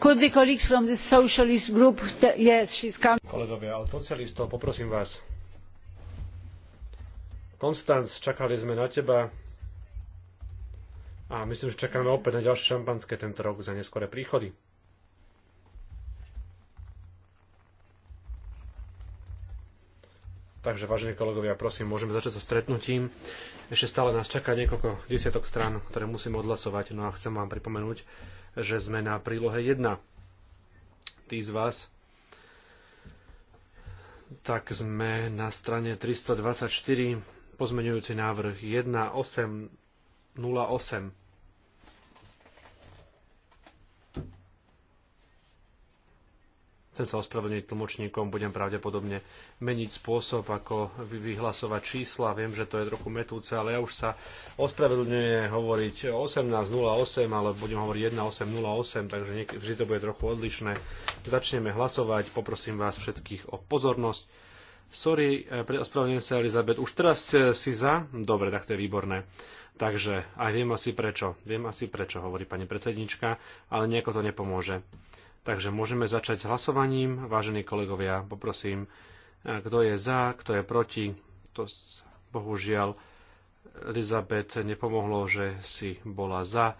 Could the colleagues from the socialist group... Yes, she's coming. Kolegovia, od socialistov, poprosím vás. Konstanc, čakali sme na teba. A myslím, že čakáme opäť na ďalšie šampanské tento rok za neskore príchody. Takže, vážení kolegovia, prosím, môžeme začať so stretnutím. Ešte stále nás čaká niekoľko desiatok strán, ktoré musíme odhlasovať. No a chcem vám pripomenúť, že sme na prílohe 1. Tí z vás, tak sme na strane 324, pozmeňujúci návrh 1808. Chcem sa ospravedlniť tlmočníkom, budem pravdepodobne meniť spôsob, ako vyhlasovať čísla. Viem, že to je trochu metúce, ale ja už sa ospravedlňuje hovoriť 18.08, ale budem hovoriť 1.8.08, takže vždy to bude trochu odlišné. Začneme hlasovať, poprosím vás všetkých o pozornosť. Sorry, e, ospravedlňujem sa, Elizabet, už teraz e, si za? Dobre, tak to je výborné. Takže aj viem asi prečo. Viem asi prečo, hovorí pani predsednička, ale nejako to nepomôže. Takže môžeme začať s hlasovaním. Vážení kolegovia, poprosím, eh, kto je za, kto je proti. To bohužiaľ Elizabeth nepomohlo, že si bola za.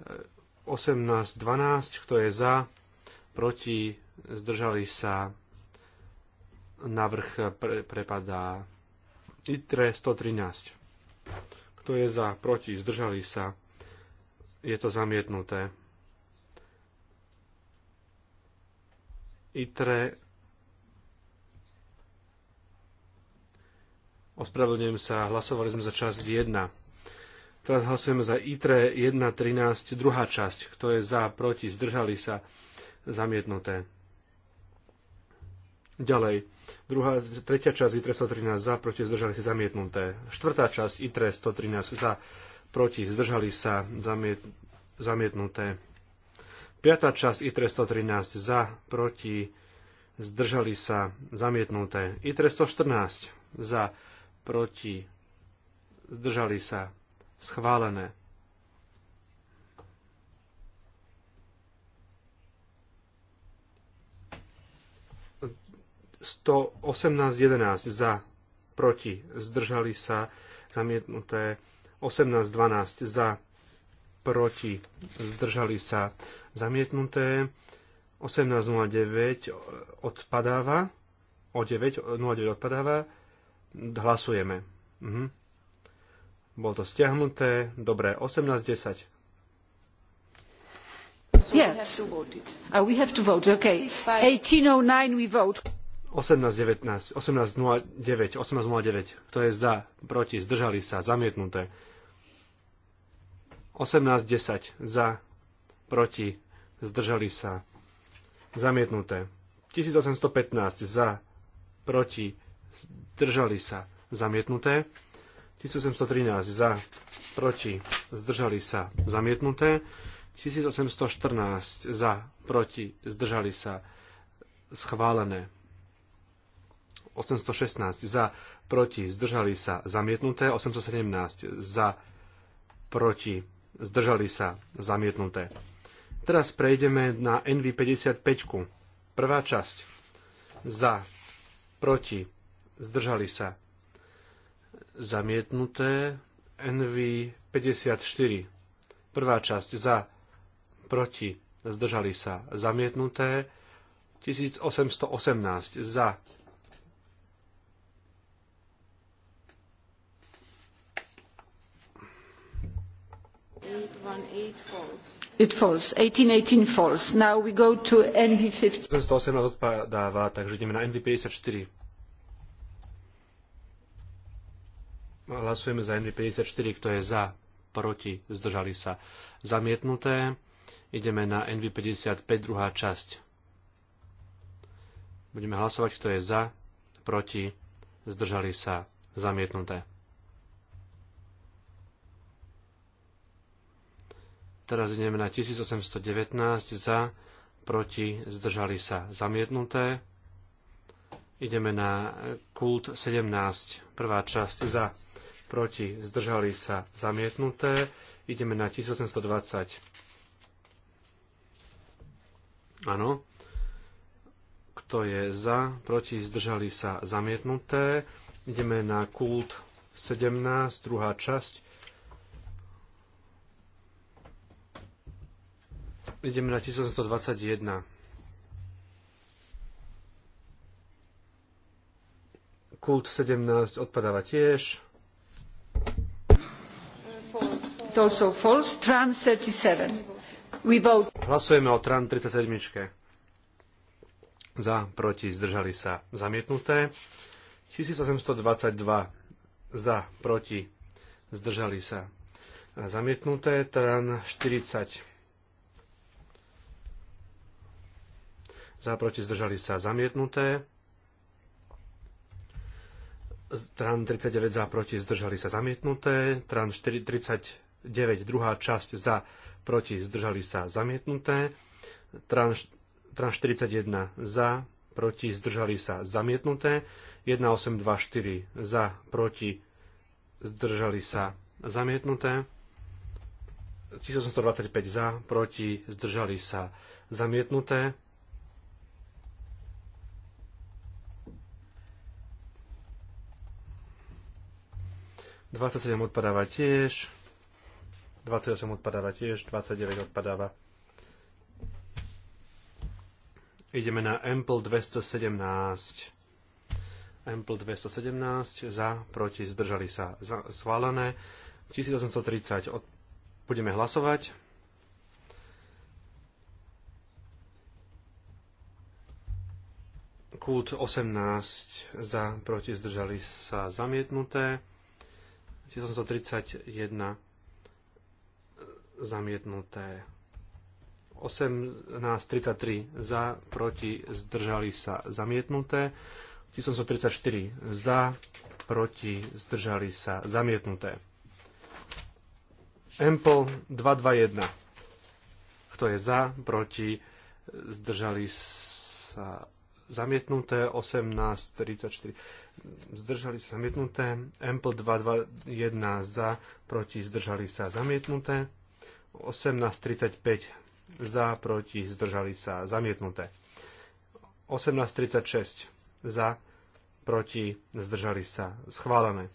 18 eh, 18-12, kto je za, proti, zdržali sa. Navrh pre, prepadá ITRE 113. Kto je za, proti, zdržali sa. Je to zamietnuté. ITRE. Ospravedlňujem sa, hlasovali sme za časť 1. Teraz hlasujeme za ITRE 1.13, druhá časť. Kto je za, proti, zdržali sa, zamietnuté. Ďalej. Druhá, tretia časť ITRE 113 za, proti, zdržali sa zamietnuté. Štvrtá časť ITRE 113 za, proti, zdržali sa zamiet, zamietnuté. Piatá časť i 113 za, proti, zdržali sa, zamietnuté. i 114 za, proti, zdržali sa, schválené. Sto osemnásť jedenásť za, proti, zdržali sa, zamietnuté. Osemnásť dvanásť za, proti, zdržali sa zamietnuté, 18.09 odpadáva, o 9.09 odpadáva, hlasujeme. Mhm. Bolo to stiahnuté, dobre, 18.10. Yes. Oh, we have to vote. Okay. 1809 we vote. 18.19, 18.09, 18.09. Kto je za, proti, zdržali sa, zamietnuté. 18.10 za, proti, zdržali sa, zamietnuté. 1815 za, proti, zdržali sa, zamietnuté. 1813 za, proti, zdržali sa, zamietnuté. 1814 za, proti, zdržali sa, schválené. 816 za, proti, zdržali sa, zamietnuté. 817 za, proti, zdržali sa, zamietnuté. Teraz prejdeme na NV55. Prvá časť. Za, proti, zdržali sa, zamietnuté. NV54. Prvá časť za, proti, zdržali sa, zamietnuté. 1818 za, It falls. 1818 falls. odpadáva, takže ideme na NV54. Hlasujeme za NV54, kto je za, proti, zdržali sa. Zamietnuté. Ideme na NV55, druhá časť. Budeme hlasovať, kto je za, proti, zdržali sa. Zamietnuté. Teraz ideme na 1819 za, proti, zdržali sa zamietnuté. Ideme na kult 17, prvá časť za, proti, zdržali sa zamietnuté. Ideme na 1820. Áno. Kto je za, proti, zdržali sa zamietnuté. Ideme na kult 17, druhá časť Ideme na 1821. Kult 17 odpadáva tiež. false. Tran 37. We vote. Hlasujeme o Tran 37. Za, proti, zdržali sa zamietnuté. 1822 za, proti, zdržali sa zamietnuté. Tran 40 za proti zdržali sa zamietnuté. Tran 39 za proti zdržali sa zamietnuté. Tran 4, 39 druhá časť za proti zdržali sa zamietnuté. Tran, tran 41 za proti zdržali sa zamietnuté. 1824 za proti zdržali sa zamietnuté. 1825 za proti zdržali sa zamietnuté. 27 odpadáva tiež. 28 odpadáva tiež, 29 odpadáva. Ideme na Ample 217. Ample 217 za, proti, zdržali sa za, schválené. 1830 od, budeme hlasovať. Kút 18 za, proti, zdržali sa zamietnuté. 1831 e, zamietnuté. 1833 za, proti, zdržali sa zamietnuté. 1834 za, proti, zdržali sa zamietnuté. Empol 221. Kto je za, proti, zdržali sa zamietnuté. 1834 zdržali sa zamietnuté, Ample 221 za, proti zdržali sa zamietnuté, 1835 za, proti zdržali sa zamietnuté, 1836 za, proti zdržali sa schválené,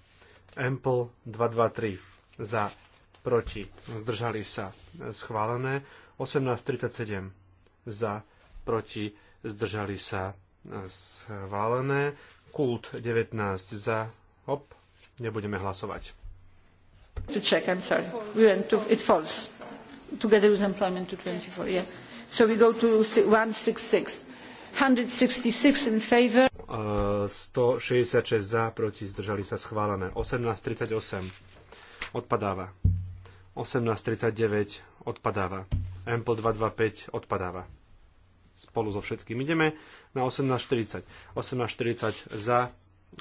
Ample 223 za, proti zdržali sa schválené, 1837 za, proti zdržali sa schválené. Kult 19 za, hop, nebudeme hlasovať. To check, I'm sorry. We went to, it falls. Together with employment to 24, yes. So we go to 166. 166 in favor. Uh, 166 za, proti, zdržali sa schválené. 1838 odpadáva. 1839 odpadáva. Ample 225 odpadáva. Spolu so všetkým ideme na 18.40. 18.40 za,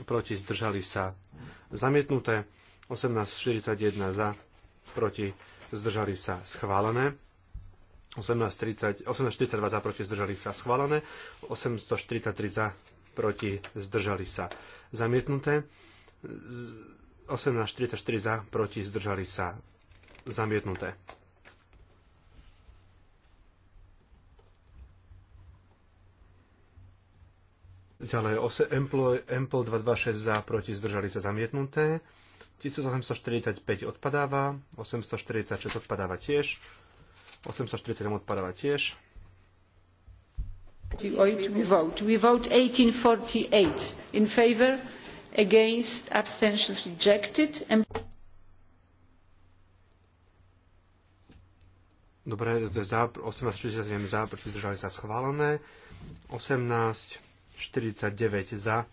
proti zdržali sa zamietnuté, 18.41 za, proti zdržali sa schválené, 18.42 za, proti zdržali sa schválené, 843 za, proti zdržali sa zamietnuté, 18.44 za, proti zdržali sa zamietnuté. Ďalej 8, Ample, 226 za, proti, zdržali sa zamietnuté. 1845 odpadáva, 846 odpadáva tiež, 847 odpadáva tiež. We vote. We vote 1848 in favor, against, abstentions rejected. And... Dobre, za, 1867 za, proti zdržali sa schválené. 18 49 za,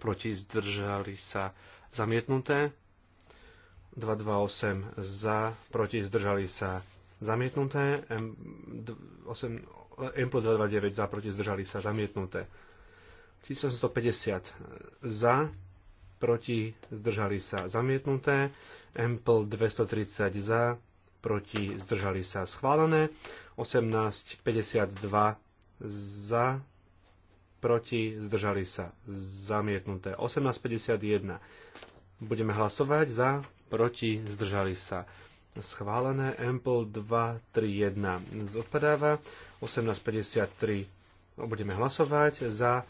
proti zdržali sa zamietnuté, 228 za, proti zdržali sa zamietnuté, plus 229 za, proti zdržali sa zamietnuté, 1150 za, proti zdržali sa zamietnuté, Empl 230 za, proti zdržali sa schválené, 1852 za, proti, zdržali sa, zamietnuté. 1851. Budeme hlasovať za, proti, zdržali sa. Schválené Ample 231 zodpadáva. 1853 budeme hlasovať za,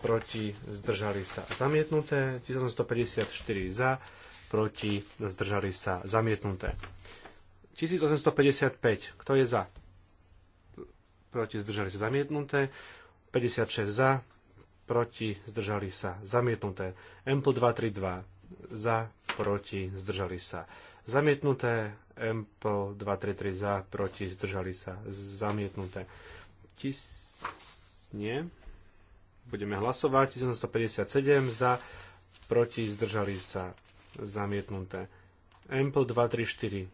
proti, zdržali sa. Zamietnuté 1854 za, proti, zdržali sa. Zamietnuté. 1855. Kto je za? Proti, zdržali sa. Zamietnuté. 56 za, proti, zdržali sa, zamietnuté. MPL 232 za, proti, zdržali sa. Zamietnuté, MPL 233 za, proti, zdržali sa, zamietnuté. Tis... Nie. Budeme hlasovať. 1957 za, proti, zdržali sa, zamietnuté. Mpl 234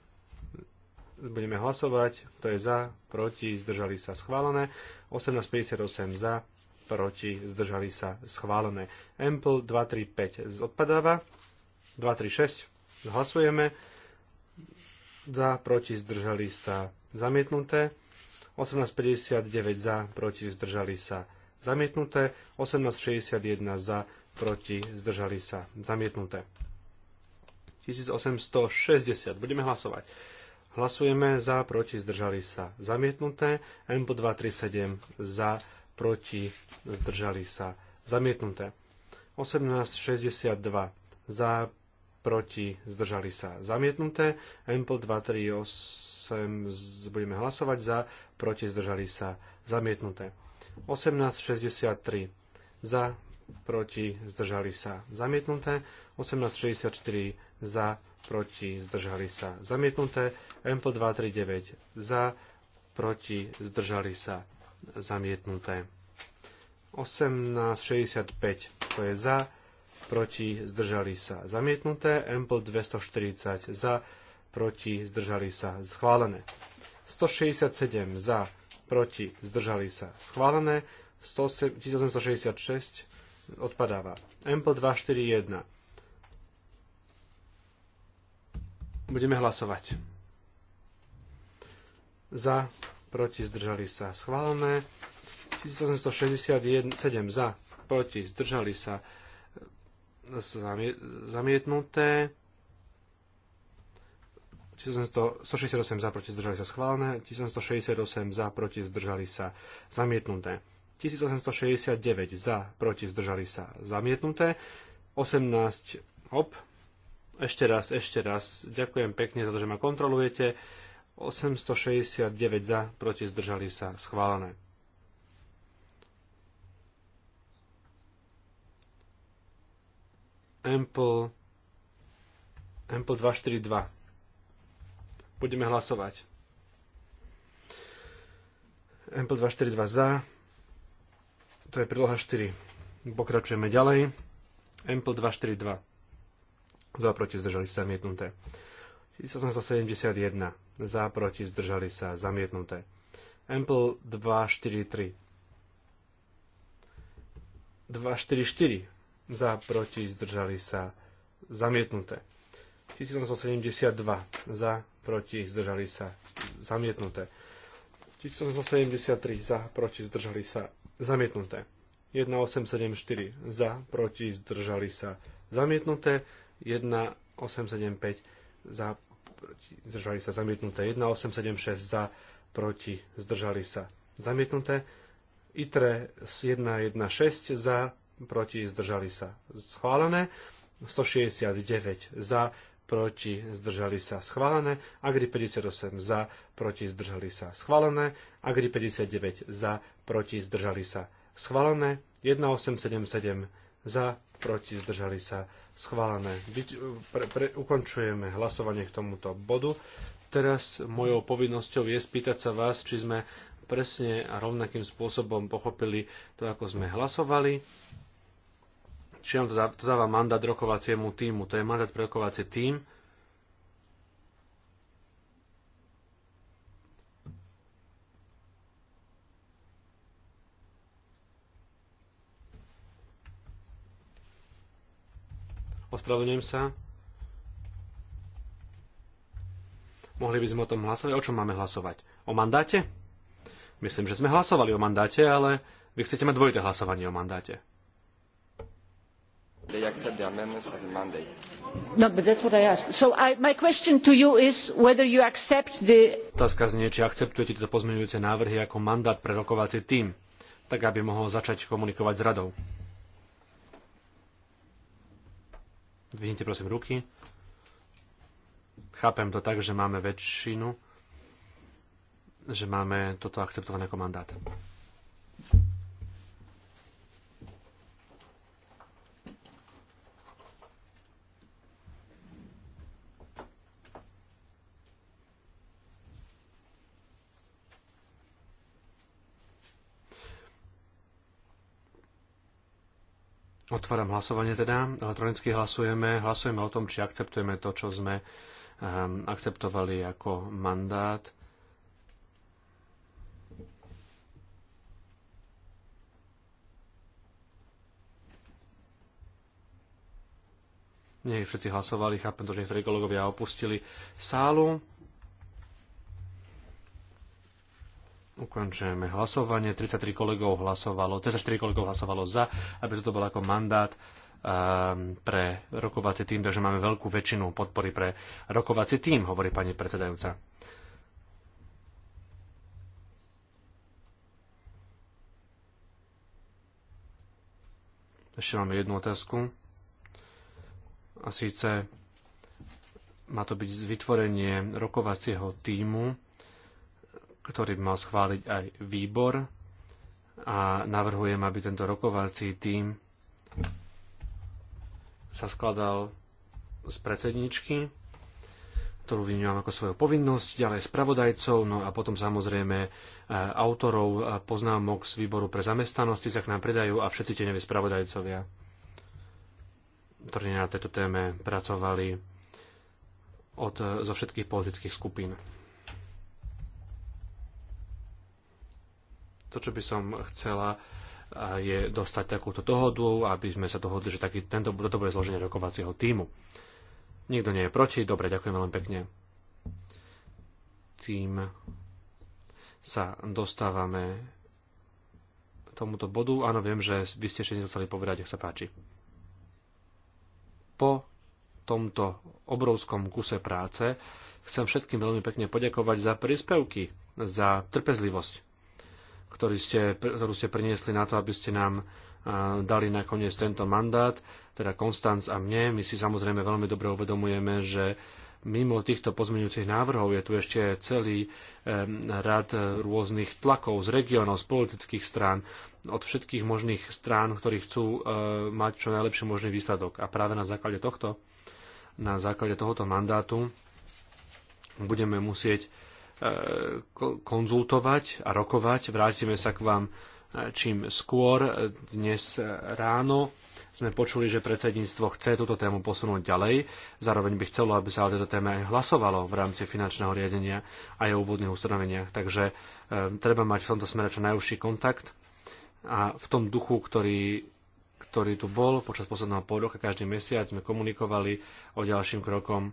budeme hlasovať, to je za, proti, zdržali sa schválené, 1858 za, proti, zdržali sa schválené. Ample 235 odpadáva, 236 hlasujeme, za, proti, zdržali sa zamietnuté, 1859 za, proti, zdržali sa zamietnuté, 1861 za, proti, zdržali sa zamietnuté. 1860. Budeme hlasovať. Hlasujeme za, proti, zdržali sa. Zamietnuté. MPO 237 za, proti, zdržali sa. Zamietnuté. 1862 za, proti, zdržali sa. Zamietnuté. MPO 238 budeme hlasovať za, proti, zdržali sa. Zamietnuté. 1863 za, proti, zdržali sa. Zamietnuté. 1864 za, proti, zdržali sa zamietnuté, mp 239 za, proti, zdržali sa zamietnuté. 1865 to je za, proti, zdržali sa zamietnuté, mp 240 za, proti, zdržali sa schválené. 167 za, proti, zdržali sa schválené, 1866 odpadáva. MP 241 Budeme hlasovať. Za, proti, zdržali sa. Schválené. 1867 za, proti, zdržali sa. Zamietnuté. 1868 za, proti, zdržali sa. Schválené. 1868 za, proti, zdržali sa. Zamietnuté. 1869 za, proti, zdržali sa. Zamietnuté. 18 op ešte raz, ešte raz. Ďakujem pekne za to, že ma kontrolujete. 869 za, proti zdržali sa, schválené. Ample, Ample 242. Budeme hlasovať. Ample 242 za. To je príloha 4. Pokračujeme ďalej. Ample 242 za proti zdržali sa zamietnuté. 1871 za proti zdržali sa zamietnuté. Ample 243 244 za proti zdržali sa zamietnuté. 1872 za proti zdržali sa zamietnuté. 1873 za proti zdržali sa zamietnuté. 1874 za proti zdržali sa zamietnuté. 1875 za, proti, zdržali sa zamietnuté. 1876 za, proti, zdržali sa zamietnuté. ITRE 116 za, proti, zdržali sa schválené. 169 za, proti, zdržali sa schválené. Agri 58 za, proti, zdržali sa schválené. Agri 59 za, proti, zdržali sa schválené. 1877 za, proti, zdržali sa schválené Schválené. pre, pre, ukončujeme hlasovanie k tomuto bodu. Teraz mojou povinnosťou je spýtať sa vás, či sme presne a rovnakým spôsobom pochopili to, ako sme hlasovali. Či vám to, dáva mandát rokovaciemu týmu. To je mandát pre rokovací tým ospravedlňujem sa. Mohli by sme o tom hlasovať? O čom máme hlasovať? O mandáte? Myslím, že sme hlasovali o mandáte, ale vy chcete mať dvojité hlasovanie o mandáte. No, so I, the... Otázka znie, či akceptujete tieto pozmeňujúce návrhy ako mandát pre rokovací tým, tak aby mohol začať komunikovať s radou. Vidíte prosím ruky. Chápem to tak, že máme väčšinu, že máme toto akceptované ako mandát. Otváram hlasovanie teda. Elektronicky hlasujeme. Hlasujeme o tom, či akceptujeme to, čo sme um, akceptovali ako mandát. Nie všetci hlasovali, chápem to, že niektorí kolegovia opustili sálu. Ukončujeme hlasovanie. 33 kolegov hlasovalo, 34 kolegov hlasovalo za, aby toto bol ako mandát ehm, pre rokovací tým, takže máme veľkú väčšinu podpory pre rokovací tým, hovorí pani predsedajúca. Ešte máme jednu otázku. A síce má to byť vytvorenie rokovacieho týmu ktorý by mal schváliť aj výbor a navrhujem, aby tento rokovací tím sa skladal z predsedničky, ktorú vnímam ako svoju povinnosť, ďalej spravodajcov, no a potom samozrejme e, autorov e, poznámok z výboru pre zamestnanosti sa k nám predajú a všetci tie spravodajcovia, ktorí na tejto téme pracovali od, e, zo všetkých politických skupín. To, čo by som chcela, je dostať takúto dohodu, aby sme sa dohodli, že taký, tento, toto bude zloženie rokovacieho týmu. Nikto nie je proti, dobre, ďakujem veľmi pekne. Tým sa dostávame k tomuto bodu. Áno, viem, že vy ste ešte niečo chceli povedať, nech sa páči. Po tomto obrovskom kuse práce chcem všetkým veľmi pekne poďakovať za príspevky, za trpezlivosť, ktorý ste, ktorú ste priniesli na to, aby ste nám eh, dali nakoniec tento mandát, teda Konstanc a mne. My si samozrejme veľmi dobre uvedomujeme, že mimo týchto pozmeňujúcich návrhov je tu ešte celý eh, rad rôznych tlakov z regiónov, z politických strán, od všetkých možných strán, ktorí chcú eh, mať čo najlepší možný výsledok. A práve na základe tohto, na základe tohoto mandátu budeme musieť E, konzultovať a rokovať. Vrátime sa k vám e, čím skôr. Dnes ráno sme počuli, že predsedníctvo chce túto tému posunúť ďalej. Zároveň by chcelo, aby sa o tejto téme aj hlasovalo v rámci finančného riadenia a jeho úvodných ustanoveniach. Takže e, treba mať v tomto smere čo najúžší kontakt a v tom duchu, ktorý, ktorý tu bol počas posledného pol roka, každý mesiac sme komunikovali o ďalším krokom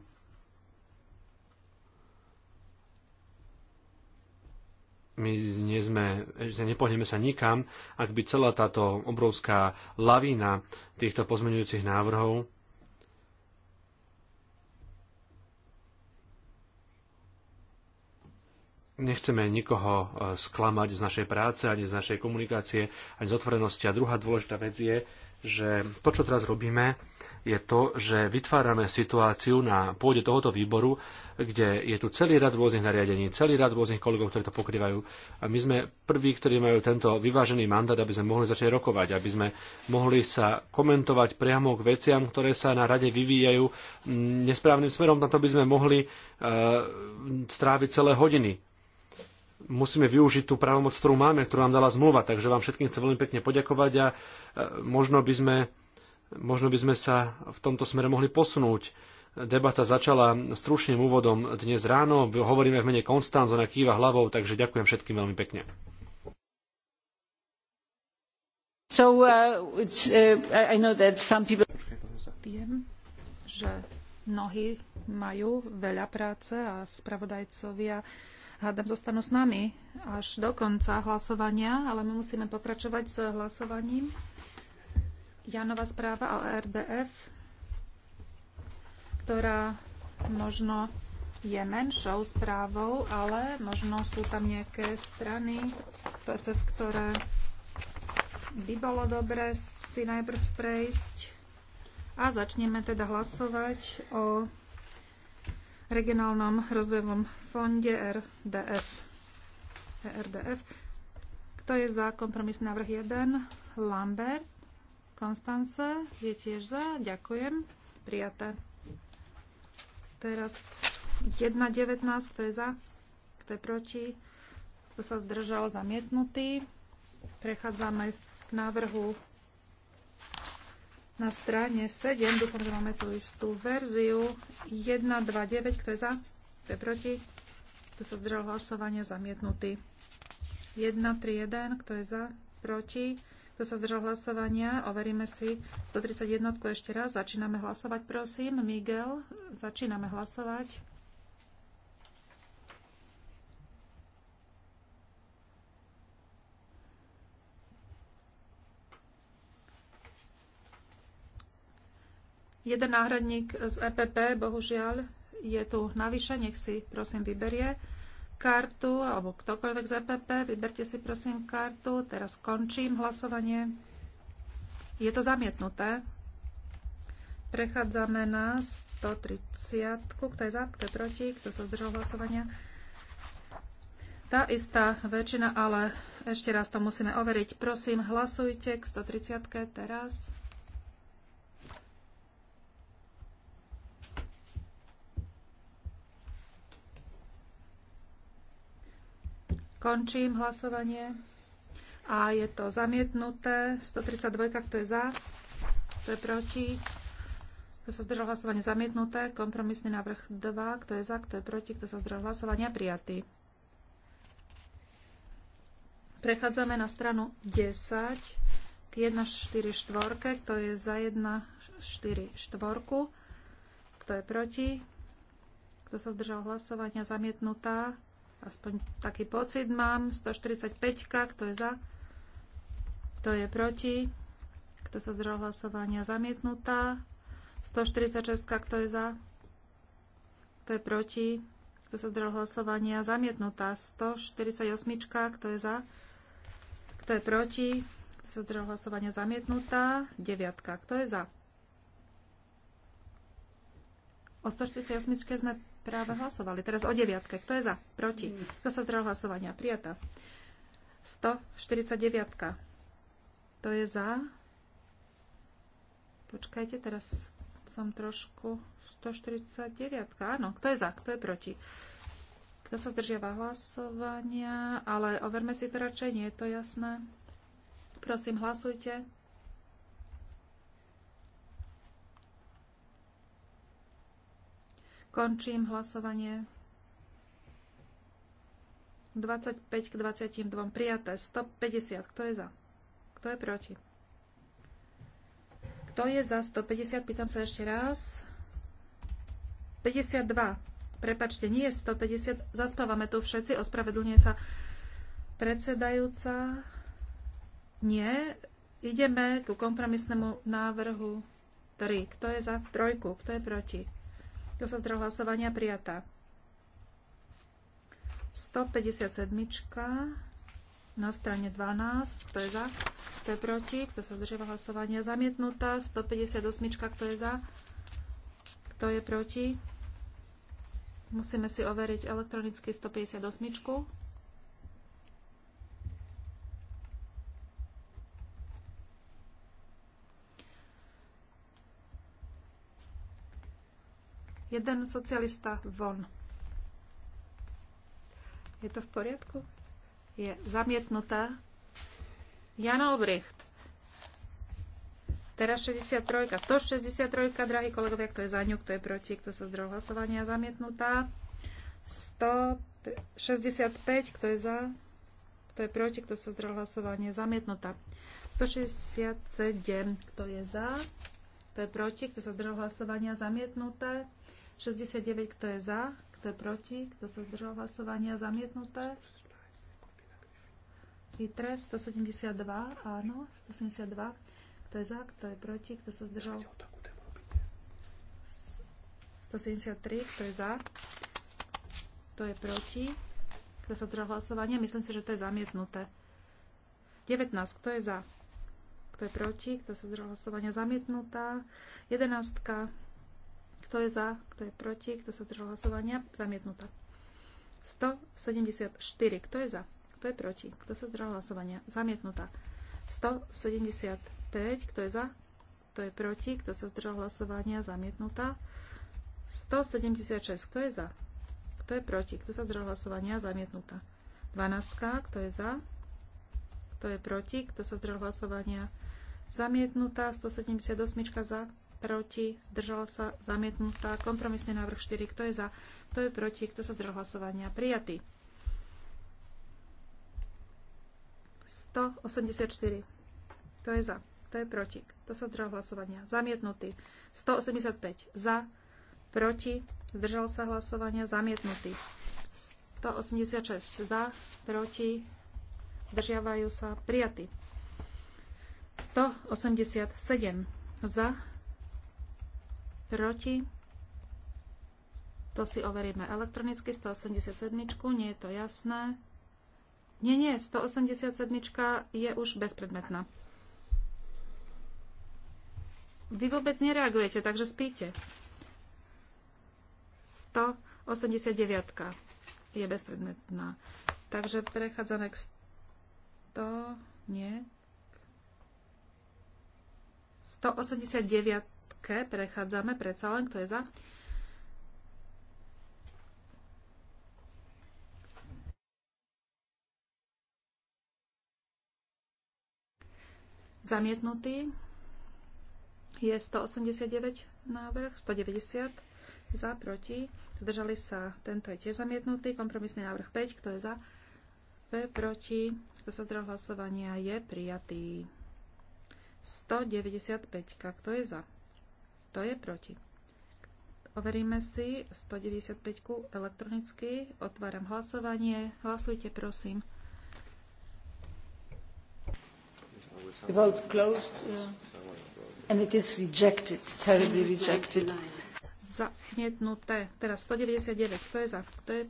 my nie sme, nepohneme sa nikam, ak by celá táto obrovská lavína týchto pozmeňujúcich návrhov nechceme nikoho e, sklamať z našej práce, ani z našej komunikácie, ani z otvorenosti. A druhá dôležitá vec je, že to, čo teraz robíme, je to, že vytvárame situáciu na pôde tohoto výboru, kde je tu celý rad rôznych nariadení, celý rad rôznych kolegov, ktorí to pokrývajú. A my sme prví, ktorí majú tento vyvážený mandát, aby sme mohli začať rokovať, aby sme mohli sa komentovať priamo k veciam, ktoré sa na rade vyvíjajú nesprávnym smerom. Na to by sme mohli uh, stráviť celé hodiny musíme využiť tú právomoc, ktorú máme, ktorú nám dala zmluva. Takže vám všetkým chcem veľmi pekne poďakovať a e, možno by sme Možno by sme sa v tomto smere mohli posunúť. Debata začala stručným úvodom dnes ráno. Hovoríme v mene Konstanzo, na kýva hlavou, takže ďakujem všetkým veľmi pekne. So, uh, uh, people... Viem, že mnohí majú veľa práce a spravodajcovia hádam zostanú s nami až do konca hlasovania, ale my musíme pokračovať s hlasovaním. Janová správa o RDF, ktorá možno je menšou správou, ale možno sú tam nejaké strany, cez ktoré by bolo dobre si najprv prejsť. A začneme teda hlasovať o regionálnom rozvojovom fonde RDF. RDF. Kto je za kompromisný návrh 1? Lambert. Konstance je tiež za. Ďakujem. Prijaté. Teraz 1.19, kto je za, kto je proti, kto sa zdržal, zamietnutý. Prechádzame k návrhu na strane 7. Dúfam, že máme tú istú verziu. 1.2.9, kto je za, kto je proti, kto sa zdržal hlasovania, zamietnutý. 1.3.1, kto je za, proti, kto sa zdržal hlasovania? Overíme si 131 ešte raz. Začíname hlasovať, prosím. Miguel, začíname hlasovať. Jeden náhradník z EPP, bohužiaľ, je tu navyše, nech si prosím vyberie kartu, alebo ktokoľvek z EPP, vyberte si prosím kartu. Teraz končím hlasovanie. Je to zamietnuté. Prechádzame na 130. Kto je za, kto je proti, kto sa zdržal hlasovania. Tá istá väčšina, ale ešte raz to musíme overiť. Prosím, hlasujte k 130. teraz. Končím hlasovanie. A je to zamietnuté. 132, kto je za, kto je proti. Kto sa zdržal hlasovanie zamietnuté. Kompromisný návrh 2, kto je za, kto je proti, kto sa zdržal hlasovania prijatý. Prechádzame na stranu 10 k 4 štvorke, kto je za 1,4 štvorku, kto je proti, kto sa zdržal hlasovania zamietnutá. Aspoň taký pocit mám. 145, kto je za? Kto je proti? Kto sa zdržal hlasovania? Zamietnutá. 146, kto je za? Kto je proti? Kto sa zdržal hlasovania? Zamietnutá. 148, kto je za? Kto je proti? Kto sa zdržal hlasovania? Zamietnutá. 9, kto je za? O 148 sme práve hlasovali. Teraz o deviatke. Kto je za? Proti. Kto sa zdržal hlasovania? Prijatá. 149. To je za. Počkajte, teraz som trošku 149. Áno, kto je za? Kto je proti? Kto sa zdržiava hlasovania? Ale overme si to radšej, nie je to jasné. Prosím, hlasujte. Končím hlasovanie. 25 k 22 prijaté. 150. Kto je za? Kto je proti? Kto je za 150? Pýtam sa ešte raz. 52. Prepačte, nie je 150. Zastávame tu všetci. Ospravedlňuje sa predsedajúca. Nie. Ideme ku kompromisnému návrhu 3. Kto je za trojku? Kto je proti? Kto sa zdrav hlasovania? Prijatá. 157. Na strane 12. Kto je za? Kto je proti? Kto sa zdržiava hlasovania? Zamietnutá. 158. Kto je za? Kto je proti? Musíme si overiť elektronicky 158. Jeden socialista von. Je to v poriadku? Je zamietnutá. Jan Albrecht. Teraz 63. 163, drahí kolegovia, kto je za ňu, kto je proti, kto sa zdrel hlasovania, zamietnutá. 165, kto je za, kto je proti, kto sa zdrel hlasovanie, zamietnutá. 167, kto je za, kto je proti, kto sa zdrav hlasovania, zamietnuté. 69, kto je za, kto je proti, kto sa zdržal hlasovania, zamietnuté. ITRE 172, áno, 172, kto je za, kto je proti, kto sa zdržal. 173, kto je za, kto je proti, kto sa zdržal hlasovania, myslím si, že to je zamietnuté. 19, kto je za, kto je proti, kto sa zdržal hlasovania, zamietnutá. 11, kto je za, kto je proti, kto sa zdržal hlasovania, zamietnutá. 174. Kto je za, kto je proti, kto sa zdržal hlasovania, zamietnutá. 175. Kto je za, kto je proti, kto sa zdržal hlasovania, zamietnutá. 176. Kto je za, kto je proti, kto sa zdržal hlasovania, zamietnutá. 12. Kto je za, kto je proti, kto sa zdržal hlasovania, zamietnutá. 178. za, proti, zdržal sa, zamietnutá. Kompromisný návrh 4, kto je za, kto je proti, kto sa zdržal hlasovania, prijatý. 184, kto je za, kto je proti, kto sa zdržal hlasovania, zamietnutý. 185, za, proti, zdržal sa hlasovania, zamietnutý. 186, za, proti, zdržiavajú sa, prijatý. 187, za, proti. To si overíme elektronicky, 187, nie je to jasné. Nie, nie, 187 je už bezpredmetná. Vy vôbec nereagujete, takže spíte. 189 je bezpredmetná. Takže prechádzame k 100, nie. 189 ke prechádzame predsa len, kto je za? Zamietnutý je 189 návrh, 190 za, proti. Zdržali sa, tento je tiež zamietnutý. Kompromisný návrh 5, kto je za? P, proti. Kto sa zdržal hlasovania, je prijatý. 195, kto je za? Kto je proti? Overíme si 195 elektronicky. Otváram hlasovanie. Hlasujte, prosím. The uh, and it is rejected, terribly rejected. Zamietnuté. Teraz 199. Kto je za? Kto je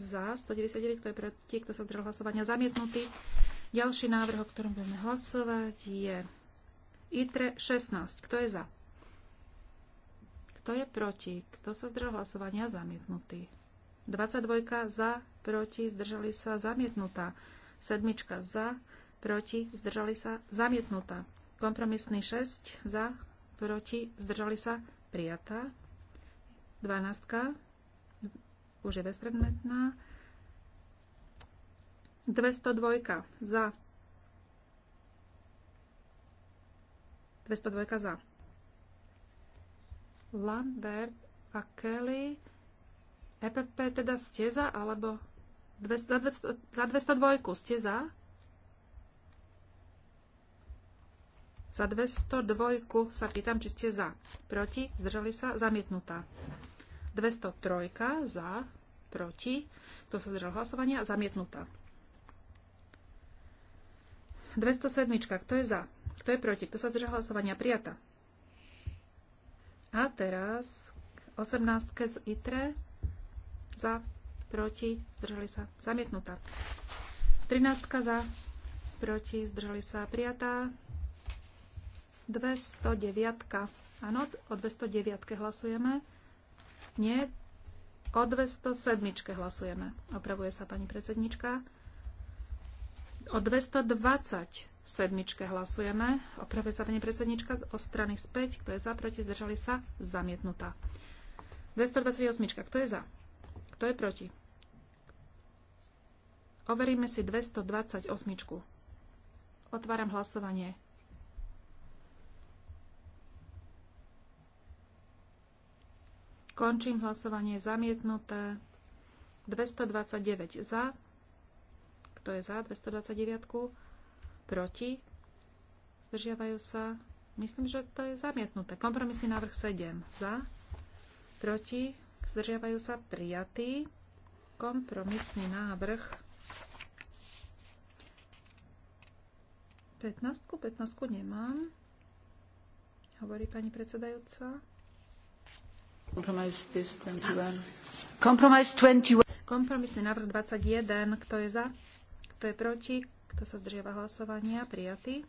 za? 199. Kto je proti? Kto sa držal hlasovania? Zamietnutý. Ďalší návrh, o ktorom budeme hlasovať, je ITRE 16. Kto je za? Kto je proti? Kto sa zdržal hlasovania? Zamietnutý. 22 za, proti, zdržali sa, zamietnutá. Sedmička za, proti, zdržali sa, zamietnutá. Kompromisný 6 za, proti, zdržali sa, prijatá. 12 už je bezpredmetná. 202 za. 202 za. Lambert a Kelly. EPP teda ste za, alebo 200, za 202 ste za? Za 202 sa pýtam, či ste za. Proti, zdržali sa, zamietnutá. 203 za, proti, kto sa zdržal hlasovania, zamietnutá. 207, kto je za? Kto je proti? Kto sa zdržal hlasovania? Prijatá. A teraz k 18. z ITRE. Za, proti, zdržali sa, zamietnutá. 13. za, proti, zdržali sa, prijatá. 209. Áno, o 209. hlasujeme. Nie, o 207. hlasujeme. Opravuje sa pani predsednička. O 220 sedmičke hlasujeme. Opravuje sa pani predsednička o strany späť. Kto je za, proti, zdržali sa, zamietnutá. 228. Kto je za? Kto je proti? Overíme si 228. Otváram hlasovanie. Končím hlasovanie zamietnuté. 229 za, kto je za 229? Proti? Zdržiavajú sa? Myslím, že to je zamietnuté. Kompromisný návrh 7. Za? Proti? Zdržiavajú sa? Prijatý. Kompromisný návrh 15. 15 nemám. Hovorí pani predsedajúca. 21. 21. Kompromisný návrh 21. Kto je za? Kto je proti? Kto sa zdržiava hlasovania? Prijatý.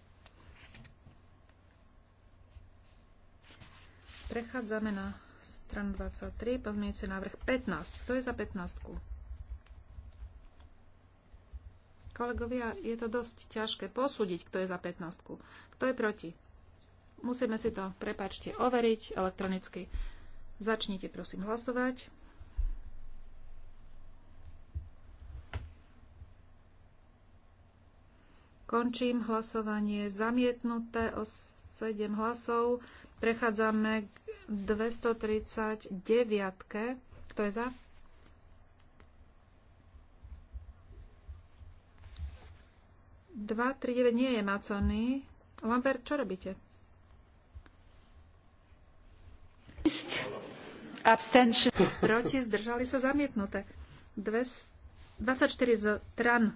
Prechádzame na stranu 23, pozmienujúci návrh 15. Kto je za 15? Kolegovia, je to dosť ťažké posúdiť, kto je za 15. Kto je proti? Musíme si to, prepačte, overiť elektronicky. Začnite prosím hlasovať. Končím hlasovanie zamietnuté o 7 hlasov. Prechádzame k 239. Kto je za? Dva, tri, devet nie je Macony. Lambert, čo robíte? Abstention. Proti, zdržali sa zamietnuté. 24 z Tran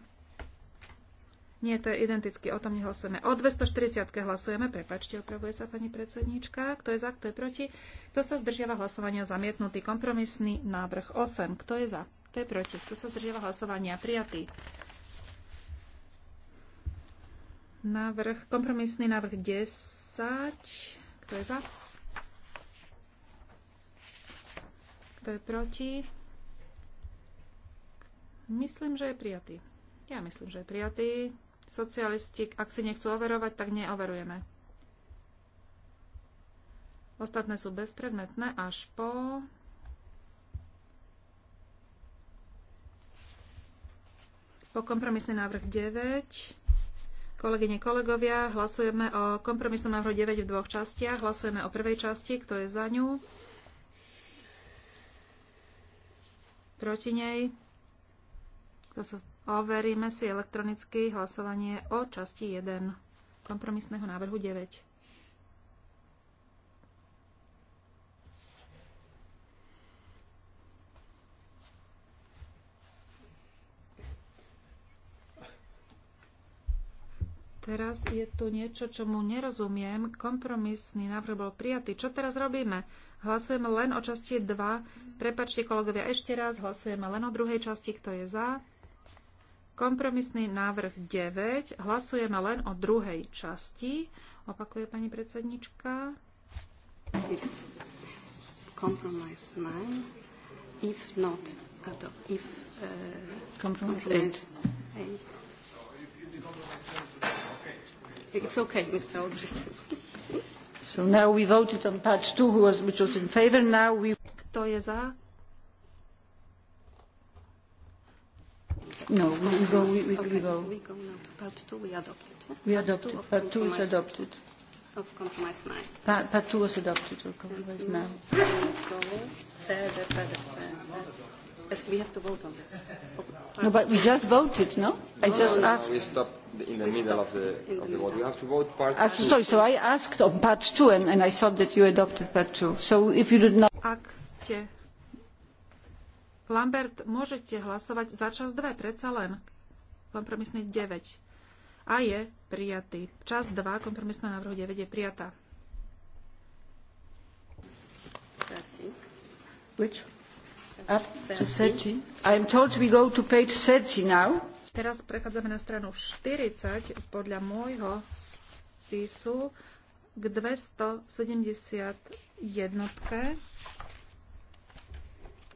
nie, to je identicky, o tom nehlasujeme. O 240 hlasujeme, prepačte, opravuje sa pani predsedníčka. Kto je za, kto je proti? Kto sa zdržiava hlasovania zamietnutý? Kompromisný návrh 8. Kto je za, kto je proti? Kto sa zdržiava hlasovania prijatý? Návrh, kompromisný návrh 10. Kto je za? Kto je proti? Myslím, že je prijatý. Ja myslím, že je prijatý. Socialisti, ak si nechcú overovať, tak neoverujeme. Ostatné sú bezpredmetné až po... Po kompromisný návrh 9. Kolegyne, kolegovia, hlasujeme o kompromisnom návrhu 9 v dvoch častiach. Hlasujeme o prvej časti, kto je za ňu. Proti nej. Kto sa Overíme si elektronicky hlasovanie o časti 1 kompromisného návrhu 9. Teraz je tu niečo, čo mu nerozumiem. Kompromisný návrh bol prijatý. Čo teraz robíme? Hlasujeme len o časti 2. Prepačte, kolegovia, ešte raz. Hlasujeme len o druhej časti. Kto je za? Kompromisný návrh 9. Hlasujeme len o druhej časti. Opakuje pani predsednička. Compromise 9. If not, uh, if, uh, compromise, 8. It's okay, Mr. So now we voted on 2, which was in favor. Now we... Kto je za? No, we, we go. We, we, okay. we go. We go now to part two. We adopt it. Yeah? We adopt it. Part two is adopted. Of compromise nine. Part, part two was adopted. Of compromise nine. We go further, further, further. We have to vote on this. No, but we just voted, no? no I just no, no asked. No, we stopped in the we middle of the, of the vote. We have to vote part ah, two. Sorry, so I asked on part two, and, and I saw that you adopted part two. So if you did not... Ak ste Lambert, môžete hlasovať za čas 2, predsa len. Kompromisný 9. A je prijatý. Čas 2, kompromisná návrhu 9 je prijatá. Teraz prechádzame na stranu 40 podľa môjho spisu k 271.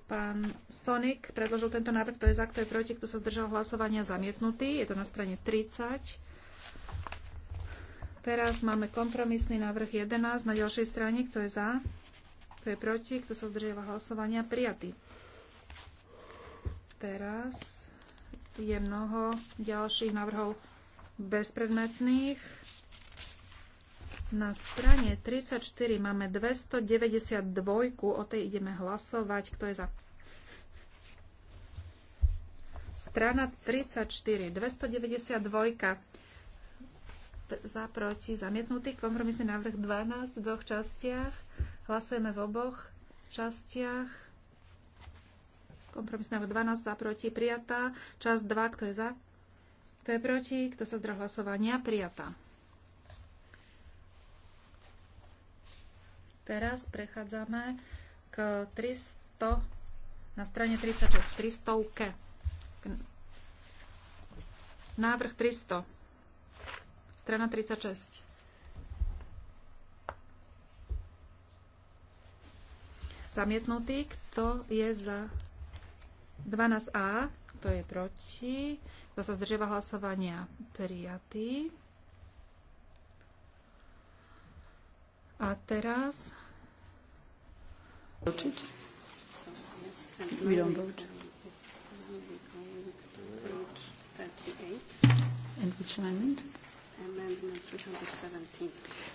Pán Sonik predložil tento návrh, kto je za, kto je proti, kto sa zdržal hlasovania, zamietnutý. Je to na strane 30. Teraz máme kompromisný návrh 11 na ďalšej strane, kto je za, kto je proti, kto sa zdržiava hlasovania, prijatý. Teraz je mnoho ďalších návrhov bezpredmetných. Na strane 34 máme 292, o tej ideme hlasovať. Kto je za? Strana 34, 292, za proti zamietnutý, kompromisný návrh 12 v dvoch častiach. Hlasujeme v oboch častiach. Kompromisný návrh 12 za proti prijatá. Časť 2, kto je za? Kto je proti? Kto sa zdrel hlasovania? Prijatá. Teraz prechádzame k 300, na strane 36, 300 -ke. Návrh 300, strana 36. Zamietnutý, kto je za 12a, kto je proti, kto sa zdržiava hlasovania, prijatý. A teraz... And which amendment?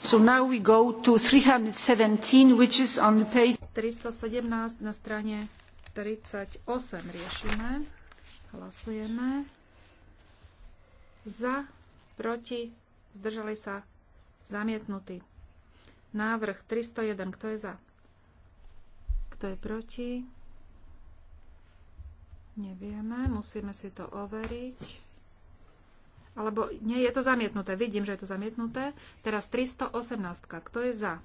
So now we go to 317, which is on the page... 317 na strane 38 riešime. Hlasujeme. Za, proti, zdržali sa, zamietnutí. Návrh 301. Kto je za? Kto je proti? Nevieme. Musíme si to overiť. Alebo nie, je to zamietnuté. Vidím, že je to zamietnuté. Teraz 318. Kto je za?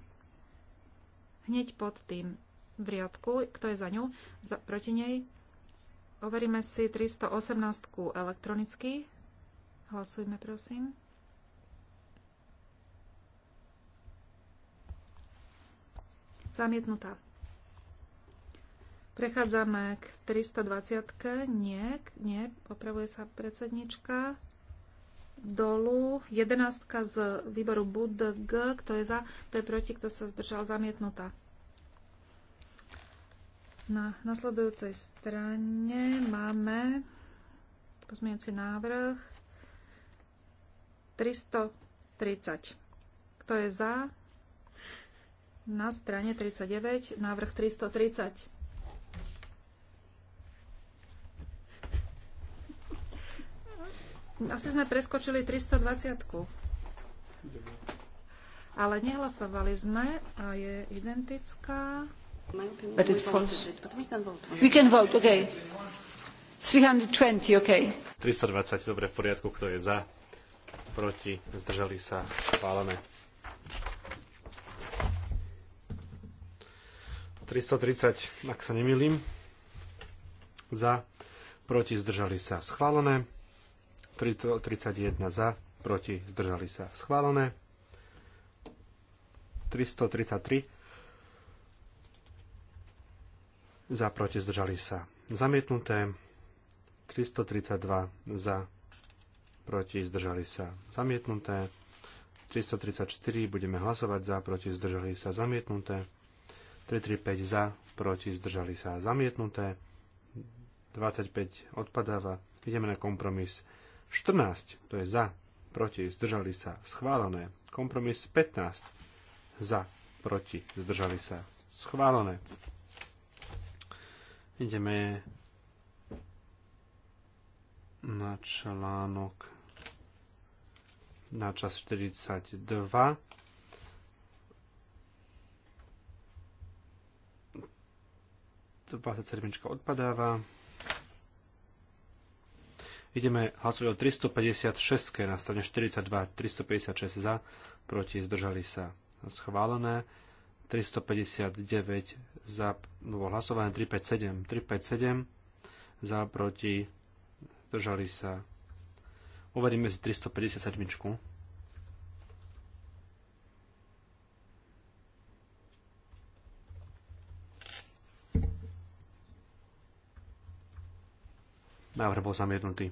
Hneď pod tým v riadku. Kto je za ňu? Za, proti nej? Overíme si 318 elektronicky. Hlasujme, prosím. Zamietnutá. Prechádzame k 320. Nie, nie, opravuje sa predsednička. Dolu 11 z výboru BUDG, kto je za, kto je proti, kto sa zdržal, zamietnutá. Na nasledujúcej strane máme pozmeňujúci návrh 330. Kto je za, na strane 39, návrh 330. Asi sme preskočili 320. Ale nehlasovali sme a je identická. But it falls. But we can vote. We can vote, okay. 320, okay. 320, dobre, v poriadku, kto je za, proti, zdržali sa, chválame. 330, ak sa nemýlim. Za, proti, zdržali sa, schválené. 331 za, proti, zdržali sa, schválené. 333 za, proti, zdržali sa, zamietnuté. 332 za, proti, zdržali sa, zamietnuté. 334 budeme hlasovať za, proti, zdržali sa, zamietnuté. 335 za, proti, zdržali sa zamietnuté. 25 odpadáva. Ideme na kompromis 14, to je za, proti, zdržali sa schválené. Kompromis 15 za, proti, zdržali sa schválené. Ideme na článok na čas 42 27 odpadáva. Ideme hlasovať o 356, na strane 42, 356 za, proti, zdržali sa schválené, 359 za, bolo hlasované, 357, 357 za, proti, zdržali sa. uvedíme si 357. Návrh bol zamietnutý.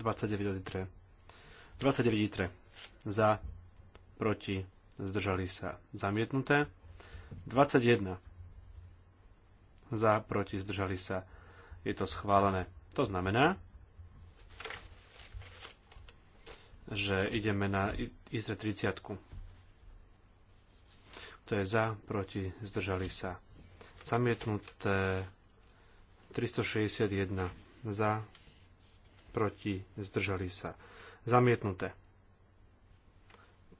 litre. 29 litre. Za, proti, zdržali sa zamietnuté. 21 za, proti, zdržali sa. Je to schválené. To znamená, že ideme na ISRE 30 kto je za, proti, zdržali sa. Zamietnuté 361 za, proti, zdržali sa. Zamietnuté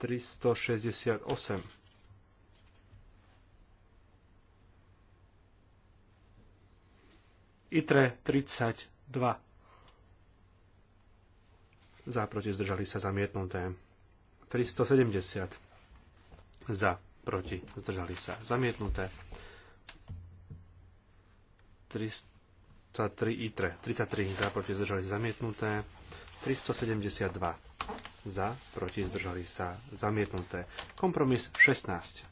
368 ITRE 32 za, proti, zdržali sa. Zamietnuté 370 za proti, zdržali sa zamietnuté. 303 ITRE, 33 za, proti, zdržali sa zamietnuté. 372 za, proti, zdržali sa zamietnuté. Kompromis 16.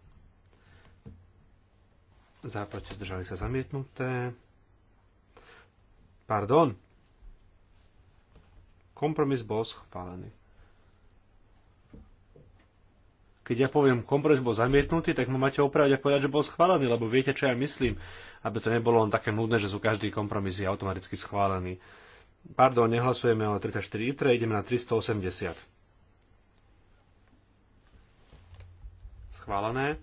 Za, proti, zdržali sa zamietnuté. Pardon. Kompromis bol schválený. Keď ja poviem, kompromis bol zamietnutý, tak ma máte opraviť a povedať, že bol schválený, lebo viete, čo ja myslím. Aby to nebolo len také nudné, že sú každý kompromis je automaticky schválený. Pardon, nehlasujeme o 34 ITRE, ideme na 380. Schválené.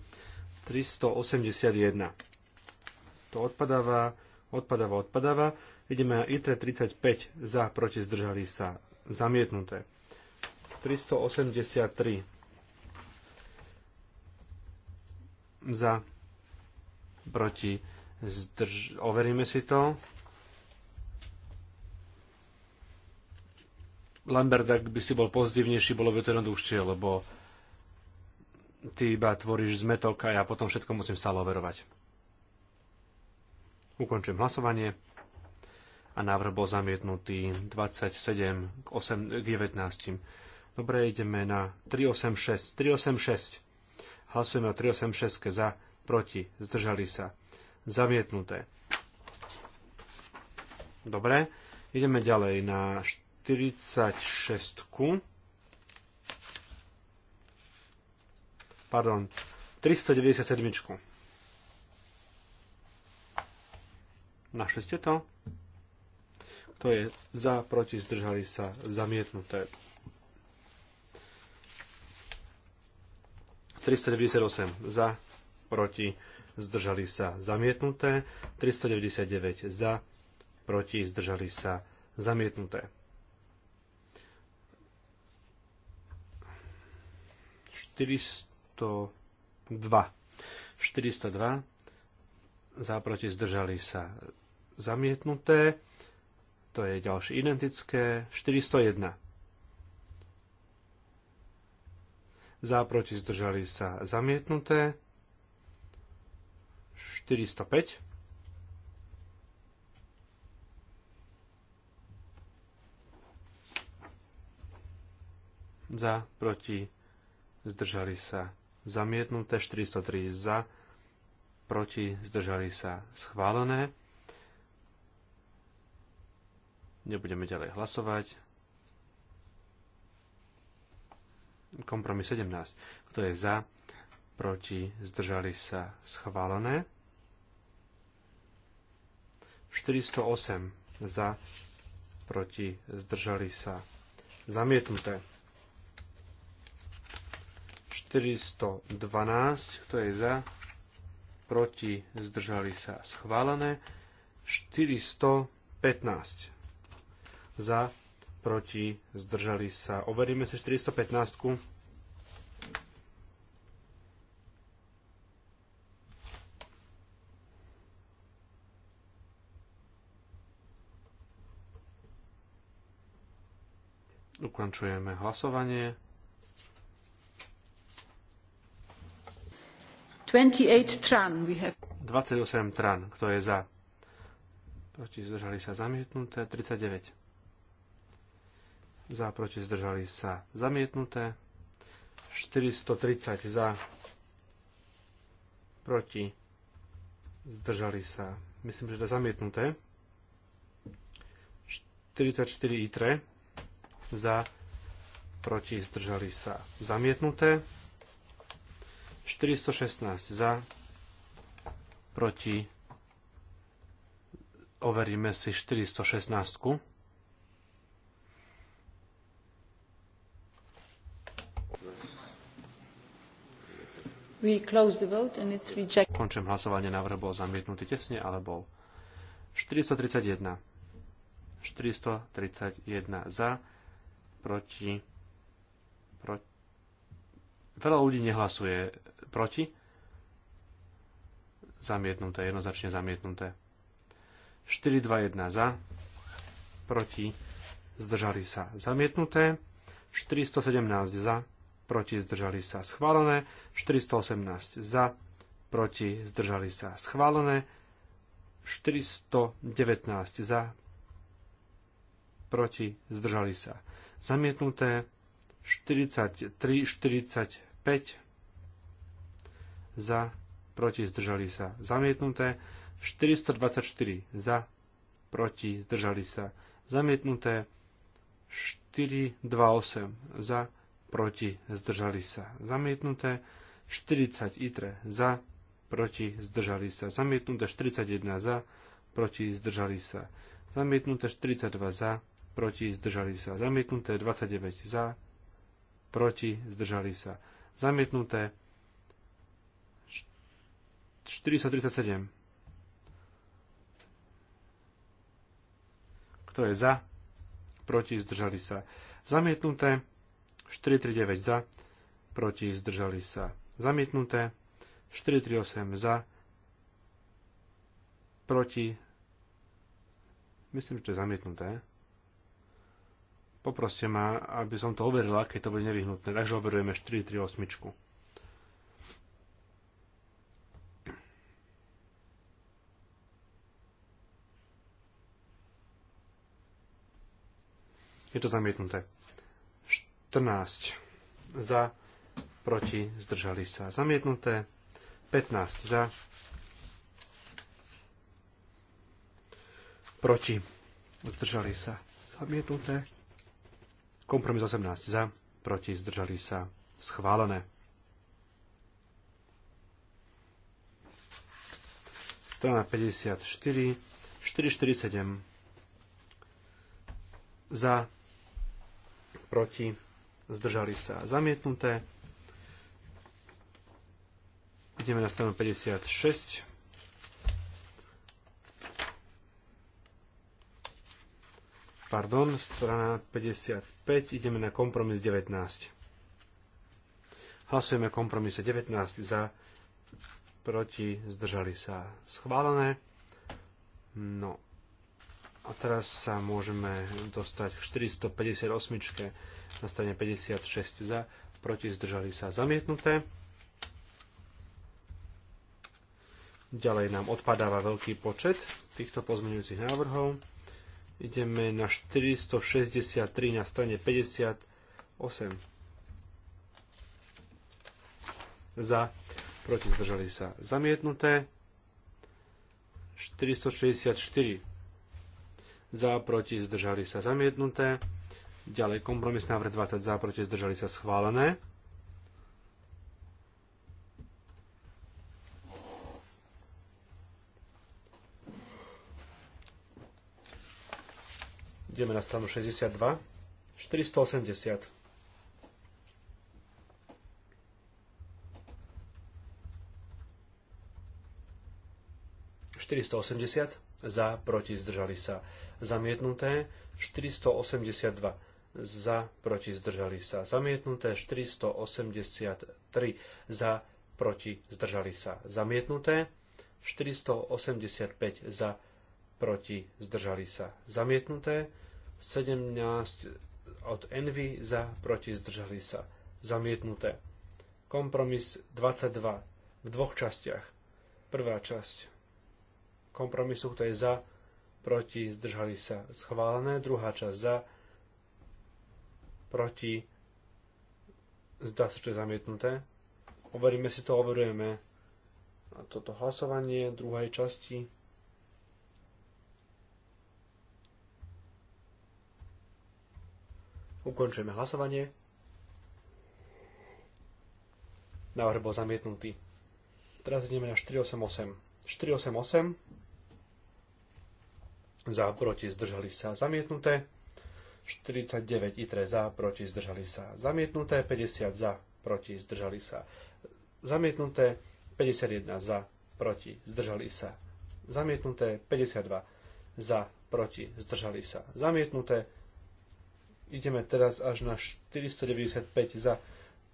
381. To odpadáva, odpadáva, odpadáva. Ideme na ITRE 35 za, proti zdržali sa, zamietnuté. 383 za, proti, zdrž... Overíme si to. Lambert, ak by si bol pozdivnejší, bolo by to jednoduchšie, lebo ty iba tvoríš zmetok a ja potom všetko musím stále overovať. Ukončujem hlasovanie a návrh bol zamietnutý 27 k, 8, k 19. Dobre, ideme na 386. 386. Hlasujeme o 386 za, proti, zdržali sa. Zamietnuté. Dobre, ideme ďalej na 46. Pardon, 397. Našli ste to? To je za, proti, zdržali sa, zamietnuté. 398 za, proti, zdržali sa zamietnuté, 399 za, proti, zdržali sa zamietnuté. 402. 402 za, proti, zdržali sa zamietnuté, to je ďalšie identické, 401 za proti zdržali sa zamietnuté, 405, za, proti, zdržali sa, zamietnuté, 403 za, proti, zdržali sa, schválené. Nebudeme ďalej hlasovať. Kompromis 17. Kto je za? Proti? Zdržali sa? Schválené. 408 za, proti, zdržali sa. Zamietnuté. 412, kto je za, proti, zdržali sa. Schválené. 415 za, proti, zdržali sa. Overíme sa 415. Ukončujeme hlasovanie. 28 tran, we have... 28 tran, kto je za? Proti zdržali sa zamietnuté, 39 za, proti zdržali sa zamietnuté, 430 za, proti zdržali sa, myslím, že to je zamietnuté, 44 itre za, proti zdržali sa zamietnuté, 416 za, proti overíme si 416. -ku. Končím hlasovanie, návrh bol zamietnutý tesne, ale bol 431. 431 za, proti, proti. Veľa ľudí nehlasuje proti. Zamietnuté, jednoznačne zamietnuté. 421 za, proti, zdržali sa. Zamietnuté. 417 za, proti zdržali sa schválené, 418 za, proti zdržali sa schválené, 419 za, proti zdržali sa zamietnuté, 43, 45 za, proti zdržali sa zamietnuté, 424 za, proti zdržali sa zamietnuté, 428 za, proti, zdržali sa zamietnuté, 40 itre za, proti, zdržali sa zamietnuté, 41 za, proti, zdržali sa zamietnuté, 42 za, proti, zdržali sa zamietnuté, 29 za, proti, zdržali sa zamietnuté, 437. Kto je za? Proti, zdržali sa. Zamietnuté. 439 za, proti zdržali sa zamietnuté, 438 za, proti, myslím, že to je zamietnuté. Poproste ma, aby som to overila, keď to bude nevyhnutné, takže overujeme 438. Je to zamietnuté. 14 za, proti, zdržali sa zamietnuté, 15 za, proti, zdržali sa zamietnuté, kompromis 18 za, proti, zdržali sa schválené. 54, 447 za, proti, zdržali sa zamietnuté. Ideme na stranu 56. Pardon, strana 55, ideme na kompromis 19. Hlasujeme kompromise 19 za, proti, zdržali sa schválené. No, a teraz sa môžeme dostať k 458 na strane 56 za, proti zdržali sa zamietnuté. Ďalej nám odpadáva veľký počet týchto pozmeňujúcich návrhov. Ideme na 463 na strane 58 za, proti zdržali sa zamietnuté. 464 za, proti zdržali sa zamietnuté. Ďalej kompromis návrh 20 za, proti zdržali sa schválené. Ideme na stranu 62. 480. ...480, za, proti, zdržali sa, zamietnuté, 482 za, proti zdržali sa zamietnuté, 483 za, proti zdržali sa zamietnuté, 485 za, proti zdržali sa zamietnuté, 17 od Envy za, proti zdržali sa zamietnuté. Kompromis 22 v dvoch častiach. Prvá časť kompromisu, kto je za, proti zdržali sa schválené, druhá časť za, proti, zdá sa, že je zamietnuté. Overíme si to, overujeme toto hlasovanie druhej časti. Ukončujeme hlasovanie. Návrh bol zamietnutý. Teraz ideme na 488. 488. Za, proti, zdržali sa, zamietnuté. 49 itre za, proti, zdržali sa. Zamietnuté 50 za, proti, zdržali sa. Zamietnuté 51 za, proti, zdržali sa. Zamietnuté 52 za, proti, zdržali sa. Zamietnuté ideme teraz až na 495 za,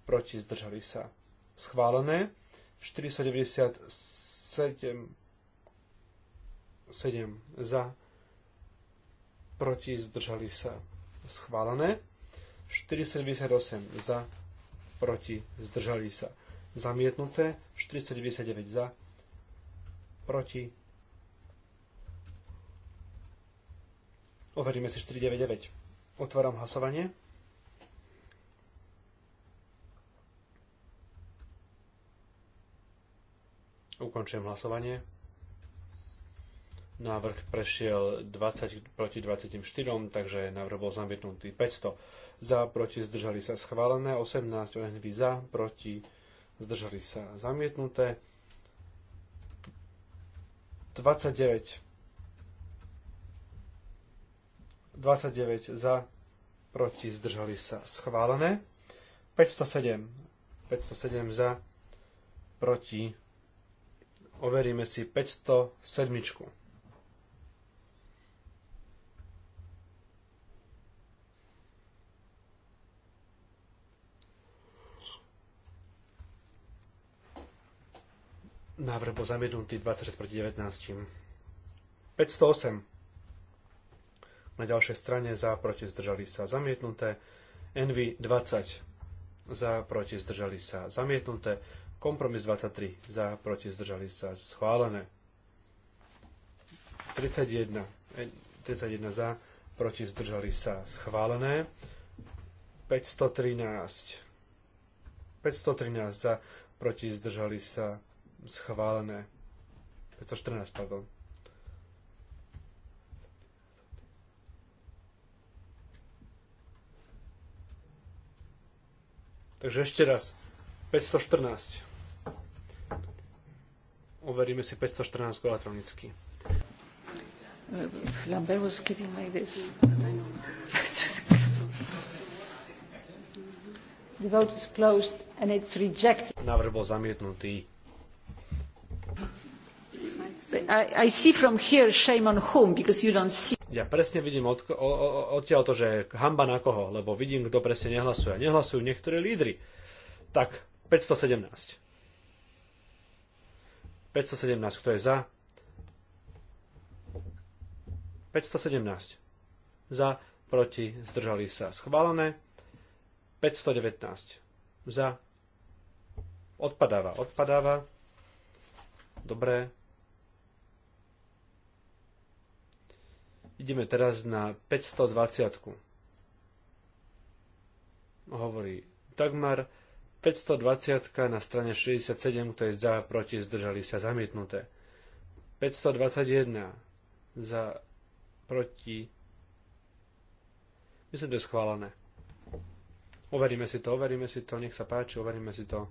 proti, zdržali sa. Schválené 497 7 za, proti, zdržali sa schválené. 498 za, proti, zdržali sa. Zamietnuté. 499 za, proti. Overíme si 499. Otváram hlasovanie. Ukončujem hlasovanie. Návrh prešiel 20 proti 24, takže návrh bol zamietnutý 500. Za, proti, zdržali sa schválené, 18 NV za, proti, zdržali sa zamietnuté. 29 29 za, proti, zdržali sa schválené. 507 507 za, proti, overíme si 507. Návrh bol zamietnutý 26 proti 19. 508. Na ďalšej strane za, proti, zdržali sa zamietnuté. NV 20. Za, proti, zdržali sa zamietnuté. Kompromis 23. Za, proti, zdržali sa schválené. 31. 31 za, proti, zdržali sa schválené. 513. 513 za, proti, zdržali sa schválené. 514, pardon. Takže ešte raz. 514. Overíme si 514 elektronicky. The vote is closed and it's rejected. Návrh bol zamietnutý. I, see from here shame on whom, because you don't see. Ja presne vidím od, odtiaľ to, že hamba na koho, lebo vidím, kto presne nehlasuje. Nehlasujú niektorí lídry. Tak, 517. 517, kto je za? 517. Za, proti, zdržali sa. Schválené. 519. Za. Odpadáva, odpadáva. Dobre, Ideme teraz na 520. Hovorí takmar 520 na strane 67, ktoré je za, proti, zdržali sa, zamietnuté. 521 za, proti, myslím, to je schválené. Overíme si to, overíme si to, nech sa páči, overíme si to.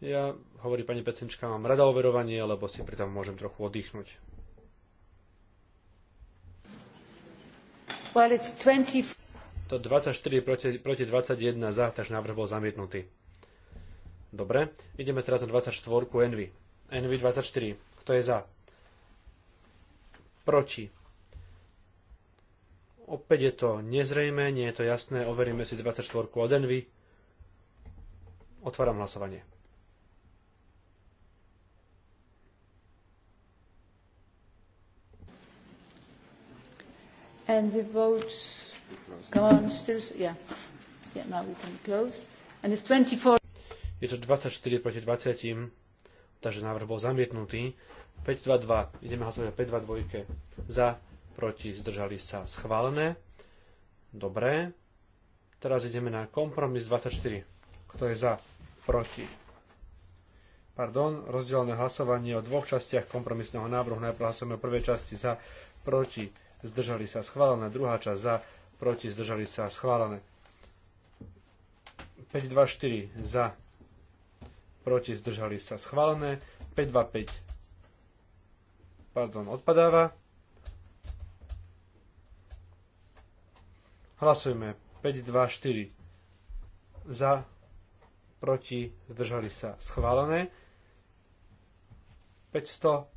Ja, hovorí pani Pecenčka, mám rada overovanie, lebo si pritom môžem trochu oddychnúť. Well, it's 20... To 24 proti, proti 21 za, takže návrh bol zamietnutý. Dobre, ideme teraz na 24 Envy. Envy 24. Kto je za? Proti. Opäť je to nezrejme, nie je to jasné, overíme si 24 od Envy. Otváram hlasovanie. And the vote, come on, still, yeah. Yeah, now we can close. And it's 24. Je to 24 proti 20, takže návrh bol zamietnutý. 5-2-2, ideme hlasovať 2, 2. za, proti, zdržali sa, schválené. Dobre. Teraz ideme na kompromis 24. Kto je za, proti. Pardon, rozdelené hlasovanie o dvoch častiach kompromisného návrhu. Najprv hlasujeme o prvej časti za, proti zdržali sa schválené, druhá časť za, proti, zdržali sa schválené. 524 za, proti, zdržali sa schválené, 525 pardon, odpadáva. Hlasujeme 524 za, proti, zdržali sa schválené. 500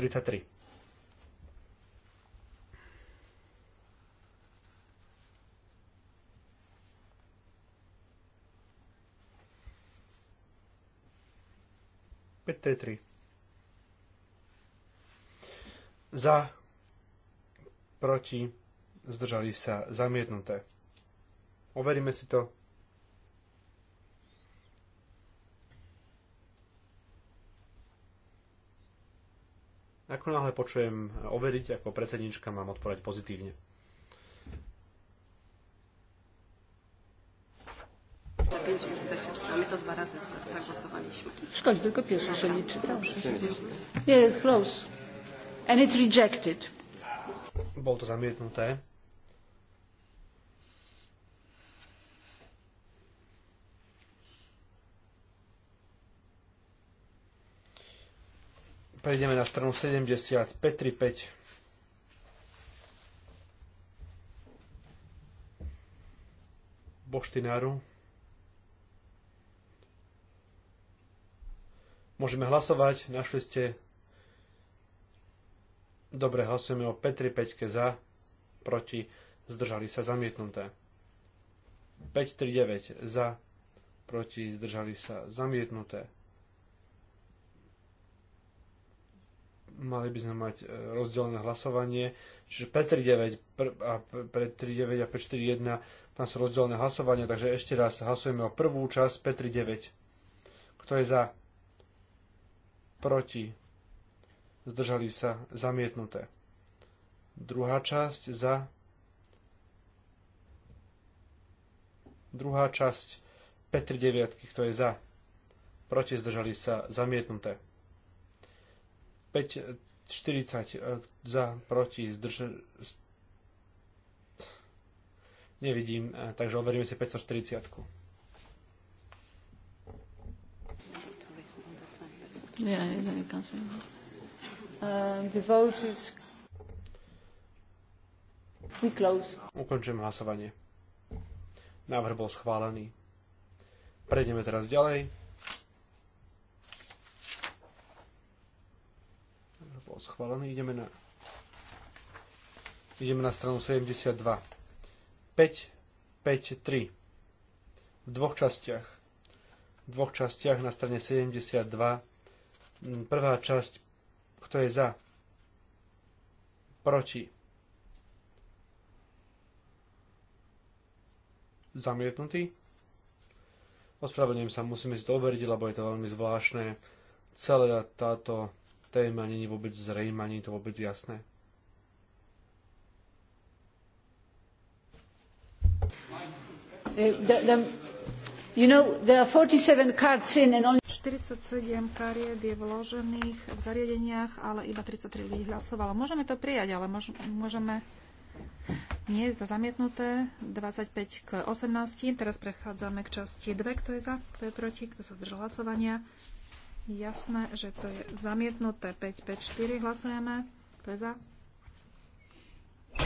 33. Za, proti, zdržali sa, zamietnuté. Overíme si to Ako náhle počujem e, overiť, ako predsednička mám odpovedať pozitívne. pięć, tylko pierwszy się liczy. Nie, close. And it's rejected. Bolo to zamietnuté. Prejdeme na stranu 70, 5 Boštináru. Môžeme hlasovať, našli ste. Dobre, hlasujeme o Petri 5 za, proti, zdržali sa zamietnuté. 9 za, proti, zdržali sa zamietnuté. mali by sme mať e, rozdelené hlasovanie, čiže P39 a P39 a P41 tam sú rozdelené hlasovania, takže ešte raz hlasujeme o prvú časť P39. Kto je za? Proti? Zdržali sa? Zamietnuté. Druhá časť za? Druhá časť P39, kto je za? Proti? Zdržali sa? Zamietnuté. 5.40 e, za, proti, zdrž... Nevidím, e, takže overíme si 540. Yeah, um, the vote is... We close. Ukončujem hlasovanie. Návrh bol schválený. Prejdeme teraz ďalej. schválený. Ideme na, ideme na stranu 72. 5, 5, 3. V dvoch častiach. V dvoch častiach na strane 72. Prvá časť, kto je za? Proti. Zamietnutý. Ospravedlňujem sa, musíme si to overiť, lebo je to veľmi zvláštne. Celá táto téma není vôbec zrejma, nie je to vôbec jasné. Eh, the, the, you know, there are 47 cards in and only 47 kariet je vložených v zariadeniach, ale iba 33 ľudí hlasovalo. Môžeme to prijať, ale môž, môžeme... Nie je to zamietnuté. 25 k 18. Teraz prechádzame k časti 2. Kto je za? Kto je proti? Kto sa zdržal hlasovania? Jasné, že to je zamietnuté. 5, 5, 4 hlasujeme. Kto je za?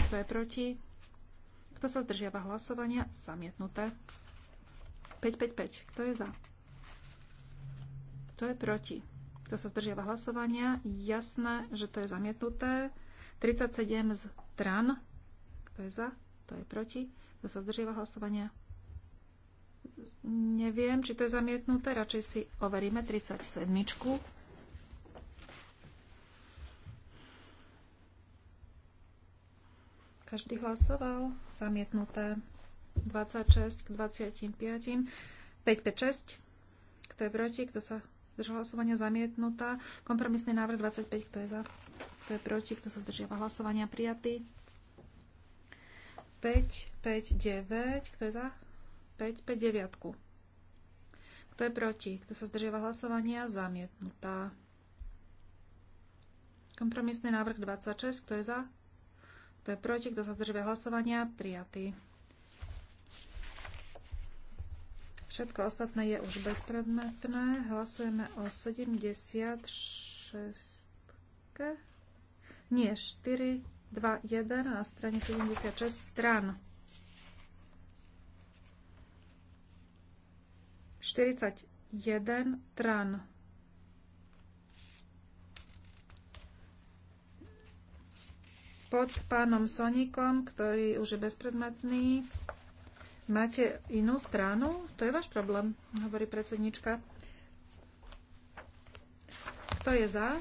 Kto je proti? Kto sa zdržiava hlasovania? Zamietnuté. 5, 5, 5. Kto je za? Kto je proti? Kto sa zdržiava hlasovania? Jasné, že to je zamietnuté. 37 z tran. Kto je za? Kto je proti? Kto sa zdržiava hlasovania? Neviem, či to je zamietnuté. Radšej si overíme 37. Každý hlasoval. Zamietnuté. 26 k 25. 5, 5, 6. Kto je proti? Kto sa zdržal hlasovania? Zamietnutá. Kompromisný návrh 25. Kto je za? Kto je proti? Kto sa zdržiava hlasovania? Prijatý. 5, 5, 9. Kto je za? 5, 5, 9. Kto je proti? Kto sa zdržiava hlasovania? Zamietnutá. Kompromisný návrh 26. Kto je za? Kto je proti? Kto sa zdržiava hlasovania? Prijatý. Všetko ostatné je už bezpredmetné. Hlasujeme o 76. Nie, 4, 2, 1 na strane 76 stran. 41 tran. Pod pánom Sonikom, ktorý už je bezpredmetný, máte inú stranu? To je váš problém, hovorí predsednička. Kto je za?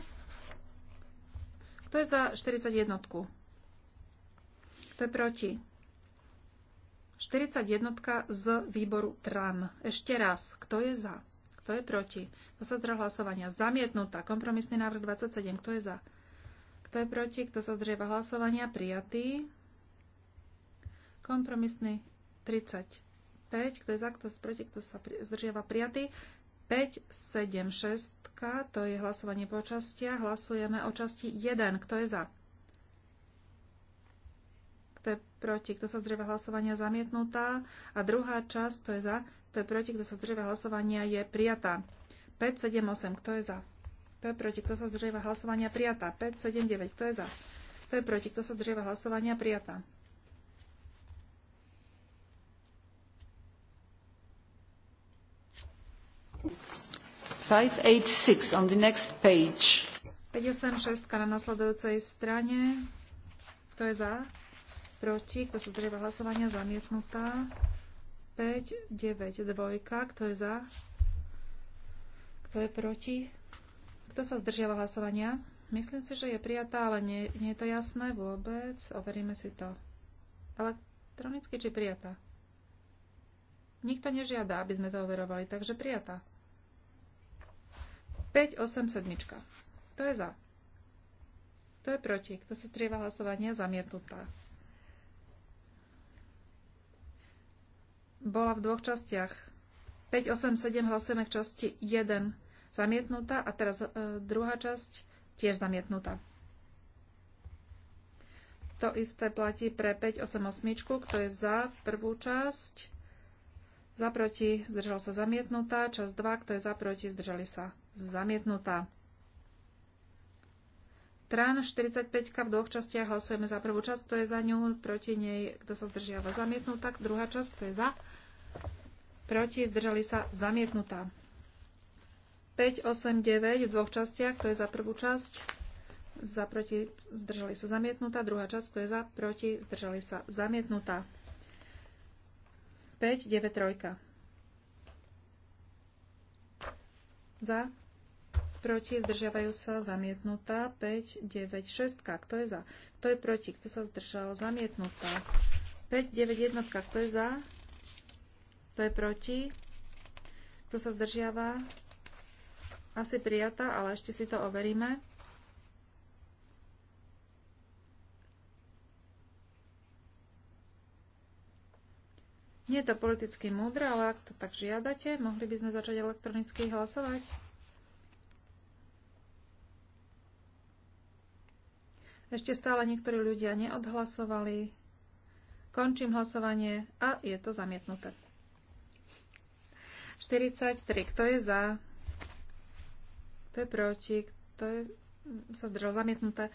Kto je za 41? Kto je proti? 41 z výboru TRAN. Ešte raz, kto je za? Kto je proti? Kto sa zdržal hlasovania? Zamietnutá. Kompromisný návrh 27. Kto je za? Kto je proti? Kto sa zdržiava hlasovania? Prijatý. Kompromisný 35. Kto je za? Kto je proti? Kto sa zdržiava? Prijatý. 5, 7, 6. To je hlasovanie po častiach. Hlasujeme o časti 1. Kto je za? To je proti, kto sa zdrieva hlasovania, zamietnutá. A druhá časť, to je za, To je proti, kto sa zdrieva hlasovania, je prijatá. 5, 7, 8, kto je za? To je proti, kto sa zdrieva hlasovania, prijatá. 5, 7, 9, kto je za? To je proti, kto sa zdrieva hlasovania, prijatá. Five, eight, six on the next page. na nasledujúcej strane. Kto je za? proti, kto sa zdržiava hlasovania, zamietnutá. 5, 9, 2, kto je za, kto je proti, kto sa zdržiava hlasovania. Myslím si, že je prijatá, ale nie, nie je to jasné vôbec. Overíme si to. Elektronicky či prijatá? Nikto nežiada, aby sme to overovali, takže prijatá. 5, 8, 7. Kto je za? Kto je proti? Kto sa strieva hlasovania? Zamietnutá. bola v dvoch častiach. 5, 8, 7 hlasujeme v časti 1 zamietnutá a teraz e, druhá časť tiež zamietnutá. To isté platí pre 588, kto je za prvú časť, za proti, zdržal sa zamietnutá, časť 2, kto je za proti, zdržali sa zamietnutá. Trán 45 v dvoch častiach hlasujeme za prvú časť, to je za ňu, proti nej, kto sa zdržiava zamietnutá, druhá časť, to je za, proti, zdržali sa zamietnutá. 5, 8, 9 v dvoch častiach, to je za prvú časť, za proti, zdržali sa zamietnutá, druhá časť, to je za, proti, zdržali sa zamietnutá. 5, 9, 3. Za, proti, zdržiavajú sa, zamietnutá. 5, 9, 6, kto je za? Kto je proti? Kto sa zdržal? Zamietnutá. 5, 9, 1, kto je za? Kto je proti? Kto sa zdržiava? Asi prijatá, ale ešte si to overíme. Nie je to politicky múdre, ale ak to tak žiadate, mohli by sme začať elektronicky hlasovať. Ešte stále niektorí ľudia neodhlasovali. Končím hlasovanie a je to zamietnuté. 43. Kto je za? Kto je proti? Kto je, sa zdržal zamietnuté?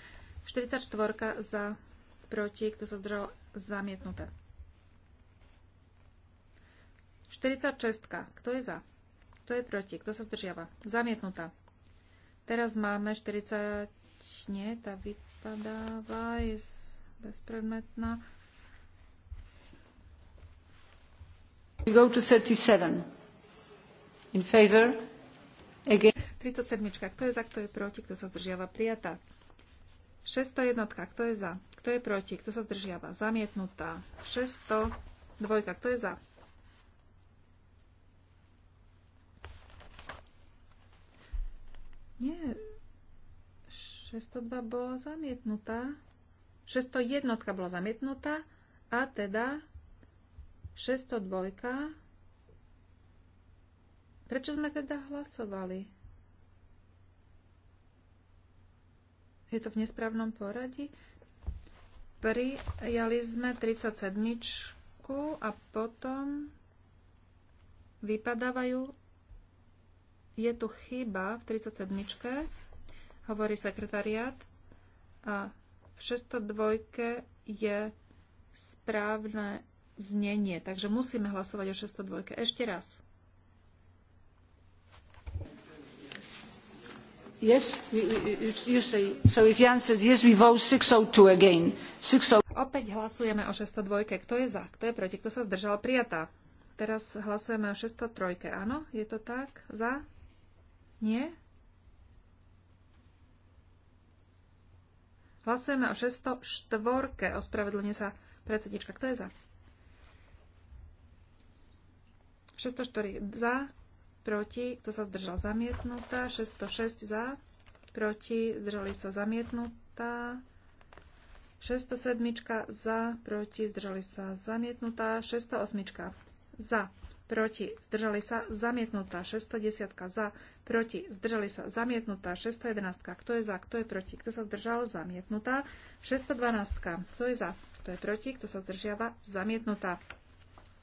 44. Za? Proti? Kto sa zdržal zamietnuté? 46. Kto je za? Kto je proti? Kto sa zdržiava? Zamietnutá. Teraz máme 40... Nie, tá vypadáva, je bezpredmetná. We go to 37. In favor? Again. 37. Kto je za, kto je proti, kto sa zdržiava prijatá? 601. Kto je za? Kto je proti? Kto sa zdržiava? Zamietnutá. 602. Kto je za? Nie, 602 bola zamietnutá. 601 bola zamietnutá a teda 602. Prečo sme teda hlasovali? Je to v nesprávnom poradí? Prijali sme 37 a potom vypadávajú je tu chyba v 37 hovorí sekretariát. A v 602 je správne znenie, takže musíme hlasovať o 602. Ešte raz. Yes, we, you say, so if Jan says yes, we vote 602 again. 602. Opäť hlasujeme o 602. Kto je za? Kto je proti? Kto sa zdržal? Prijatá. Teraz hlasujeme o 603. Áno? Je to tak? Za? Nie? Hlasujeme o 604. Ospravedlňuje sa predsednička. Kto je za? 604 za, proti, kto sa zdržal zamietnutá, 606 za, proti, zdržali sa zamietnutá, 607 za, proti, zdržali sa zamietnutá, 608 za, proti, zdržali sa, zamietnutá 610 za, proti, zdržali sa, zamietnutá 611, kto je za, kto je proti, kto sa zdržal, zamietnutá 612, kto je za, kto je proti, kto sa zdržiava, zamietnutá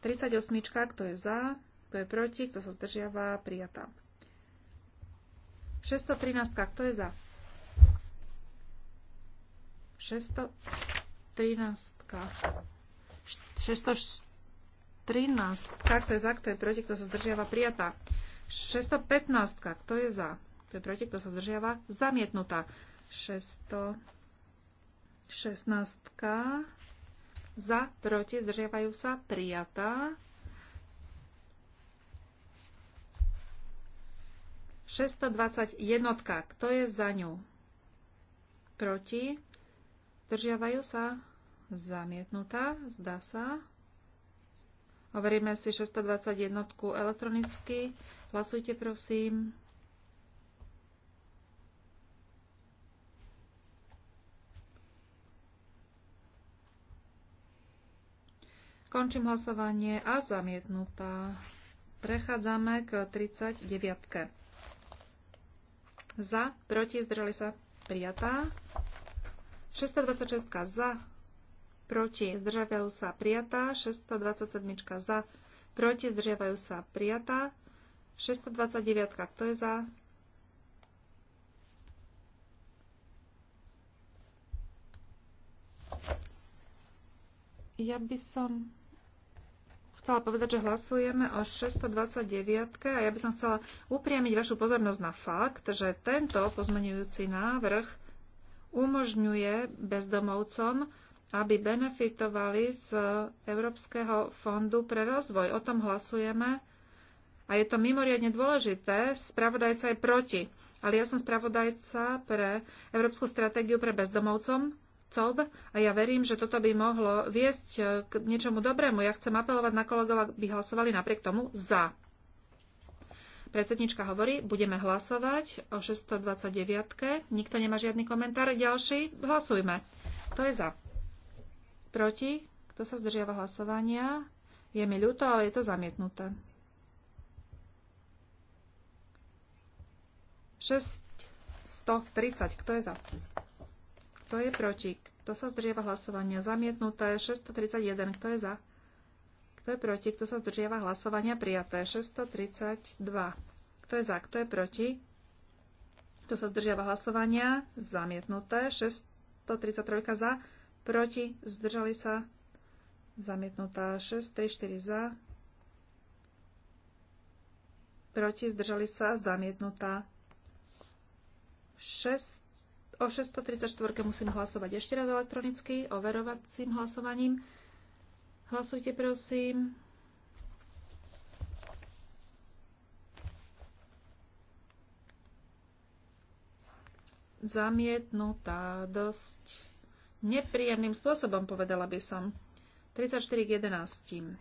38, kto je za, kto je proti, kto sa zdržiava, prijatá 613, kto je za, 613 13. Kto je za, kto je proti, kto sa zdržiava, prijatá. 615. Kto je za, kto je proti, kto sa zdržiava, zamietnutá. 616. Za, proti, zdržiavajú sa, prijatá. 621. Kto je za ňu? Proti. Zdržiavajú sa. Zamietnutá. Zdá sa. Overíme si 621 elektronicky. Hlasujte, prosím. Končím hlasovanie a zamietnutá. Prechádzame k 39. Za, proti, zdržali sa, prijatá. 626 za, proti, zdržiavajú sa prijatá, 627 za, proti, zdržiavajú sa prijatá, 629, kto je za? Ja by som chcela povedať, že hlasujeme o 629 a ja by som chcela upriamiť vašu pozornosť na fakt, že tento pozmenujúci návrh umožňuje bezdomovcom aby benefitovali z Európskeho fondu pre rozvoj. O tom hlasujeme a je to mimoriadne dôležité. Spravodajca je proti, ale ja som spravodajca pre Európsku stratégiu pre bezdomovcom, COB, a ja verím, že toto by mohlo viesť e, k niečomu dobrému. Ja chcem apelovať na kolegov, aby hlasovali napriek tomu za. Predsednička hovorí, budeme hlasovať o 629. Nikto nemá žiadny komentár. Ďalší, hlasujme. To je za. Proti? Kto sa zdržiava hlasovania? Je mi ľúto, ale je to zamietnuté. 630. Kto je za? Kto je proti? Kto sa zdržiava hlasovania? Zamietnuté. 631. Kto je za? Kto je proti? Kto sa zdržiava hlasovania? Prijaté. 632. Kto je za? Kto je proti? Kto sa zdržiava hlasovania? Zamietnuté. 633 za proti, zdržali sa, zamietnutá 6, 3, 4 za, proti, zdržali sa, zamietnutá 6, o 634 musím hlasovať ešte raz elektronicky, overovacím hlasovaním. Hlasujte prosím. Zamietnutá dosť nepríjemným spôsobom, povedala by som. 34 k 11.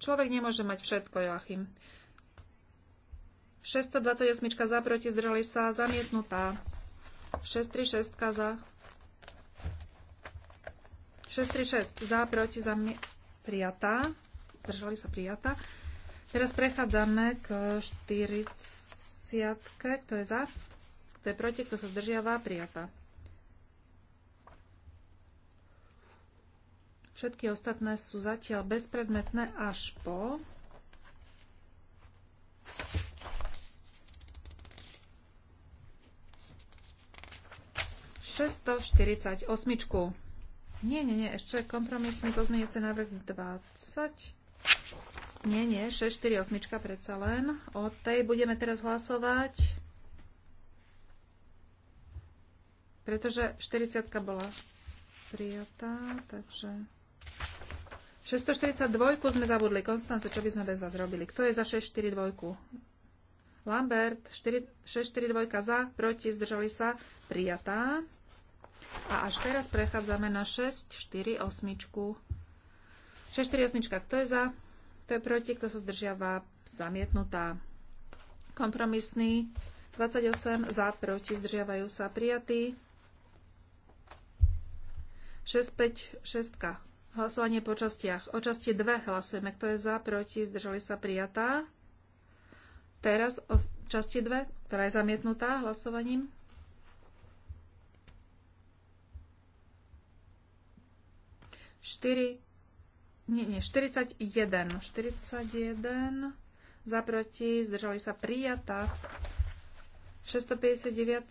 Človek nemôže mať všetko, Joachim. 628 za, proti, zdržali sa, zamietnutá. 636 za. 636 za, proti, zamie... prijatá. Zdržali sa prijatá. Teraz prechádzame k 40, kto je za, kto je proti? Kto sa zdržiava? prijata. Všetky ostatné sú zatiaľ bezpredmetné až po... 648. Nie, nie, nie, ešte kompromisný pozmeňujúci návrh 20. Nie, nie, 648 predsa len. O tej budeme teraz hlasovať. Pretože 40 bola prijatá, takže... 642 sme zabudli. Konstance, čo by sme bez vás robili? Kto je za 642? Lambert, 642 za, proti, zdržali sa, prijatá. A až teraz prechádzame na 648. 648, kto je za? Kto je proti? Kto sa zdržiava? Zamietnutá. Kompromisný 28 za, proti, zdržiavajú sa, prijatý. 656. Hlasovanie po častiach. O časti 2 hlasujeme. Kto je za, proti, zdržali sa prijatá. Teraz o časti 2, ktorá je zamietnutá hlasovaním. Štyri, nie, nie, 41. 41 za proti, zdržali sa prijatá. 659 eh,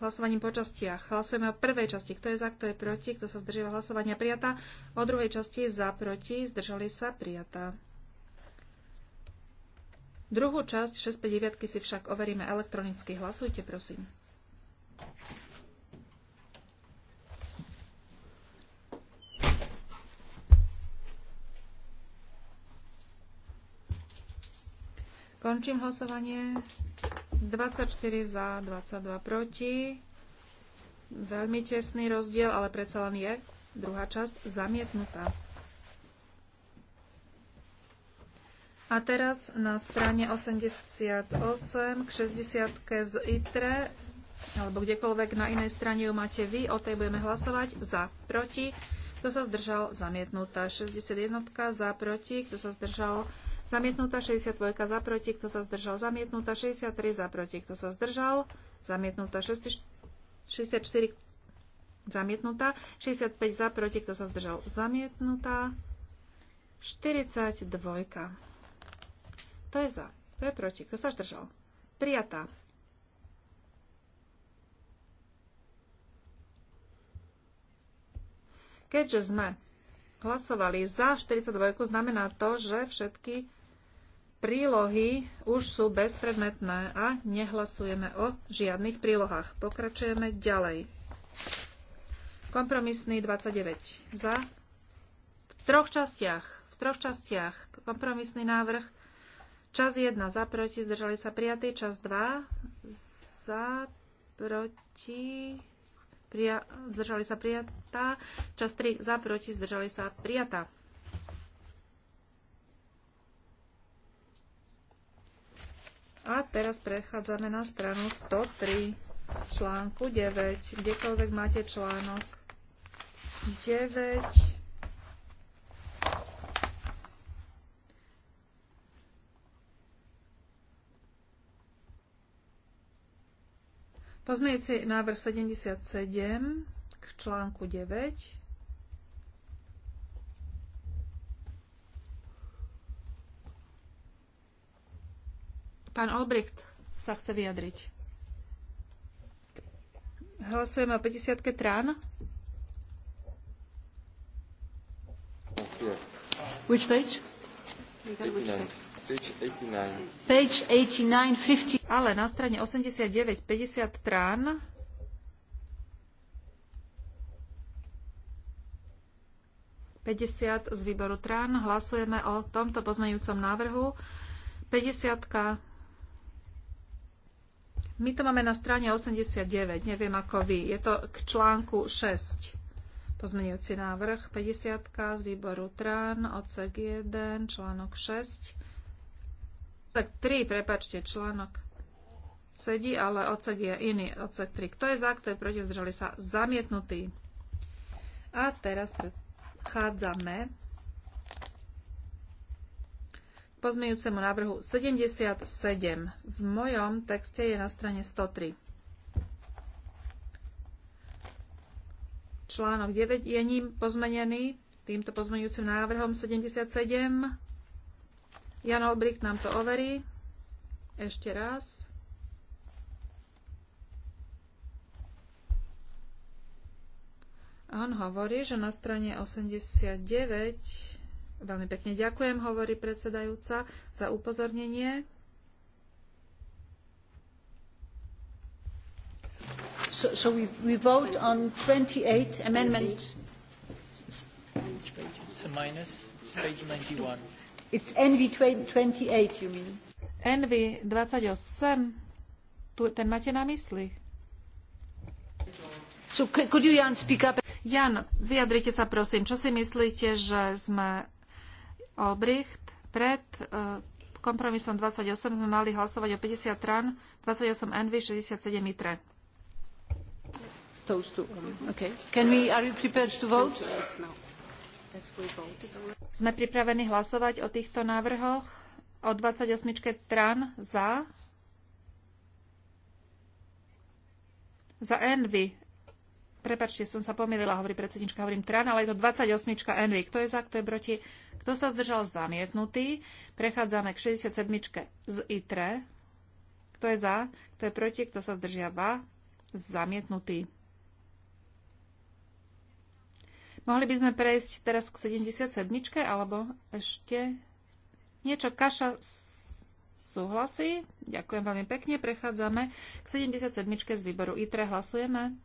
hlasovaním po častiach. Hlasujeme o prvej časti. Kto je za, kto je proti, kto sa zdržíva hlasovania prijatá. O druhej časti za, proti, zdržali sa prijatá. Druhú časť 659 si však overíme elektronicky. Hlasujte, prosím. Končím hlasovanie. 24 za, 22 proti. Veľmi tesný rozdiel, ale predsa len je druhá časť zamietnutá. A teraz na strane 88 k 60 z ITRE, alebo kdekoľvek na inej strane ju máte vy, o tej budeme hlasovať za, proti. Kto sa zdržal, zamietnutá. 61 za, proti. Kto sa zdržal, zamietnutá Zamietnutá 62 za proti, kto sa zdržal. Zamietnutá 63 za proti, kto sa zdržal. Zamietnutá 64 zamietnutá. 65 za proti, kto sa zdržal. Zamietnutá 42. To je za. To je proti. Kto sa zdržal? Prijatá. Keďže sme hlasovali za 42, znamená to, že všetky prílohy už sú bezpredmetné a nehlasujeme o žiadnych prílohách. Pokračujeme ďalej. Kompromisný 29 za. V troch častiach. V troch častiach. Kompromisný návrh. Čas 1 za, proti, zdržali sa prijatý. Čas 2 za, proti, zdržali sa prijatá. Čas 3 za, proti, zdržali sa prijatá. A teraz prechádzame na stranu 103 článku 9. Kdekoľvek máte článok 9. Pozmejúci návrh 77 k článku 9. Pán Olbricht sa chce vyjadriť. Hlasujeme o 50 trán. Which page? 89. Page 89, 50. Ale na strane 89, 50 trán. z výboru trán. Hlasujeme o tomto poznajúcom návrhu. 50 my to máme na strane 89, neviem ako vy. Je to k článku 6. Pozmeňujúci návrh 50 z výboru TRAN, odsek 1, článok 6. Tak 3, prepačte, článok sedí, ale odsek je iný, odsek 3. Kto je za, kto je proti, zdržali sa, zamietnutý. A teraz prechádzame pozmejúcemu návrhu 77. V mojom texte je na strane 103. Článok 9 je ním pozmenený týmto pozmenujúcim návrhom 77. Jan Olbricht nám to overí. Ešte raz. On hovorí, že na strane 89 Veľmi pekne ďakujem, hovorí predsedajúca, za upozornenie. So, so we, we vote on 28 amendment. It's a minus. It's page 91. It's NV 28, you mean? NV 28. Tu, ten máte na mysli? So could you, Jan, speak up? Jan, vyjadrite sa prosím. Čo si myslíte, že sme Olbricht. Pred uh, kompromisom 28 sme mali hlasovať o 50 tran, 28 NV, 67 ITRE. Um, okay. We, sme pripravení hlasovať o týchto návrhoch? O 28. tran za? Za Envy. Prepačte, som sa pomýlila, hovorí predsednička, hovorím Tran, ale je to 28. Envy. Kto je za, kto je proti? Kto sa zdržal zamietnutý? Prechádzame k 67. z ITRE. Kto je za, kto je proti, kto sa zdržiava? Zamietnutý. Mohli by sme prejsť teraz k 77. alebo ešte niečo. Kaša súhlasí. Ďakujem veľmi pekne. Prechádzame k 77. z výboru ITRE. Hlasujeme.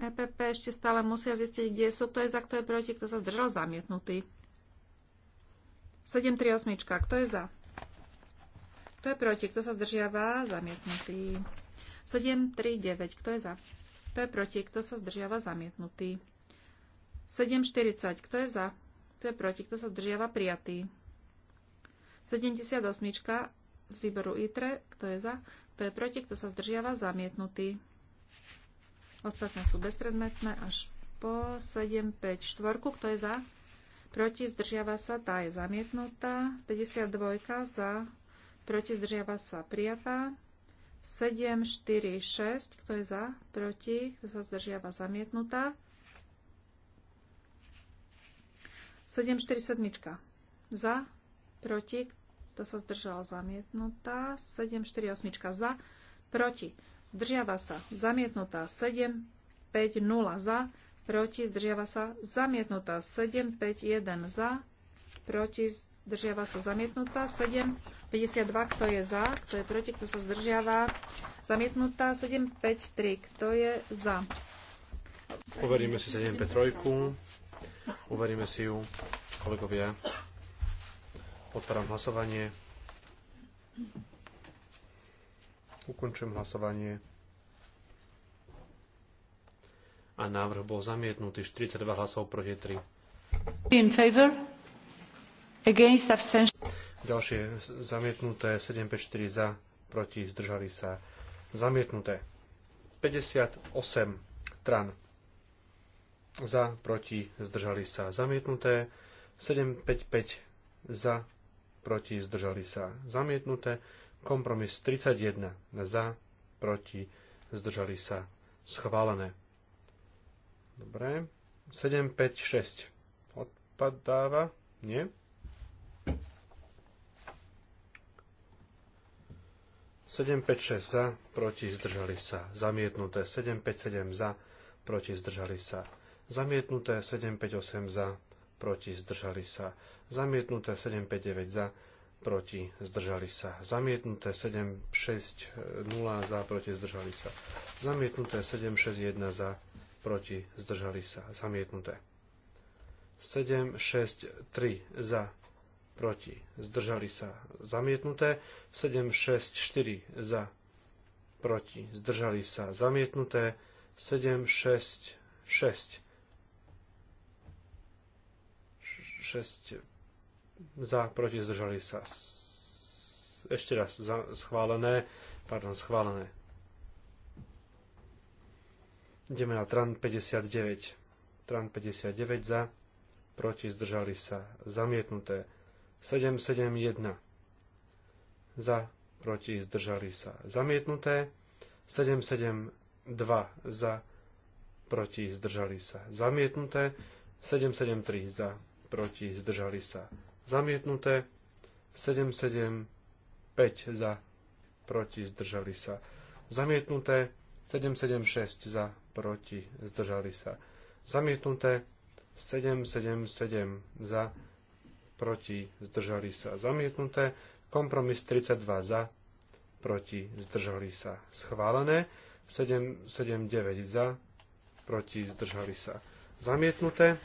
EPP ešte stále musia zistiť, kde sú, kto je za, kto je proti, kto sa zdržal zamietnutý. 738. Kto je za? Kto je proti? Kto sa zdržiava? Zamietnutý. 739. Kto je za? Kto je proti? Kto sa zdržiava? Zamietnutý. 740. Kto je za? Kto je proti? Kto sa zdržiava? Prijatý. 78. Z výboru ITRE. Kto je za? Kto je proti? Kto sa zdržiava? Zamietnutý. Ostatné sú bezpredmetné až po 7, 5, 4. Kto je za? Proti zdržiava sa. Tá je zamietnutá. 52 za. Proti zdržiava sa. Prijatá. 7, 4, 6. Kto je za? Proti. Kto sa zdržiava? Zamietnutá. 7, 4, 7. Za. Proti. Kto sa zdržal? Zamietnutá. 7, 4, 8. Za. Proti zdržiava sa, zamietnutá 7, 5, 0 za, proti, zdržiava sa, zamietnutá 7, 5, 1 za, proti, zdržiava sa, zamietnutá 7, 52, kto je za, kto je proti, kto sa zdržiava, zamietnutá 7, 5, 3, kto je za. Overíme si 7, 5, 3, uveríme si ju, kolegovia. Otváram hlasovanie. Ukončujem hlasovanie. A návrh bol zamietnutý 42 hlasov proti 3. In favor? Against abstention. Ďalšie zamietnuté 754 za, proti zdržali sa zamietnuté. 58 tran za, proti zdržali sa zamietnuté. 755 za, proti zdržali sa zamietnuté. Kompromis 31 za, proti, zdržali sa schválené. Dobre. 7, 5, 6 odpadáva. Nie. Sedem, päť, šesť za, proti, zdržali sa, zamietnuté. Sedem, päť, sedem za, proti, zdržali sa, zamietnuté. Sedem, päť, osem za, proti, zdržali sa, zamietnuté. Sedem, päť, deväť za, proti zdržali sa. Zamietnuté 7-6-0 za proti zdržali sa. Zamietnuté 7-6-1 za proti zdržali sa. Zamietnuté. 7-6-3 za proti zdržali sa. Zamietnuté. 7-6-4 za proti zdržali sa. Zamietnuté. 7-6-6. 6 za, proti, zdržali sa. Ešte raz, za, schválené, pardon, schválené. Ideme na Tran 59. Tran 59 za, proti, zdržali sa, zamietnuté. 771 za, proti, zdržali sa, zamietnuté. 772 za, proti, zdržali sa, zamietnuté. 773 za, proti, zdržali sa, zamietnuté, 775 za, proti, zdržali sa, zamietnuté, 776 za, proti, zdržali sa, zamietnuté, 777 za, proti, zdržali sa, zamietnuté, kompromis 32 za, proti, zdržali sa, schválené, 779 za, proti, zdržali sa, zamietnuté,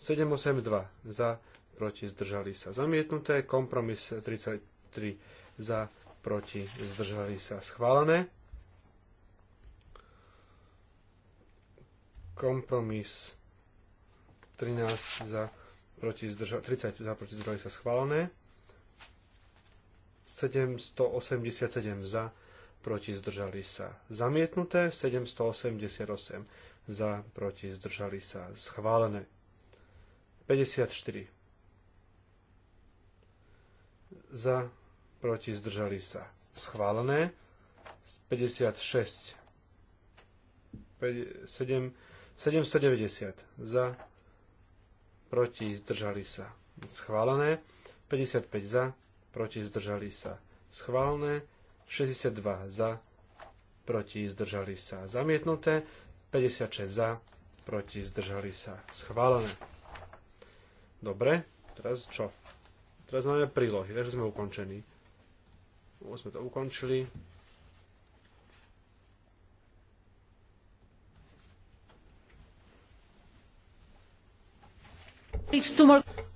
782 za, proti, zdržali sa zamietnuté, kompromis 33 za, proti, zdržali sa schválené. Kompromis 13 za, proti, zdržali, 30 za, proti, zdržali sa schválené. 787 za, proti, zdržali sa zamietnuté, 788 za, proti, zdržali sa schválené. 54 za, proti, zdržali sa. Schválené. 56. 7, 790 za, proti, zdržali sa. Schválené. 55 za, proti, zdržali sa. Schválené. 62 za, proti, zdržali sa. Zamietnuté. 56 za, proti, zdržali sa. Schválené. Dobre, teraz čo? Teraz máme prílohy, takže sme ukončení. Už sme to ukončili.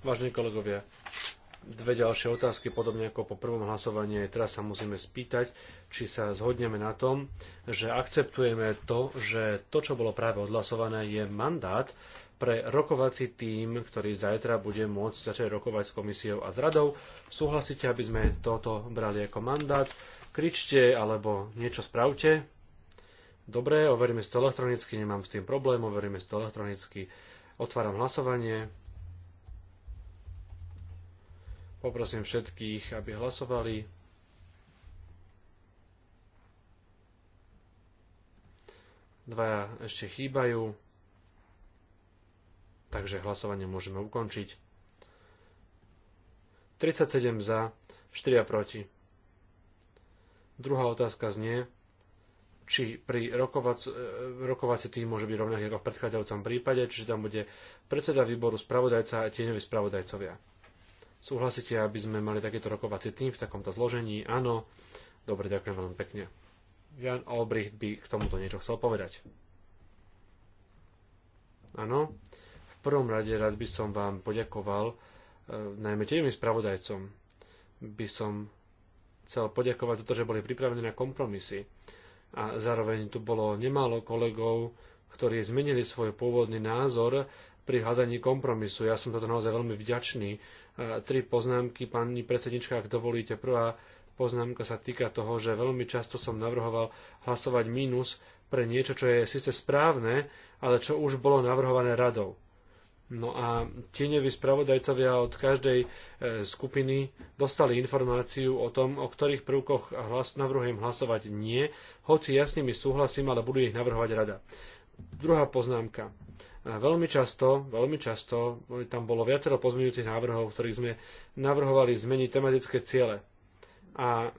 Vážení kolegovia, dve ďalšie otázky, podobne ako po prvom hlasovaní. Teraz sa musíme spýtať, či sa zhodneme na tom, že akceptujeme to, že to, čo bolo práve odhlasované, je mandát, pre rokovací tím, ktorý zajtra bude môcť začať rokovať s komisiou a s radou. Súhlasíte, aby sme toto brali ako mandát? Kričte alebo niečo spravte. Dobre, overíme si to elektronicky, nemám s tým problém, overíme si to elektronicky. Otváram hlasovanie. Poprosím všetkých, aby hlasovali. Dvaja ešte chýbajú takže hlasovanie môžeme ukončiť. 37 za, 4 proti. Druhá otázka znie, či pri rokovac, e, rokovací tým môže byť rovnaký ako v predchádzajúcom prípade, čiže tam bude predseda výboru, spravodajca a tieňoví spravodajcovia. Súhlasíte, aby sme mali takýto rokovací tým v takomto zložení? Áno. Dobre, ďakujem veľmi pekne. Jan Albrecht by k tomuto niečo chcel povedať. Áno prvom rade rád by som vám poďakoval, e, najmä tým spravodajcom, by som chcel poďakovať za to, že boli pripravení na kompromisy. A zároveň tu bolo nemálo kolegov, ktorí zmenili svoj pôvodný názor pri hľadaní kompromisu. Ja som toto naozaj veľmi vďačný. E, tri poznámky, pani predsednička, ak dovolíte. Prvá poznámka sa týka toho, že veľmi často som navrhoval hlasovať mínus pre niečo, čo je síce správne, ale čo už bolo navrhované radou. No a tieňoví spravodajcovia od každej e, skupiny dostali informáciu o tom, o ktorých prvkoch hlas, navrhujem hlasovať nie, hoci ja s nimi súhlasím, ale budú ich navrhovať rada. Druhá poznámka. E, veľmi často, veľmi často, e, tam bolo viacero pozmeňujúcich návrhov, v ktorých sme navrhovali zmeniť tematické ciele. A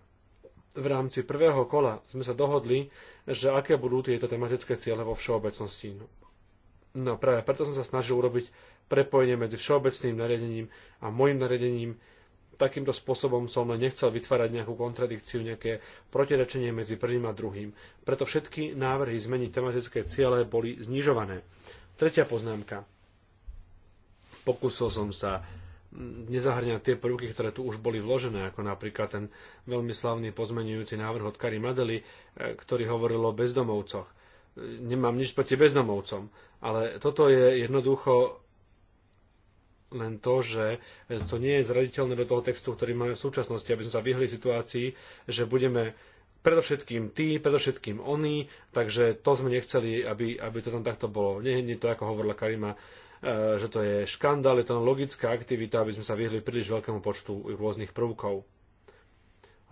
v rámci prvého kola sme sa dohodli, že aké budú tieto tematické ciele vo všeobecnosti. No, No práve preto som sa snažil urobiť prepojenie medzi všeobecným nariadením a môjim nariadením. Takýmto spôsobom som len nechcel vytvárať nejakú kontradikciu, nejaké protirečenie medzi prvým a druhým. Preto všetky návrhy zmeniť tematické ciele boli znižované. Tretia poznámka. Pokúsil som sa nezahŕňať tie prvky, ktoré tu už boli vložené, ako napríklad ten veľmi slavný pozmenujúci návrh od Kary Madely, eh, ktorý hovoril o bezdomovcoch nemám nič proti bezdomovcom, ale toto je jednoducho len to, že to nie je zraditeľné do toho textu, ktorý máme v súčasnosti, aby sme sa vyhli situácii, že budeme predovšetkým tí, predovšetkým oni, takže to sme nechceli, aby, aby to tam takto bolo. Nie, je to, ako hovorila Karima, e, že to je škandál, je to logická aktivita, aby sme sa vyhli príliš veľkému počtu rôznych prvkov.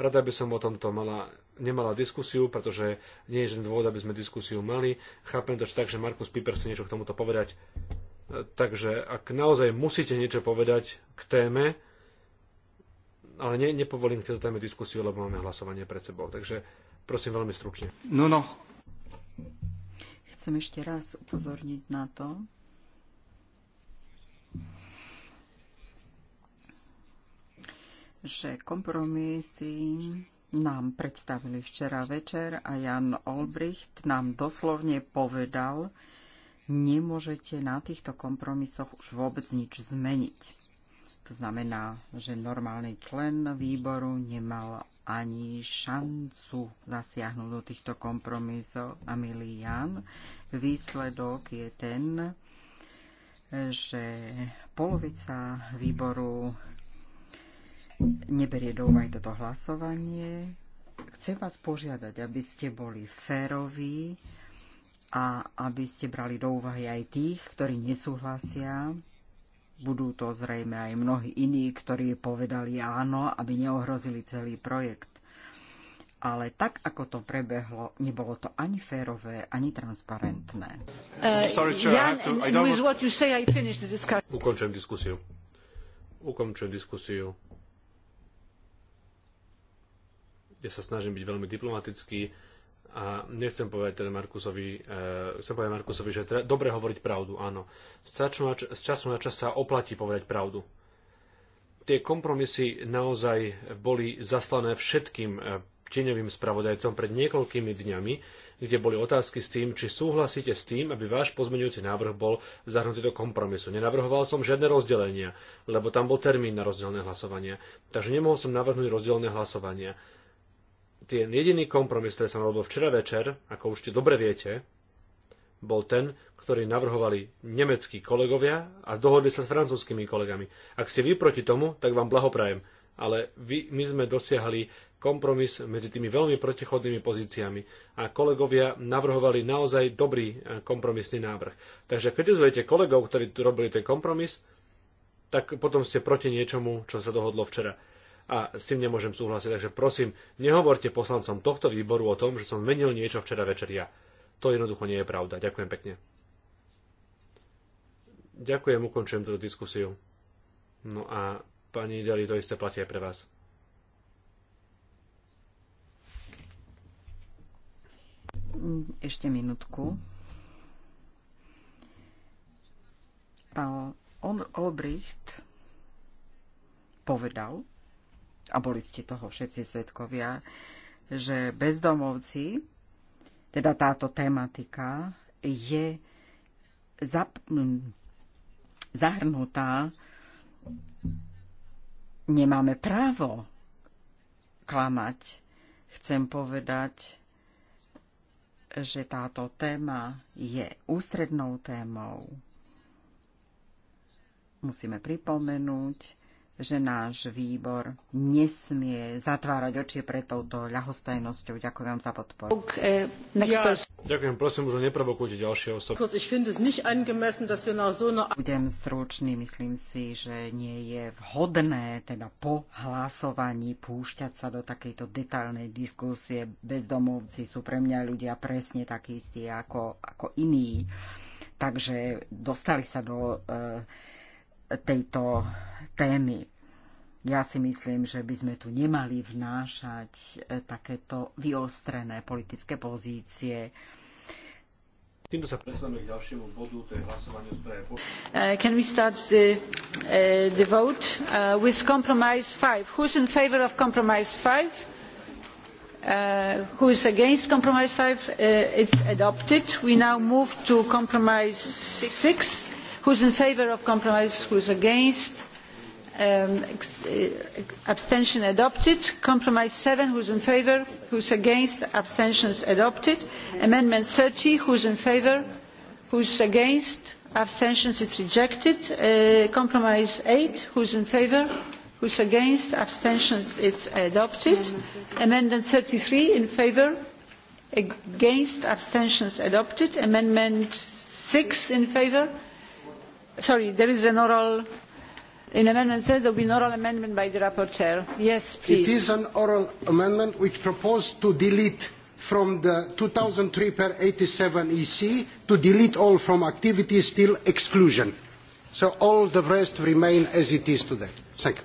Rada by som o tomto mala nemala diskusiu, pretože nie je žiaden dôvod, aby sme diskusiu mali. Chápem to tak, že Markus Piper chce niečo k tomuto povedať. E, takže ak naozaj musíte niečo povedať k téme, ale ne, nepovolím k tejto téme diskusiu, lebo máme hlasovanie pred sebou. Takže prosím veľmi stručne. No, no. Chcem ešte raz upozorniť na to, že kompromisy nám predstavili včera večer a Jan Olbricht nám doslovne povedal, nemôžete na týchto kompromisoch už vôbec nič zmeniť. To znamená, že normálny člen výboru nemal ani šancu zasiahnuť do týchto kompromisov. A milý Jan, výsledok je ten, že polovica výboru neberie do úvahy toto hlasovanie. Chcem vás požiadať, aby ste boli féroví a aby ste brali do úvahy aj tých, ktorí nesúhlasia. Budú to zrejme aj mnohí iní, ktorí povedali áno, aby neohrozili celý projekt. Ale tak, ako to prebehlo, nebolo to ani férové, ani transparentné. Uh, ukončujem diskusiu ukončujem diskusiu. ja sa snažím byť veľmi diplomatický a nechcem povedať teda Markusovi, e, chcem povedať Markusovi, že je teda dobre hovoriť pravdu, áno. Z času, na, z času na čas sa oplatí povedať pravdu. Tie kompromisy naozaj boli zaslané všetkým e, tieňovým spravodajcom pred niekoľkými dňami, kde boli otázky s tým, či súhlasíte s tým, aby váš pozmeňujúci návrh bol zahrnutý do kompromisu. Nenavrhoval som žiadne rozdelenia, lebo tam bol termín na rozdelené hlasovania. Takže nemohol som navrhnúť rozdelené hlasovania ten jediný kompromis, ktorý sa robil včera večer, ako už ste dobre viete, bol ten, ktorý navrhovali nemeckí kolegovia a dohodli sa s francúzskými kolegami. Ak ste vy proti tomu, tak vám blahoprajem. Ale vy, my sme dosiahli kompromis medzi tými veľmi protichodnými pozíciami a kolegovia navrhovali naozaj dobrý e, kompromisný návrh. Takže keď zvedete kolegov, ktorí tu robili ten kompromis, tak potom ste proti niečomu, čo sa dohodlo včera a s tým nemôžem súhlasiť. Takže prosím, nehovorte poslancom tohto výboru o tom, že som menil niečo včera večer ja. To jednoducho nie je pravda. Ďakujem pekne. Ďakujem, ukončujem túto diskusiu. No a pani Deli, to isté platí aj pre vás. Ešte minútku. Pán Olbricht povedal, a boli ste toho všetci svetkovia, že bezdomovci, teda táto tematika, je zap- zahrnutá. Nemáme právo klamať. Chcem povedať, že táto téma je ústrednou témou. Musíme pripomenúť, že náš výbor nesmie zatvárať oči pred touto ľahostajnosťou. Ďakujem vám za podporu. Eh, Ďakujem, prosím, už neprovokujte ďalšie osoby. Budem stručný, myslím si, že nie je vhodné teda po hlasovaní púšťať sa do takejto detailnej diskusie. Bezdomovci sú pre mňa ľudia presne takí istí ako, ako iní. Takže dostali sa do... Eh, tejto témy. Ja si myslím, že by sme tu nemali vnášať eh, takéto vyostrené politické pozície. Týmto sa presunieme k ďalšiemu bodu, to je hlasovanie o správe. Uh, can we start the, uh, the vote uh, with compromise 5? Who's in favor of compromise 5? Uh, who is against compromise 5? Uh, it's adopted. We now move to compromise 6 who's in favour of compromise who's against um, uh, abstention adopted compromise seven who's in favour who's against abstentions adopted amendment thirty who's in favour who's against abstentions is rejected uh, compromise eight who's in favour who's against abstentions is adopted amendment thirty three in favour against abstentions adopted amendment six in favour sorry there is an oral in amendment said there will be an oral amendment by the rapporteur yes please it is an oral amendment which proposed to delete from the two thousand three per eighty seven ec to delete all from activities still exclusion so all the rest remain as it is today thank you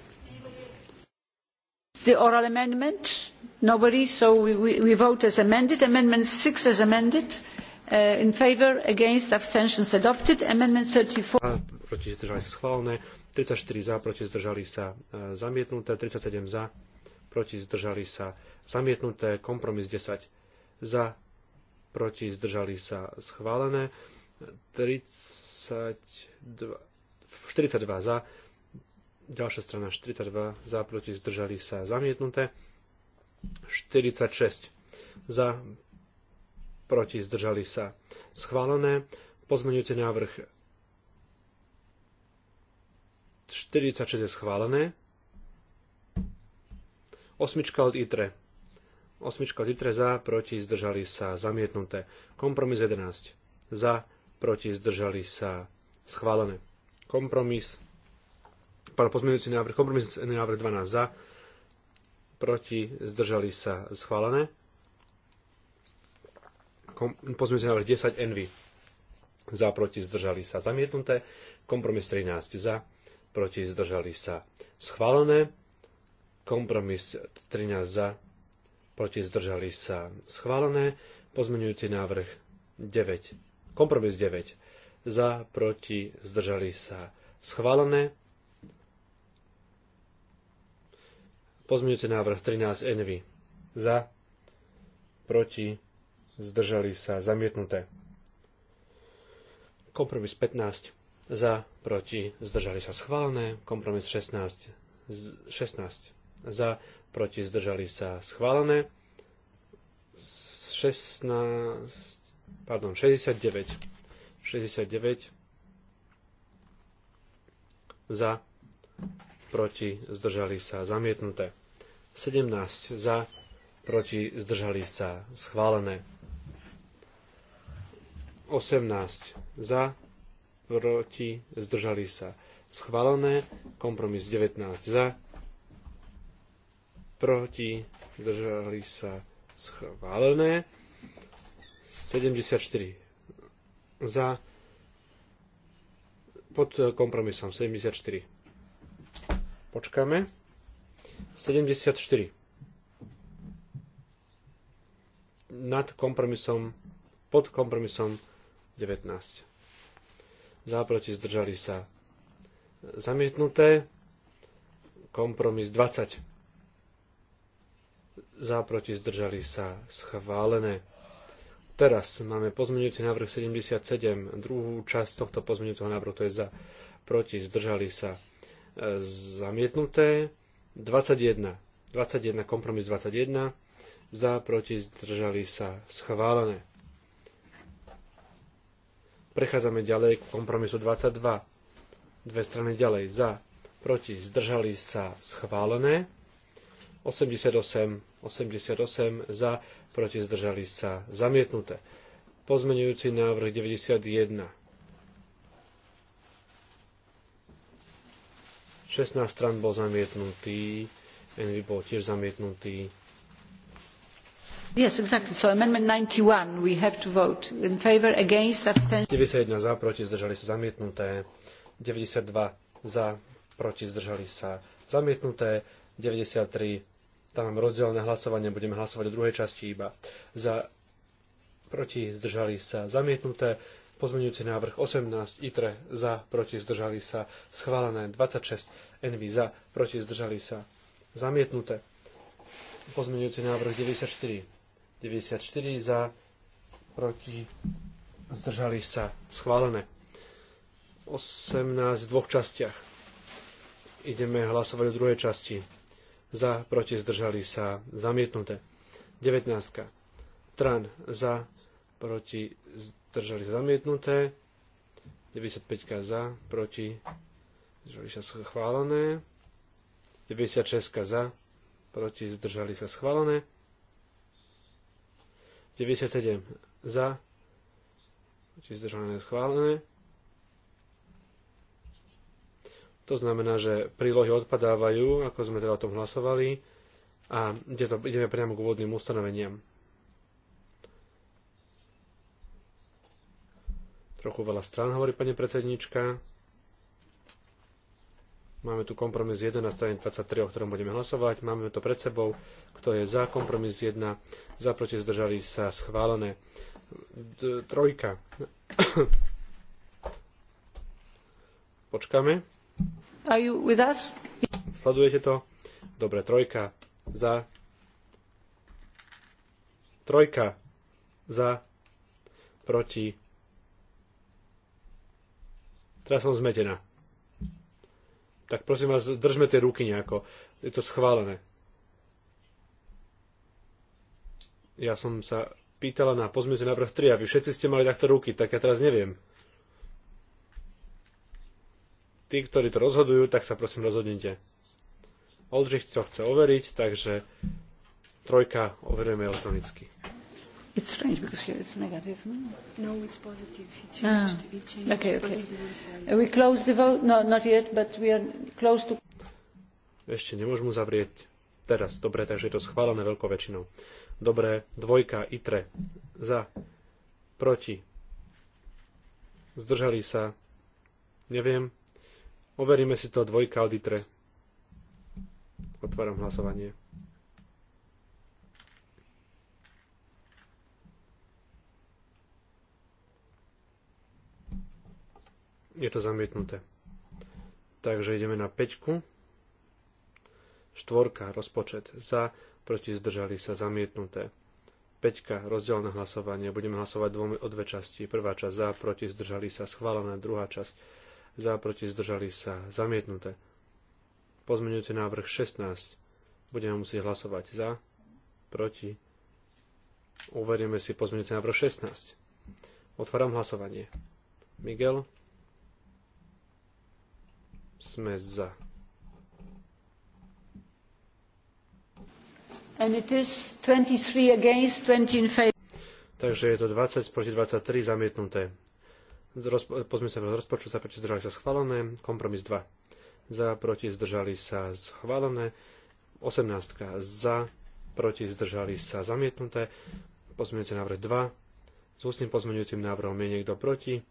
the oral amendment nobody so we, we, we vote as amended amendment six as amended Uh, in favor against abstentions adopted amendment 34 proti zdržali sa schválené 34 za proti zdržali sa uh, zamietnuté 37 za proti zdržali sa zamietnuté kompromis 10 za proti zdržali sa schválené 32 42 za ďalšia strana 42 za proti zdržali sa zamietnuté 46 za proti, zdržali sa. Schválené. Pozmeňujúci návrh 46 je schválené. Osmička od ITRE. Osmička od ITRE za, proti, zdržali sa, zamietnuté. Kompromis 11. Za, proti, zdržali sa, schválené. Kompromis, pardon, pozmeňujúci návrh, kompromis návrh 12 za, proti, zdržali sa, schválené. Pozmeňujúci návrh 10 Envy. Za, proti, zdržali sa zamietnuté. Kompromis 13 za, proti, zdržali sa schválené. Kompromis 13 za, proti, zdržali sa schválené. pozmenujúci návrh 9. Kompromis 9 za, proti, zdržali sa schválené. Pozmenujúci návrh 13 Envy. Za, proti, zdržali sa zamietnuté. Kompromis 15 za, proti, zdržali sa schválené. Kompromis 16, 16 za, proti, zdržali sa schválené. 16, pardon, 69, 69 za, proti, zdržali sa zamietnuté. 17 za, proti, zdržali sa schválené. 18 za, proti, zdržali sa. Schválené. Kompromis 19 za, proti, zdržali sa. Schválené. 74 za, pod kompromisom 74. Počkáme. 74. Nad kompromisom, pod kompromisom 19. Záproti zdržali sa zamietnuté. Kompromis 20. Záproti zdržali sa schválené. Teraz máme pozmeňujúci návrh 77, druhú časť tohto pozmeňujúceho návrhu, to je za, proti, zdržali sa e, zamietnuté. 21, 21, kompromis 21, za, proti, zdržali sa schválené. Prechádzame ďalej k kompromisu 22. Dve strany ďalej za, proti, zdržali sa schválené. 88, 88 za, proti, zdržali sa zamietnuté. Pozmenujúci návrh 91. 16 stran bol zamietnutý, Envy bol tiež zamietnutý. Yes, exactly. za, proti, zdržali sa zamietnuté. 92 za, proti, zdržali sa zamietnuté. 93, tam mám rozdielne hlasovanie, budeme hlasovať o druhej časti iba. Za, proti, zdržali sa zamietnuté. Pozmeňujúci návrh 18, ITRE za, proti, zdržali sa schválené. 26, NV za, proti, zdržali sa zamietnuté. Pozmeňujúci návrh 94 94 za, proti, zdržali sa, schválené. 18 v dvoch častiach. Ideme hlasovať o druhej časti. Za, proti, zdržali sa, zamietnuté. 19. Tran za, proti, zdržali sa, zamietnuté. 95 za, proti, zdržali sa, schválené. 96 za, proti, zdržali sa, schválené. 97 za, či zdržané schválené. To znamená, že prílohy odpadávajú, ako sme teda o tom hlasovali, a ide to, ideme priamo k úvodným ustanoveniam. Trochu veľa strán, hovorí pani predsednička. Máme tu kompromis 1 na strane 23, o ktorom budeme hlasovať. Máme to pred sebou. Kto je za kompromis 1? Za proti zdržali sa schválené. D- trojka. Počkáme. Are you with us? Sledujete to? Dobre, trojka. Za. Trojka. Za. Proti. Teraz som zmetená tak prosím vás, držme tie ruky nejako. Je to schválené. Ja som sa pýtala na pozmienci návrh 3 a vy všetci ste mali takto ruky, tak ja teraz neviem. Tí, ktorí to rozhodujú, tak sa prosím rozhodnite. Oldřich to chce overiť, takže trojka overujeme elektronicky. It's strange because here it's negative. No, no it's positive. It changed. Ah. It changed. Okay, okay. Uh, we close the vote. No, not yet, but we are close to. Ešte nemôžeme zavrieť teraz. Dobre, takže je to schválené veľkou väčšinou. Dobre, dvojka, itre, za, proti, zdržali sa, neviem, overíme si to, dvojka, od itre. Otváram hlasovanie. je to zamietnuté. Takže ideme na 5. Štvorka, rozpočet za, proti zdržali sa zamietnuté. 5. na hlasovanie. Budeme hlasovať dvomi o dve časti. Prvá časť za, proti zdržali sa schválená. Druhá časť za, proti zdržali sa zamietnuté. Pozmeňujúci návrh 16. Budeme musieť hlasovať za, proti. Uverieme si pozmeňujúci návrh 16. Otváram hlasovanie. Miguel, sme za. And it is 23 against, 20 in favor. Takže je to 20 proti 23 zamietnuté. Rozpo- pozme sa rozpočtu za proti zdržali sa schválené. Kompromis 2. Za proti zdržali sa schválené. 18 za proti zdržali sa zamietnuté. Pozmeňujúci návrh 2. S ústnym pozmeňujúcim návrhom je niekto proti.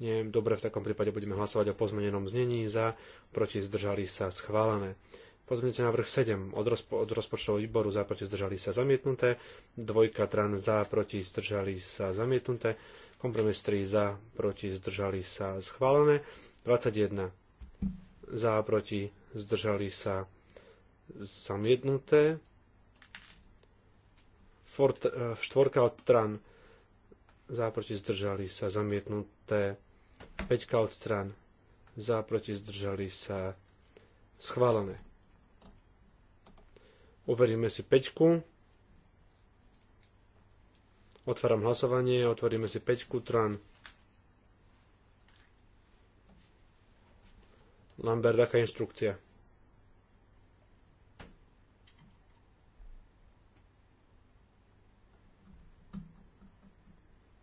Nie, dobre, v takom prípade budeme hlasovať o pozmenenom znení za, proti zdržali sa schválené. Pozmeňujúci návrh 7 od, rozpo- od rozpočtového výboru za, proti zdržali sa zamietnuté. Dvojka tran za, proti zdržali sa zamietnuté. Kompromis 3 za, proti zdržali sa schválené. 21 za, proti zdržali sa zamietnuté. Fort, eh, štvorka od tran za proti zdržali sa zamietnuté, 5 od stran, za proti zdržali sa schválené. Uveríme si 5. Otváram hlasovanie, otvoríme si 5 tran. Lambert, aká inštrukcia?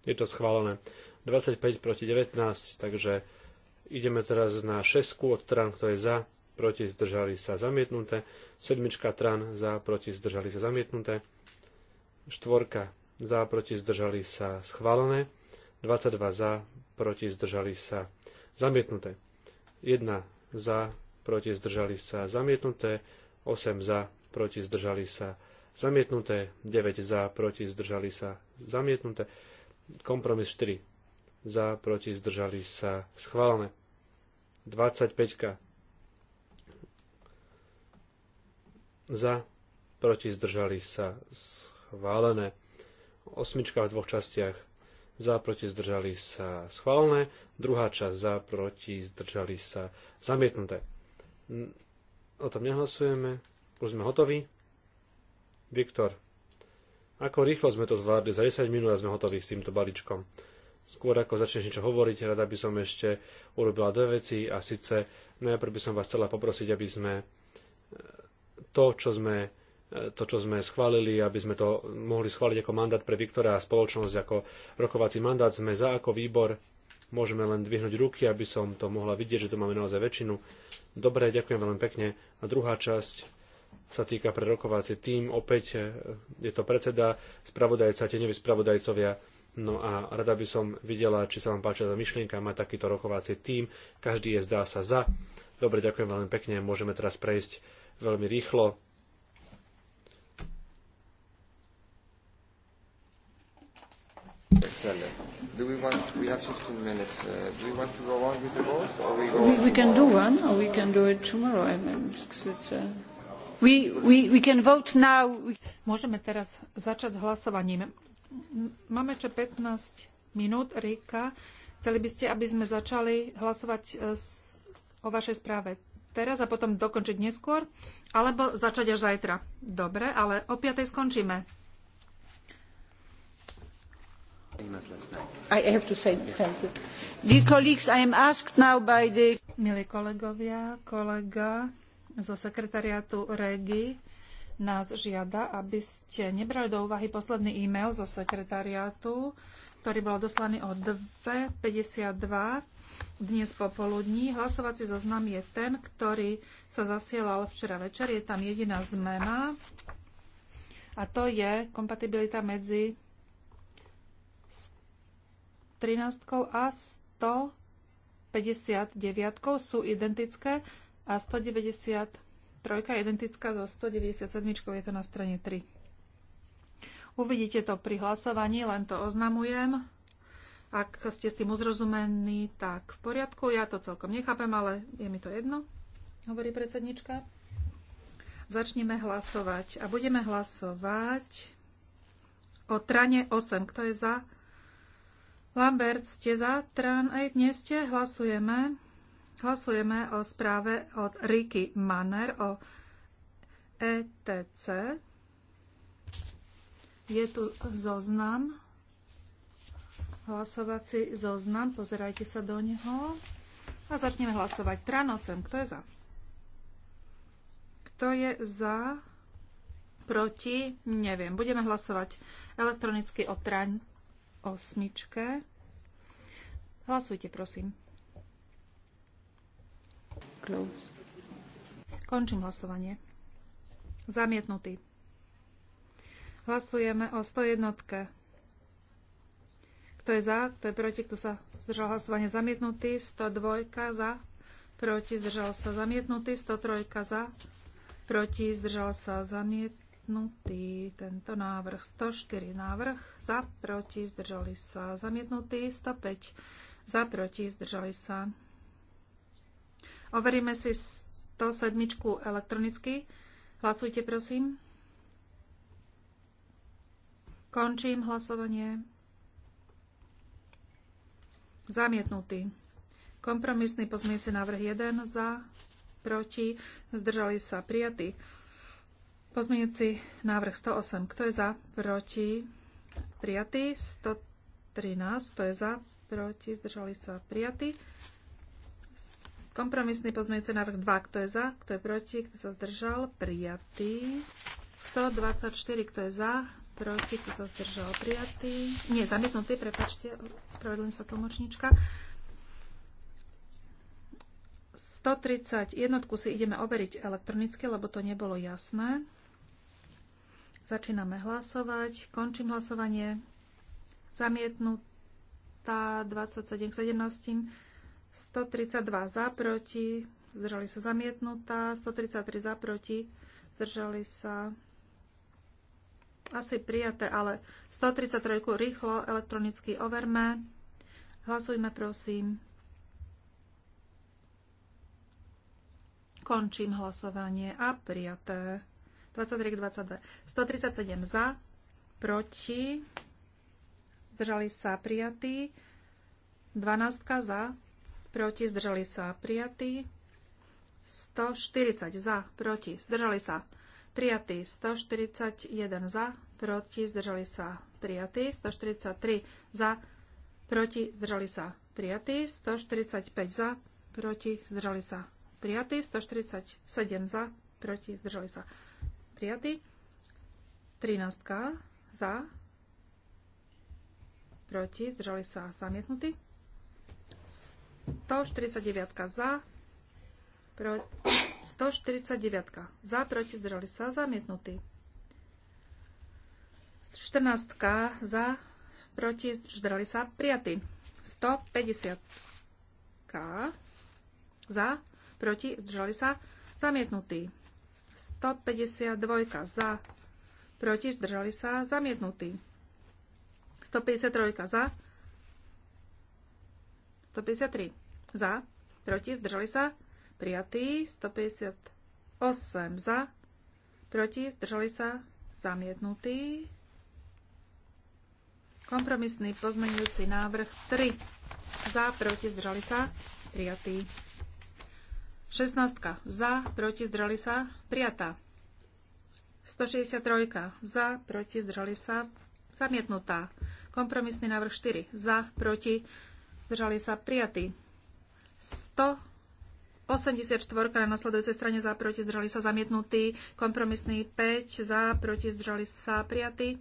Je to schválené. 25 proti 19, takže ideme teraz na 6 od tran, kto je za, proti zdržali sa zamietnuté. 7 tran za, proti zdržali sa zamietnuté. 4 za, proti zdržali sa schválené. 22 za, proti zdržali sa zamietnuté. 1 za, proti zdržali sa zamietnuté. 8 za, proti zdržali sa zamietnuté. 9 za, proti zdržali sa zamietnuté. Kompromis 4. Za, proti, zdržali sa. Schválené. 25. Za, proti, zdržali sa. Schválené. Osmička v dvoch častiach. Za, proti, zdržali sa. Schválené. Druhá časť. Za, proti, zdržali sa. Zamietnuté. O tom nehlasujeme. Už sme hotoví. Viktor. Ako rýchlo sme to zvládli, za 10 minút a sme hotoví s týmto balíčkom. Skôr ako začneš niečo hovoriť, rada by som ešte urobila dve veci a síce najprv by som vás chcela poprosiť, aby sme e, to, čo sme e, to, čo sme schválili, aby sme to mohli schváliť ako mandát pre Viktora a spoločnosť ako rokovací mandát. Sme za ako výbor, môžeme len dvihnúť ruky, aby som to mohla vidieť, že tu máme naozaj väčšinu. Dobre, ďakujem veľmi pekne. A druhá časť, sa týka rokovací tým. Opäť e, je to predseda, spravodajca, tenevi spravodajcovia. No a rada by som videla, či sa vám páčila tá myšlienka mať takýto rokovací tým. Každý je zdá sa za. Dobre, ďakujem veľmi pekne. Môžeme teraz prejsť veľmi rýchlo. Do we want, we have 15 minutes. Uh, do we want to go on with the votes or we go we, we can do one or we can do it tomorrow. I mean, it's, uh... We, we, we Môžeme teraz začať s hlasovaním. Máme čo 15 minút, Rika. Chceli by ste, aby sme začali hlasovať e, o vašej správe teraz a potom dokončiť neskôr, alebo začať až zajtra. Dobre, ale o 5. skončíme. The... Milí kolegovia, kolega, zo sekretariátu REGI nás žiada, aby ste nebrali do úvahy posledný e-mail zo sekretariátu, ktorý bol doslaný o 2.52 dnes popoludní. Hlasovací zoznam je ten, ktorý sa zasielal včera večer. Je tam jediná zmena a to je kompatibilita medzi 13 a 159 sú identické. A 193 je identická so 197, je to na strane 3. Uvidíte to pri hlasovaní, len to oznamujem. Ak ste s tým uzrozumení, tak v poriadku. Ja to celkom nechápem, ale je mi to jedno, hovorí predsednička. Začneme hlasovať. A budeme hlasovať o trane 8. Kto je za? Lambert, ste za? Tran, aj dnes ste? Hlasujeme. Hlasujeme o správe od Ricky Manner o ETC. Je tu zoznam, hlasovací zoznam, pozerajte sa do neho a začneme hlasovať. 8. kto je za? Kto je za? Proti? Neviem. Budeme hlasovať elektronicky o traň osmičke. Hlasujte, prosím closed. Končím hlasovanie. Zamietnutý. Hlasujeme o 101. Kto je za, kto je proti, kto sa zdržal hlasovanie zamietnutý, 102 za, proti zdržal sa zamietnutý, 103 za, proti zdržal sa zamietnutý tento návrh, 104 návrh, za, proti zdržali sa zamietnutý, 105 za, proti zdržali sa Overíme si 107 elektronicky. Hlasujte, prosím. Končím hlasovanie. Zamietnutý. Kompromisný si návrh 1 za, proti, zdržali sa prijatí. si návrh 108. Kto je za? Proti. Prijatý. 113. Kto je za? Proti. Zdržali sa prijatí. Kompromisný pozmeňujúci návrh 2. Kto je za? Kto je proti? Kto sa zdržal? Prijatý. 124. Kto je za? Proti? Kto sa zdržal? Prijatý. Nie, zamietnutý. Prepačte. spravedlím sa tlmočnička. 130 jednotku si ideme overiť elektronicky, lebo to nebolo jasné. Začíname hlasovať. Končím hlasovanie. Zamietnutá 27 k 17. 132 za, proti, zdržali sa zamietnutá, 133 za, proti, zdržali sa asi prijaté, ale 133 rýchlo, elektronicky overme. Hlasujme, prosím. Končím hlasovanie a prijaté. 23 k 22. 137 za, proti, zdržali sa prijatí, 12 za, proti, zdržali sa prijatí. 140 za, proti, zdržali sa prijatí. 141 za, proti, zdržali sa prijatí. 143 za, proti, zdržali sa prijatí. 145 za, proti, zdržali sa prijatí. 147 za, proti, zdržali sa prijatí. 13 za, proti, zdržali sa zamietnutí. 149 za, proti, 149 za, proti, zdržali sa, zamietnutý. 14 za, proti, zdržali sa, prijatý. 150 za, proti, zdržali sa, zamietnutý. 152 za, proti, zdržali sa, zamietnutý. 153 za, 153 za, proti, zdržali sa, prijatý. 158 za, proti, zdržali sa, zamietnutý. Kompromisný pozmenujúci návrh 3 za, proti, zdržali sa, prijatý. 16 za, proti, zdržali sa, prijatá. 163 za, proti, zdržali sa, zamietnutá. Kompromisný návrh 4 za, proti, Zdržali sa prijatí. 184 na nasledujúcej strane za, proti, zdržali sa zamietnutí. Kompromisný 5 za, proti, zdržali sa prijatí.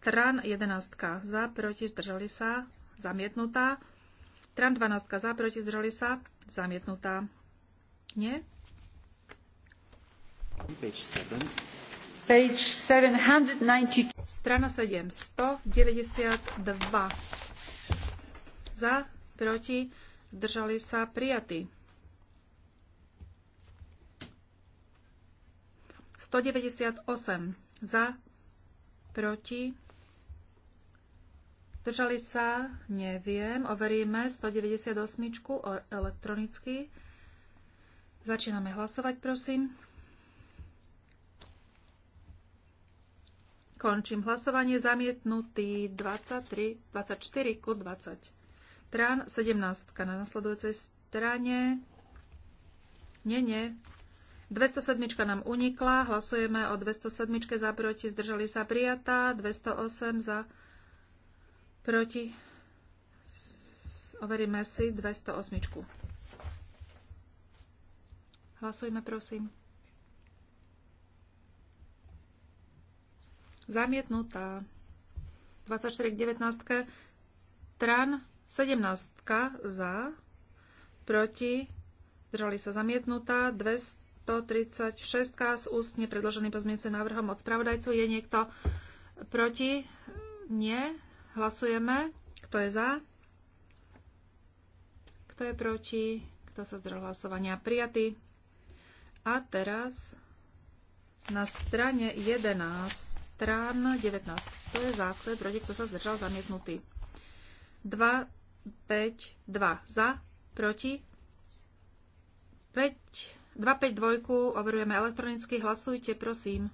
Tran 11 za, proti, zdržali sa zamietnutá. Tran 12 za, proti, zdržali sa zamietnutá. Nie? Page 7. Page 792. Strana 7, 192 za, proti, zdržali sa prijatí. 198 za, proti, zdržali sa, neviem, overíme 198 elektronicky. Začíname hlasovať, prosím. Končím hlasovanie zamietnutý 23, 24 ku 20. Trán 17 na nasledujúcej strane. Nie, nie. 207 nám unikla. Hlasujeme o 207 za proti. Zdržali sa prijatá. 208 za proti. Overíme si 208. Hlasujme, prosím. Zamietnutá. 24 k 19. Tran 17 za, proti, zdržali sa zamietnutá, 236 s ústne predloženým pozmienujúcim návrhom od spravodajcu. Je niekto proti? Nie. Hlasujeme. Kto je za? Kto je proti? Kto sa zdržal hlasovania? Prijatý. A teraz na strane 11, strán 19. Kto je za? Kto je proti? Kto sa zdržal? Zamietnutý. 2, 5, 2 za, proti. 5, 2, 5, 2 overujeme elektronicky. Hlasujte, prosím.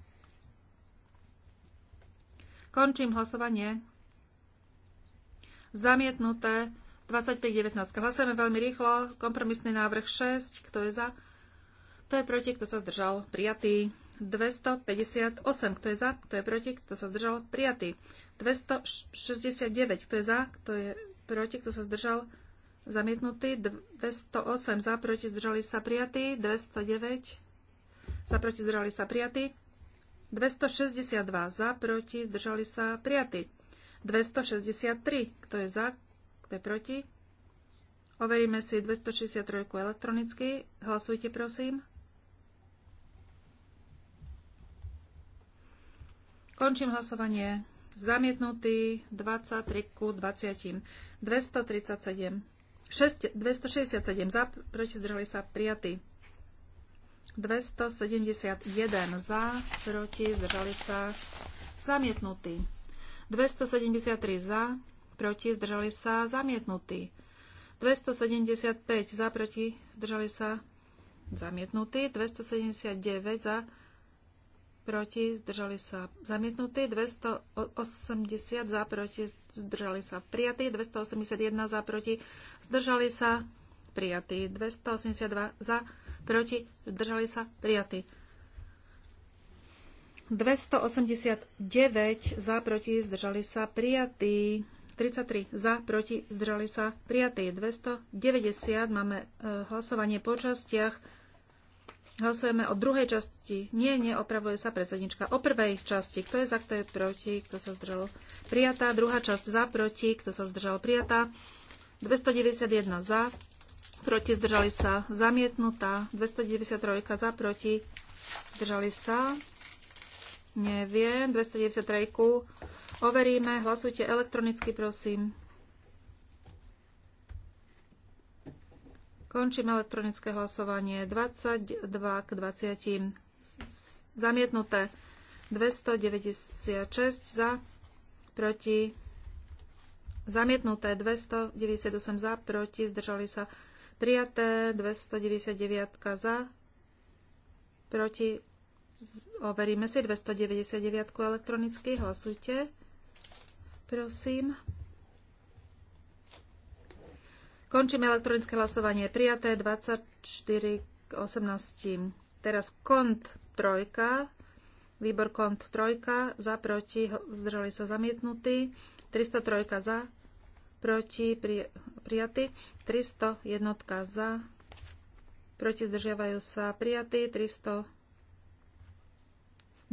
Končím hlasovanie. Zamietnuté 25.19. Hlasujeme veľmi rýchlo. Kompromisný návrh 6. Kto je za? Kto je proti? Kto sa zdržal? Prijatý. 258. Kto je za? Kto je proti? Kto sa zdržal? Prijatý. 269. Kto je za? Kto je proti? Kto sa zdržal? Zamietnutý. 208. Za, proti, zdržali sa prijatý. 209. Za, proti, zdržali sa prijatý. 262. Za, proti, zdržali sa prijatý. 263. Kto je za? Kto je proti? Overíme si 263 elektronicky. Hlasujte, prosím. Končím hlasovanie. Zamietnutý 23 k 20. 237. 6, 267 za, proti zdržali sa prijatí. 271 za, proti zdržali sa zamietnutí. 273 za, proti zdržali sa zamietnutí. 275 za, proti zdržali sa zamietnutí. 279 za, proti, zdržali sa zamietnutí, 280 za, proti, zdržali sa prijatí, 281 za, proti, zdržali sa prijatí, 282 za, proti, zdržali sa prijatí. 289 za, proti, zdržali sa prijatí. 33 za, proti, zdržali sa prijatí. 290 máme e, hlasovanie po častiach Hlasujeme o druhej časti. Nie, opravuje sa predsednička. O prvej časti. Kto je za, kto je proti, kto sa zdržal prijatá. Druhá časť za, proti, kto sa zdržal prijatá. 291 za, proti, zdržali sa, zamietnutá. 293 za, proti, zdržali sa. Neviem. 293 overíme. Hlasujte elektronicky, prosím. Končím elektronické hlasovanie 22 k 20. Zamietnuté 296 za, proti zamietnuté 298 za, proti zdržali sa prijaté 299 za, proti overíme si 299 elektronicky, hlasujte prosím. Končíme elektronické hlasovanie. Prijaté 24 k 18. Teraz kont trojka. Výbor kont trojka. Za, proti. Zdržali sa zamietnutí. 303 za, proti. Pri, prijatý. 301 za, proti. Zdržiavajú sa prijatí. 300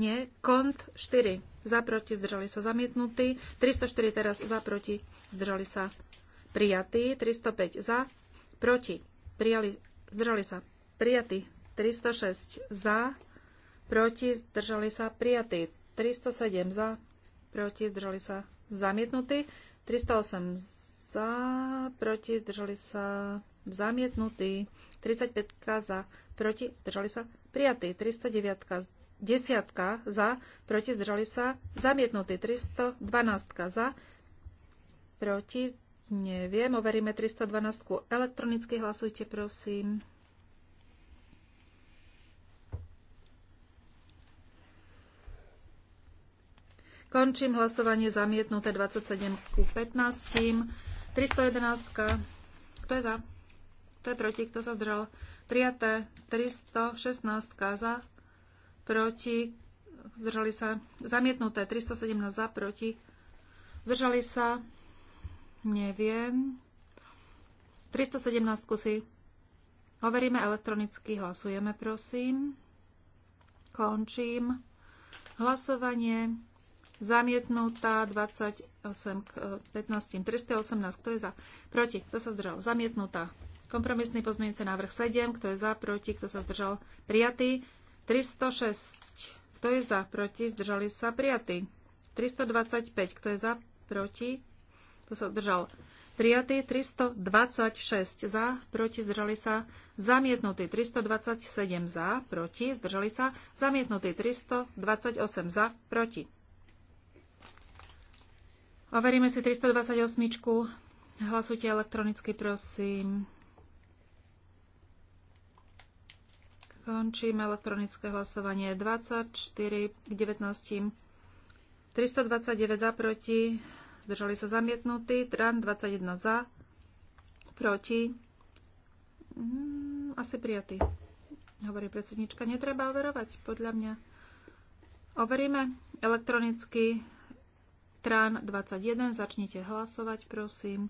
nie. Kont 4 za, proti. Zdržali sa zamietnutí. 304 teraz za, proti. Zdržali sa prijatý, 305 za, proti, prijali, zdržali sa, prijatý, 306 za, proti, zdržali sa, prijatý, 307 za, proti, zdržali sa, zamietnutý, 308 za, proti, zdržali sa, zamietnutý, 35 za, proti, zdržali sa, prijatý, 309 desiatka za, proti, zdržali sa, zamietnutý, 312 za, proti, Neviem, overíme 312. Elektronicky hlasujte, prosím. Končím hlasovanie zamietnuté 27 ku 15. 311. Kto je za? Kto je proti? Kto sa zdržal? Prijaté 316 za, proti, zdržali sa, zamietnuté 317 za, proti, zdržali sa, Neviem. 317 kusy. overíme elektronicky. Hlasujeme, prosím. Končím. Hlasovanie zamietnutá 28 k 15. Eh, 318. Kto je za? Proti. Kto sa zdržal? Zamietnutá. Kompromisný pozmienujúci návrh 7. Kto je za? Proti. Kto sa zdržal? Prijatý. 306. Kto je za? Proti. Zdržali sa? Prijatý. 325. Kto je za? Proti. To sa držal. Prijatý 326 za, proti zdržali sa, zamietnutý 327 za, proti zdržali sa, zamietnutý 328 za, proti. Overíme si 328. Hlasujte elektronicky, prosím. Končím elektronické hlasovanie 24 k 19. 329 za proti, zdržali sa zamietnutí, tran 21 za, proti, mm, asi prijatý. Hovorí predsednička, netreba overovať, podľa mňa. Overíme elektronicky Trán 21, začnite hlasovať, prosím.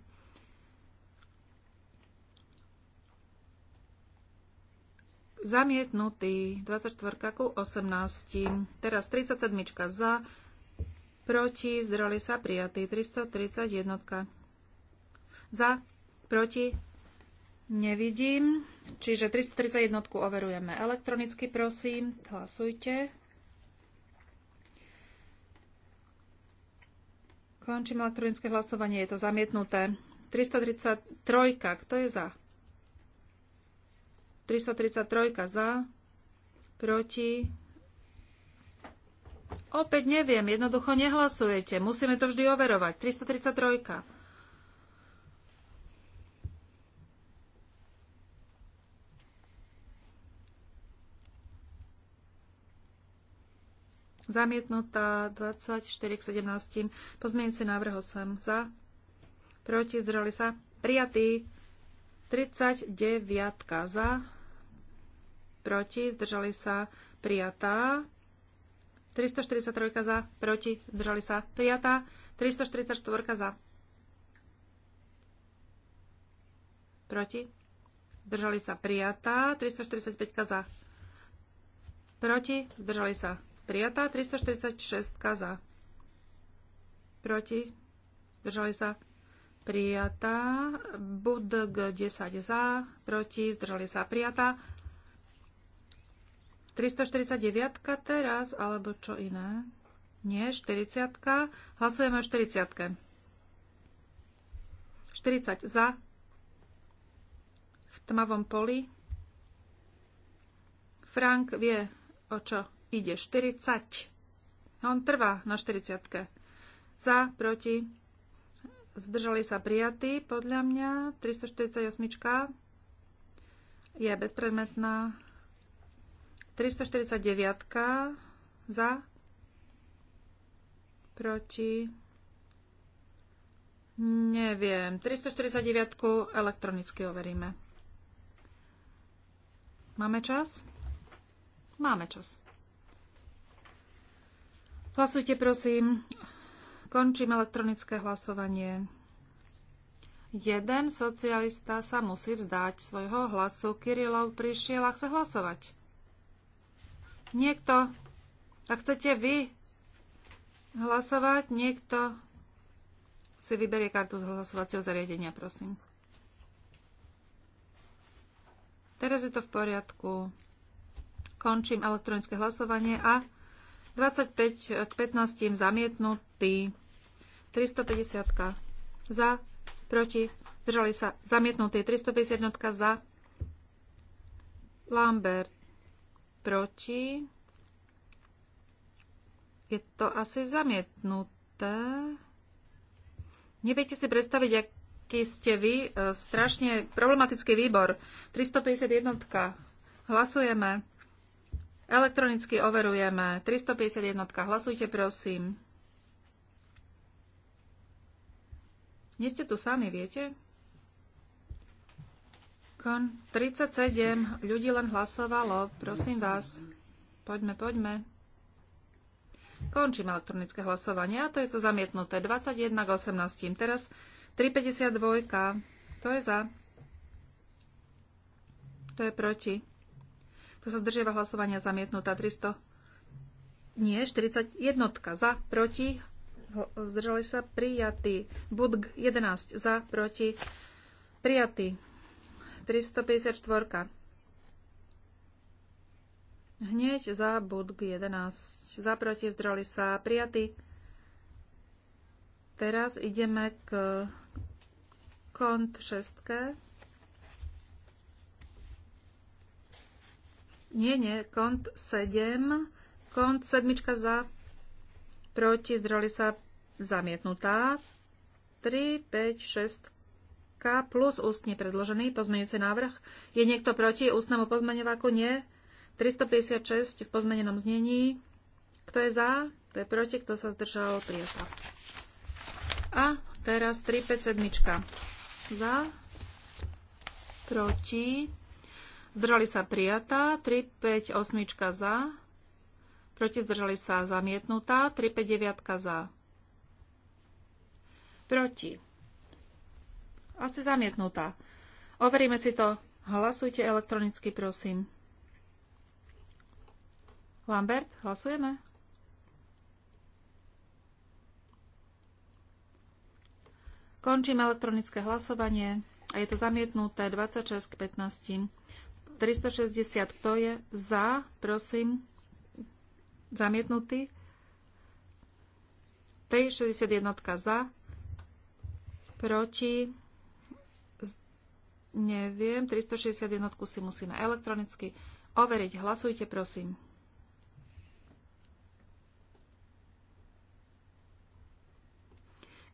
Zamietnutý 24 ku 18. Teraz 37 za, proti, zdroli sa prijatí. 331. Za, proti, nevidím. Čiže 331 overujeme elektronicky, prosím. Hlasujte. Končím elektronické hlasovanie, je to zamietnuté. 333, kto je za? 333 za, proti, Opäť neviem, jednoducho nehlasujete. Musíme to vždy overovať. 333. Zamietnutá 24 k 17. Pozmienci návrh 8. Za. Proti. Zdržali sa. Prijatý. 39 za. Proti. Zdržali sa. Prijatá. 343 za, proti, zdržali sa, prijatá. 344 za, proti, zdržali sa, prijatá. 345 za, proti, zdržali sa, prijatá. 346 za, proti, zdržali sa, prijatá. Budg 10 za, proti, zdržali sa, prijatá. 349 teraz, alebo čo iné? Nie, 40. Hlasujeme o 40. 40 za. V tmavom poli. Frank vie, o čo ide. 40. On trvá na 40. -ke. Za, proti. Zdržali sa prijatí, podľa mňa. 348 je bezpredmetná. 349 za, proti, neviem, 349 elektronicky overíme. Máme čas? Máme čas. Hlasujte, prosím. Končím elektronické hlasovanie. Jeden socialista sa musí vzdať svojho hlasu. Kirilov prišiel a chce hlasovať. Niekto, a chcete vy hlasovať, niekto si vyberie kartu z hlasovacieho zariadenia, prosím. Teraz je to v poriadku. Končím elektronické hlasovanie a 25 k 15 zamietnutý. 350 za, proti, držali sa zamietnutý. 351 za, Lambert proti. Je to asi zamietnuté. Neviete si predstaviť, aký ste vy. E, strašne problematický výbor. 351. Hlasujeme. Elektronicky overujeme. 351. Hlasujte, prosím. Nie ste tu sami, viete? Kon 37 ľudí len hlasovalo. Prosím vás, poďme, poďme. Končím elektronické hlasovanie a to je to zamietnuté. 21 k 18. Teraz 352. To je za. To je proti. To sa zdržiava hlasovania zamietnutá. 300. Nie, 41. Za, proti. Zdržali sa prijatí. Budg 11. Za, proti. Prijatý. 354. Hneď za budk 11. Za proti zdroli sa prijatý. Teraz ideme k kont 6. Nie, nie, kont 7. Kont 7 za proti zdroli sa zamietnutá. 3, 5, 6 k plus ústne predložený pozmeňujúci návrh. Je niekto proti ústnemu pozmeňováku? Nie. 356 v pozmenenom znení. Kto je za? Kto je proti? Kto sa zdržal? Prijatá. A teraz 357. Za? Proti? Zdržali sa prijatá. 358 za? Proti zdržali sa zamietnutá. 359 za? Proti. Asi zamietnutá. Overíme si to. Hlasujte elektronicky, prosím. Lambert, hlasujeme. Končím elektronické hlasovanie a je to zamietnuté 26 k 15. 360, kto je za, prosím, zamietnutý. 361 za, proti, Neviem, 361 si musíme elektronicky overiť. Hlasujte, prosím.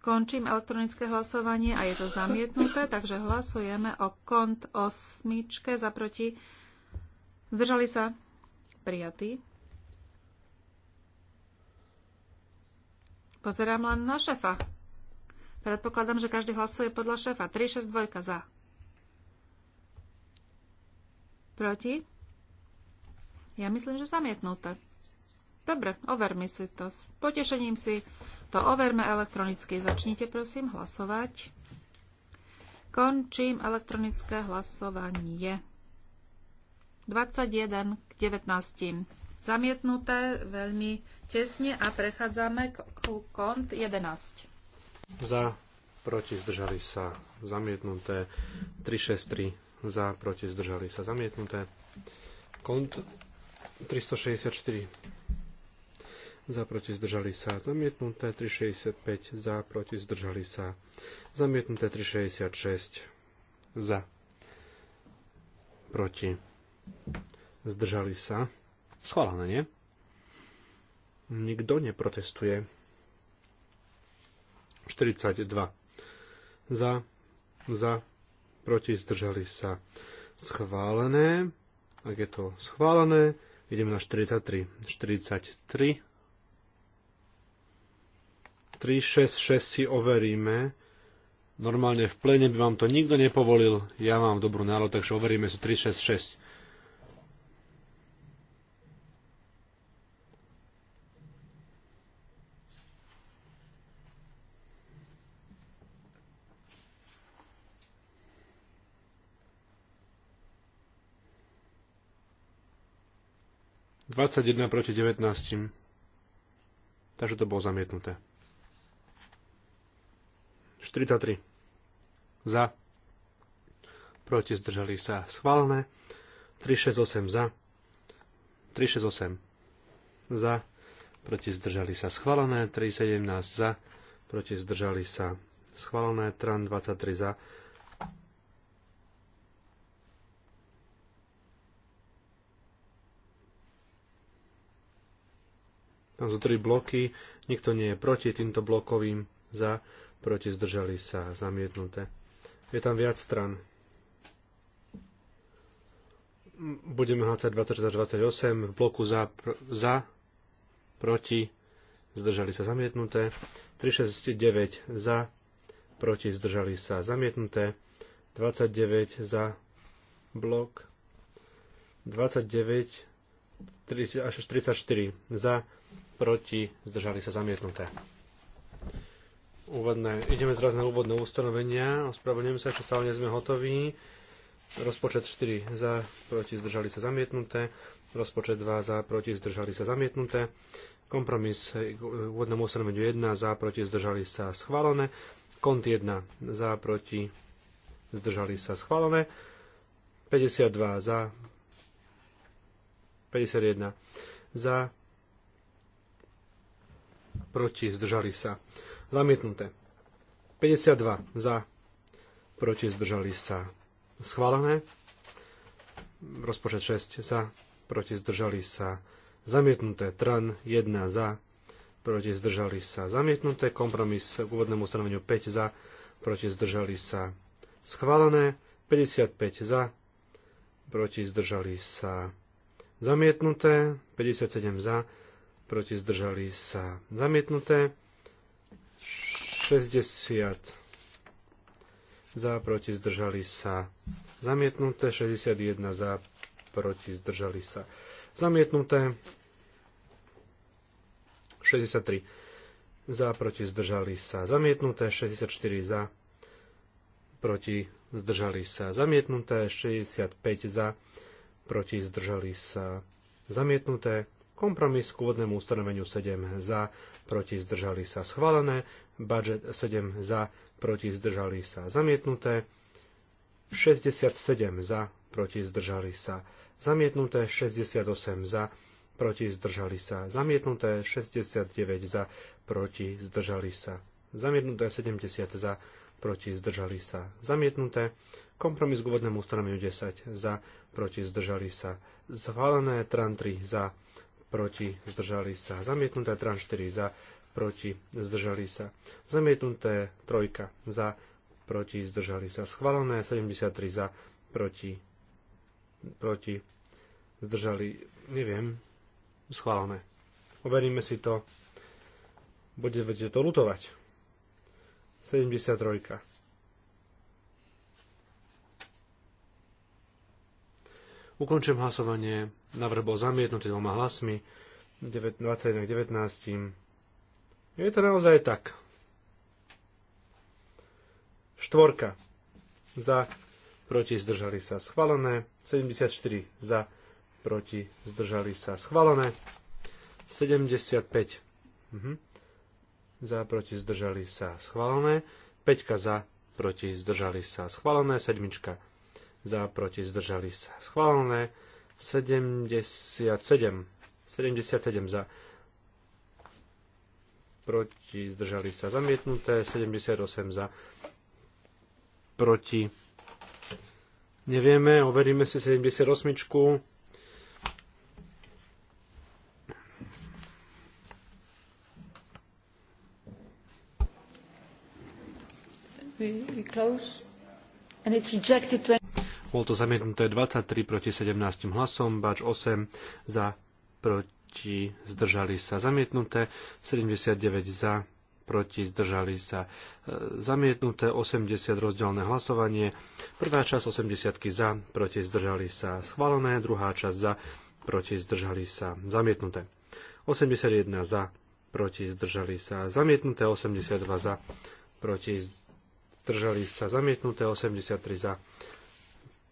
Končím elektronické hlasovanie a je to zamietnuté, takže hlasujeme o kont osmičke za proti. Zdržali sa prijatí. Pozerám len na šefa. Predpokladám, že každý hlasuje podľa šefa. 3, 6, 2 za. Proti? Ja myslím, že zamietnuté. Dobre, overme si to. S potešením si to overme elektronicky. Začnite prosím hlasovať. Končím elektronické hlasovanie. 21 k 19. Zamietnuté veľmi tesne a prechádzame k kont 11. Za, proti, zdržali sa. Zamietnuté 363 za, proti, zdržali sa zamietnuté. Kont 364 za, proti, zdržali sa zamietnuté. 365 za, proti, zdržali sa zamietnuté. 366 za, proti, zdržali sa. Schválené, nie? Nikto neprotestuje. 42 za, za, proti, zdržali sa schválené. Ak je to schválené, ideme na 43. 43. 3, 6, 6 si overíme. Normálne v plene by vám to nikto nepovolil. Ja mám dobrú náladu, takže overíme si 3, 6, 6. 21 proti 19. Takže to bolo zamietnuté. 43. Za. Proti zdržali sa schválené. 368 za. 368 za. Proti zdržali sa schválené. 317 za. Proti zdržali sa schválené. Tran 23 za Tam sú tri bloky, nikto nie je proti týmto blokovým, za, proti zdržali sa, zamietnuté. Je tam viac stran. Budeme hlasať 26 až 28 v bloku za, pr- za proti, zdržali sa zamietnuté. 369 za, proti, zdržali sa zamietnuté. 29 za blok. 29 30 až 34 za, proti, zdržali sa zamietnuté. Úvodné. Ideme teraz na úvodné ustanovenia. Ospravedlňujem sa, že stále nie sme hotoví. Rozpočet 4 za, proti, zdržali sa zamietnuté. Rozpočet 2 za, proti, zdržali sa zamietnuté. Kompromis k úvodnému ustanoveniu 1 za, proti, zdržali sa schválené. Kont 1 za, proti, zdržali sa schválené. 52 za, 51 za, proti, zdržali sa. Zamietnuté. 52 za, proti, zdržali sa. Schválené. Rozpočet 6 za, proti, zdržali sa. Zamietnuté. Tran 1 za, proti, zdržali sa. Zamietnuté. Kompromis k úvodnému ustanoveniu 5 za, proti, zdržali sa. Schválené. 55 za, proti, zdržali sa. Zamietnuté. 57 za, proti zdržali sa zamietnuté, 60 za, proti zdržali sa zamietnuté, 61 za, proti zdržali sa zamietnuté, 63 za, proti zdržali sa zamietnuté, 64 za, proti zdržali sa zamietnuté, 65 za, proti zdržali sa zamietnuté, Kompromis k úvodnému ustanoveniu 7 za, proti zdržali sa schválené, budget 7 za, proti zdržali sa zamietnuté, 67 za, proti zdržali sa zamietnuté, 68 za, proti zdržali sa zamietnuté, 69 za, proti zdržali sa zamietnuté, 70 za, proti zdržali sa zamietnuté, kompromis k úvodnému ustanoveniu 10 za, proti zdržali sa zvalené, tran 3 za, proti, zdržali sa. Zamietnuté tranš 4 za, proti, zdržali sa. Zamietnuté trojka za, proti, zdržali sa. Schválené 73 za, proti, proti, zdržali, neviem, schválené. Overíme si to. Budete to lutovať. 73. Ukončujem hlasovanie. Návrh bol zamietnutý dvoma hlasmi. 21 k 19. Je to naozaj tak. Štvorka. Za, proti, zdržali sa. Schválené. 74. Za, proti, zdržali sa. Schválené. 75. Mhm. Za, proti, zdržali sa. Schválené. 5 za, proti, zdržali sa. Schválené. 7 za, proti, zdržali sa. Schválené 77, 77 za, proti, zdržali sa. Zamietnuté 78 za, proti. Nevieme, overíme si 78. We, we close. And it's rejected 20. Bolo to zamietnuté 23 proti 17 hlasom, Bač 8 za, proti, zdržali sa zamietnuté, 79 za, proti, zdržali sa e, zamietnuté, 80 rozdielne hlasovanie, prvá časť 80 za, proti, zdržali sa schválené, druhá časť za, proti, zdržali sa zamietnuté. 81 za, proti, zdržali sa zamietnuté, 82 za, proti, zdržali sa zamietnuté, 83 za,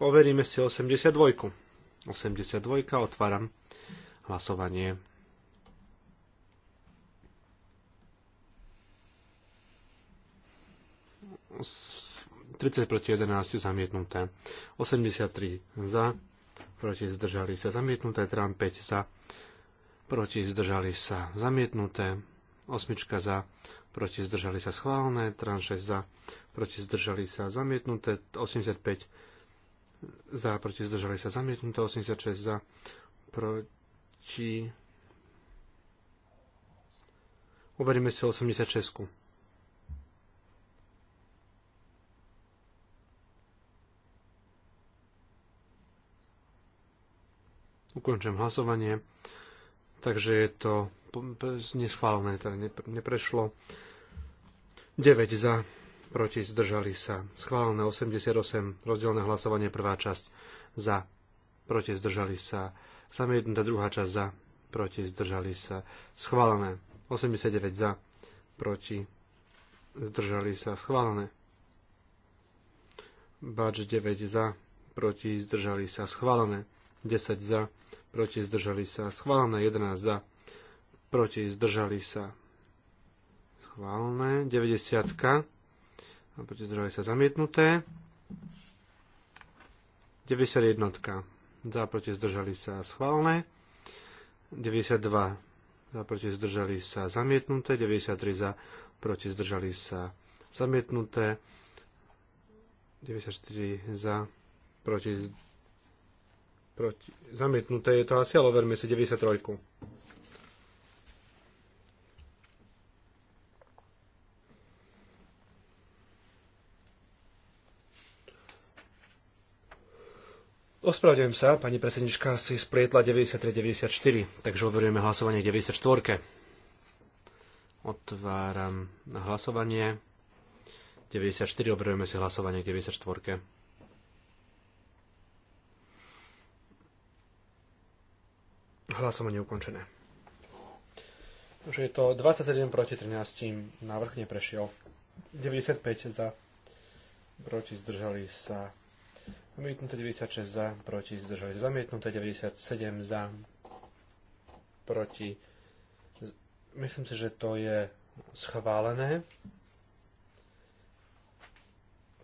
Overíme si 82. 82. Otváram hlasovanie. S 30 proti 11 zamietnuté. 83 za, proti zdržali sa zamietnuté, trám 5 za, proti zdržali sa zamietnuté, 8 za, proti zdržali sa schválené, Trump 6 za, proti zdržali sa zamietnuté, 85 za, proti zdržali sa zamietnuté, 86 za, proti... Uveríme si 86. Ukončím hlasovanie. Takže je to neschválené, teda neprešlo. 9 za, proti zdržali sa. Schválené 88, rozdielne hlasovanie, prvá časť za, proti zdržali sa. jedna, druhá časť za, proti zdržali sa. Schválené 89 za, proti zdržali sa. Schválené. Bač 9 za, proti zdržali sa. Schválené 10 za, proti zdržali sa. Schválené 11 za, proti zdržali sa schválené, 90 proti zdržali sa zamietnuté. 91. Za proti zdržali sa schválne. 92. Za proti zdržali sa zamietnuté. 93. Za proti zdržali sa zamietnuté. 94 za proti, proti zamietnuté je to asi, ale overme si 93. Ospravedlňujem sa, pani predsednička si splietla 93-94, takže overujeme hlasovanie 94. -ke. Otváram hlasovanie. 94, overujeme si hlasovanie k 94. -ke. Hlasovanie ukončené. Už je to 27 proti 13, návrh neprešiel. 95 za, proti zdržali sa Zamietnuté 96 za, proti, zdržali zamietnuté 97 za, proti. Myslím si, že to je schválené.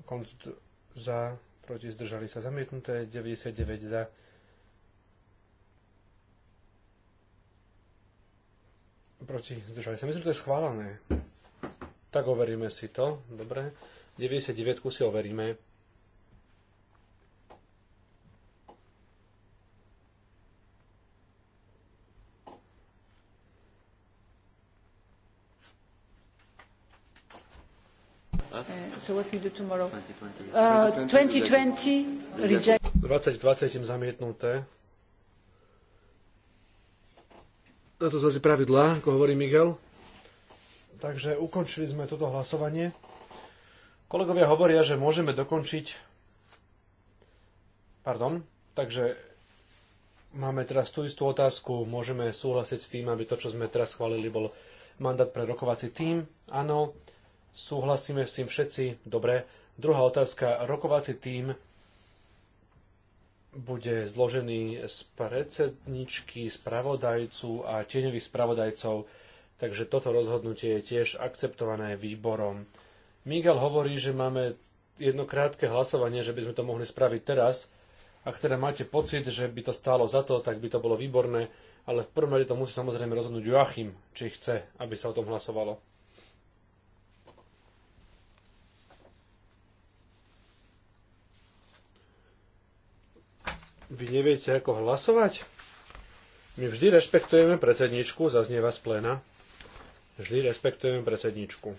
Kont za, proti, zdržali sa zamietnuté 99 za. Proti, zdržali sa. Myslím, že to je schválené. Tak overíme si to, dobre. 99 si overíme. 2020. Uh, im zamietnuté. Na to sú asi pravidlá, ako hovorí Miguel. Takže ukončili sme toto hlasovanie. Kolegovia hovoria, že môžeme dokončiť... Pardon. Takže máme teraz tú istú otázku. Môžeme súhlasiť s tým, aby to, čo sme teraz schválili, bol mandát pre rokovací tým. Áno. Súhlasíme s tým všetci? Dobre. Druhá otázka. Rokovací tým bude zložený z predsedničky, spravodajcu a tieňových spravodajcov, takže toto rozhodnutie je tiež akceptované výborom. Miguel hovorí, že máme jedno krátke hlasovanie, že by sme to mohli spraviť teraz. Ak teda máte pocit, že by to stálo za to, tak by to bolo výborné, ale v prvom rade to musí samozrejme rozhodnúť Joachim, či chce, aby sa o tom hlasovalo. Vy neviete, ako hlasovať? My vždy rešpektujeme predsedničku, zaznieva z pléna. Vždy rešpektujeme predsedničku.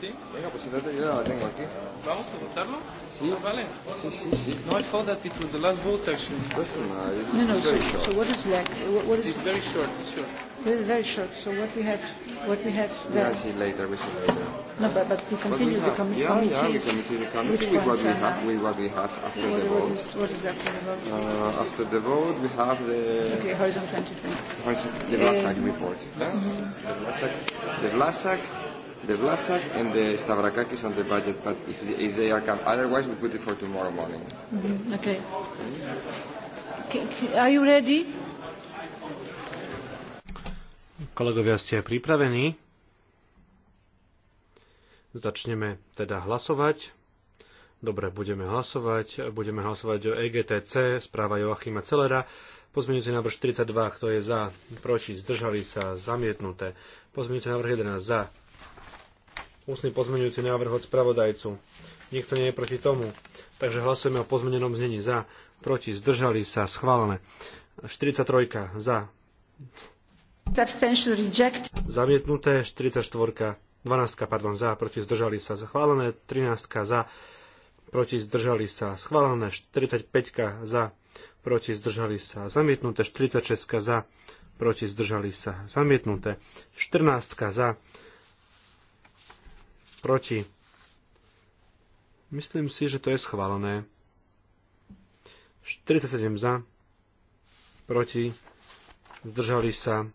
¿Sí? Venga, pues la tengo aquí. ¿Vamos a votarlo? Sí. vale. Sí, sí, sí. No, I thought that it was the last vote, actually. no, no, so, so what is What, what is... It's very short, it's short. This is very short. So what we have, what we have. There. Yeah, I see later. We see later. No, but, but we continue we the committee. Yeah, yeah, we continue the committee with what we have. With what we have after what, the vote. What is, what is after the vote? Uh, after the vote, we have the. Okay, Horizon 2020. Horizon, the Vlasak uh, report. Yeah? Mm-hmm. The Vlasak, the Vlasak, and the Stavrakakis on the budget. But if if they are come, otherwise we put it for tomorrow morning. Mm-hmm. Okay. Mm -hmm. Are you ready? Kolegovia, ste pripravení? Začneme teda hlasovať. Dobre, budeme hlasovať. Budeme hlasovať o EGTC, správa Joachima Celera. Pozmeňujúci návrh 42, kto je za, proti, zdržali sa, zamietnuté. Pozmeňujúci návrh 11, za. Ústny pozmeňujúci návrh od spravodajcu. Nikto nie je proti tomu. Takže hlasujeme o pozmenenom znení za, proti, zdržali sa, schválené. 43 za, Zamietnuté 44. 12. pardon, za, proti zdržali sa schválené, 13. za, proti zdržali sa schválené, 45. za, proti zdržali sa zamietnuté, 46. za, proti zdržali sa zamietnuté, 14. za, proti. Myslím si, že to je schválené. 47 za, proti, zdržali sa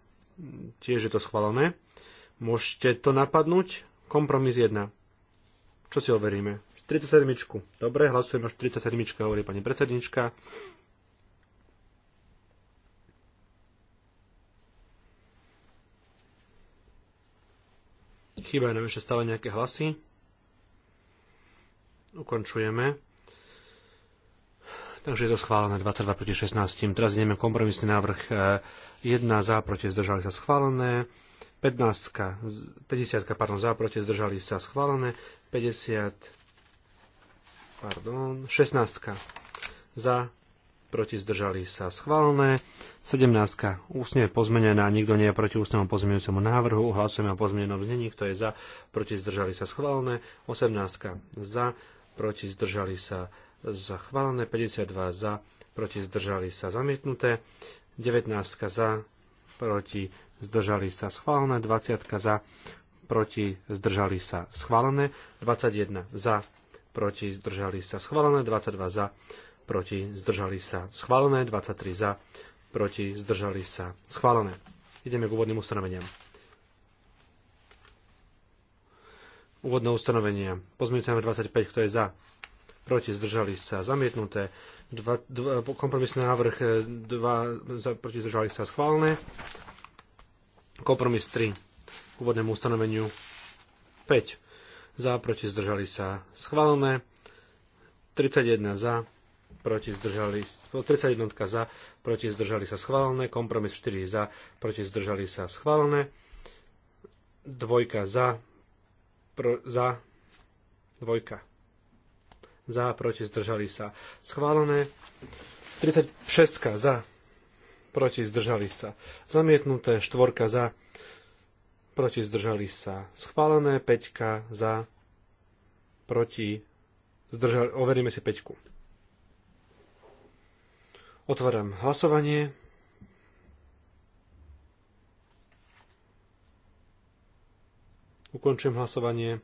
Tiež je to schválené. Môžete to napadnúť? Kompromis 1. Čo si overíme? 37. Dobre, hlasujeme o 47. hovorí pani predsednička. Chýbajú nám ešte stále nejaké hlasy. Ukončujeme. Takže je to schválené 22 proti 16. Teraz ideme kompromisný návrh 1 e, za proti zdržali sa schválené. 15, 50, pardon, za proti zdržali sa schválené. 50, pardon, 16 za proti zdržali sa schválené. 17. Ústne je pozmenená, nikto nie je proti ústnemu pozmenujúcemu návrhu. Hlasujeme o pozmenenom znení, kto je za, proti zdržali sa schválené. 18. za, proti zdržali sa zachválené, 52 za, proti zdržali sa zamietnuté, 19 za, proti zdržali sa schválené, 20 za, proti zdržali sa schválené, 21 za, proti zdržali sa schválené, 22 za, proti zdržali sa schválené, 23 za, proti zdržali sa schválené. Ideme k úvodným ustanoveniam. Úvodné ustanovenia. Pozmeňujúce 25, kto je za, proti zdržali sa zamietnuté, dva, dva, kompromisný návrh 2 za, proti zdržali sa schválne, kompromis 3 k úvodnému ustanoveniu 5 za, proti zdržali sa schválne, 31 za, proti zdržali, 31 za, proti zdržali sa schválené, kompromis 4 za, proti zdržali sa schválené, dvojka za, pro, za, dvojka za, proti, zdržali sa. Schválené 36 za, proti, zdržali sa. Zamietnuté 4 za, proti, zdržali sa. Schválené 5 za, proti, zdržali, overíme si 5. Otváram hlasovanie. Ukončujem hlasovanie.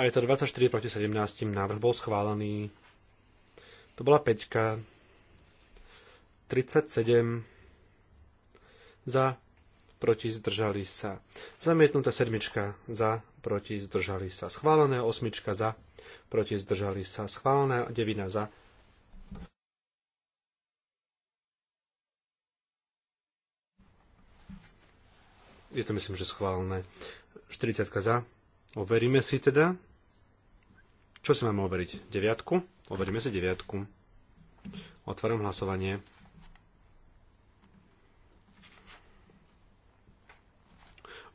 A je to 24 proti 17. Návrh bol schválený. To bola 5. 37 za, proti zdržali sa. Zamietnutá sedmička za, proti zdržali sa. Schválené osmička za, proti zdržali sa. Schválené, devina za, je to myslím, že schválené. 40 za, Overíme si teda. Čo si máme overiť? Deviatku? Overíme si deviatku. Otváram hlasovanie.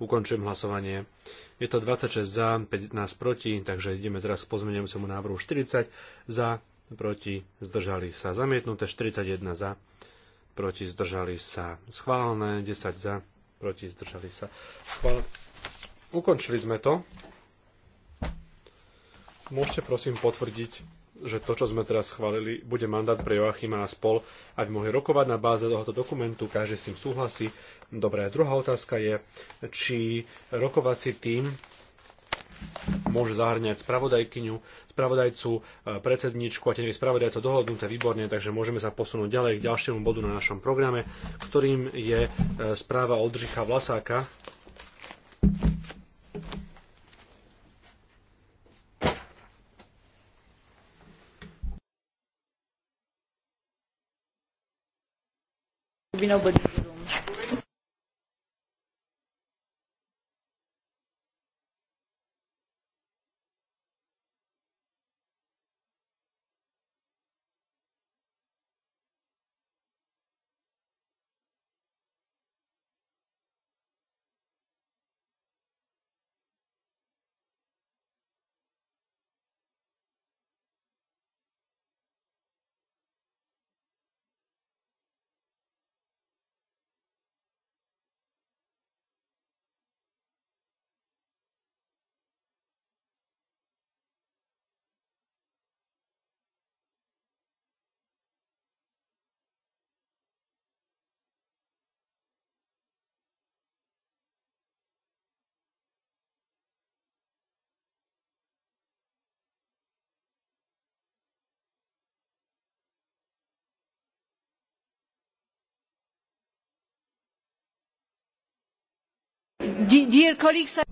Ukončujem hlasovanie. Je to 26 za, 15 proti, takže ideme teraz k pozmeniamucemu návrhu 40 za, proti, zdržali sa zamietnuté, 41 za, proti, zdržali sa schválené, 10 za, proti, zdržali sa schválené. Ukončili sme to. Môžete prosím potvrdiť, že to, čo sme teraz schválili, bude mandát pre Joachima a spol, aby mohli rokovať na báze tohoto dokumentu, každý s tým súhlasí. Dobre, druhá otázka je, či rokovací tým môže zahrňať spravodajkyňu, spravodajcu, e, predsedničku a tie spravodajcov dohodnuté výborne, takže môžeme sa posunúť ďalej k ďalšiemu bodu na našom programe, ktorým je e, správa Oldřicha Vlasáka nobody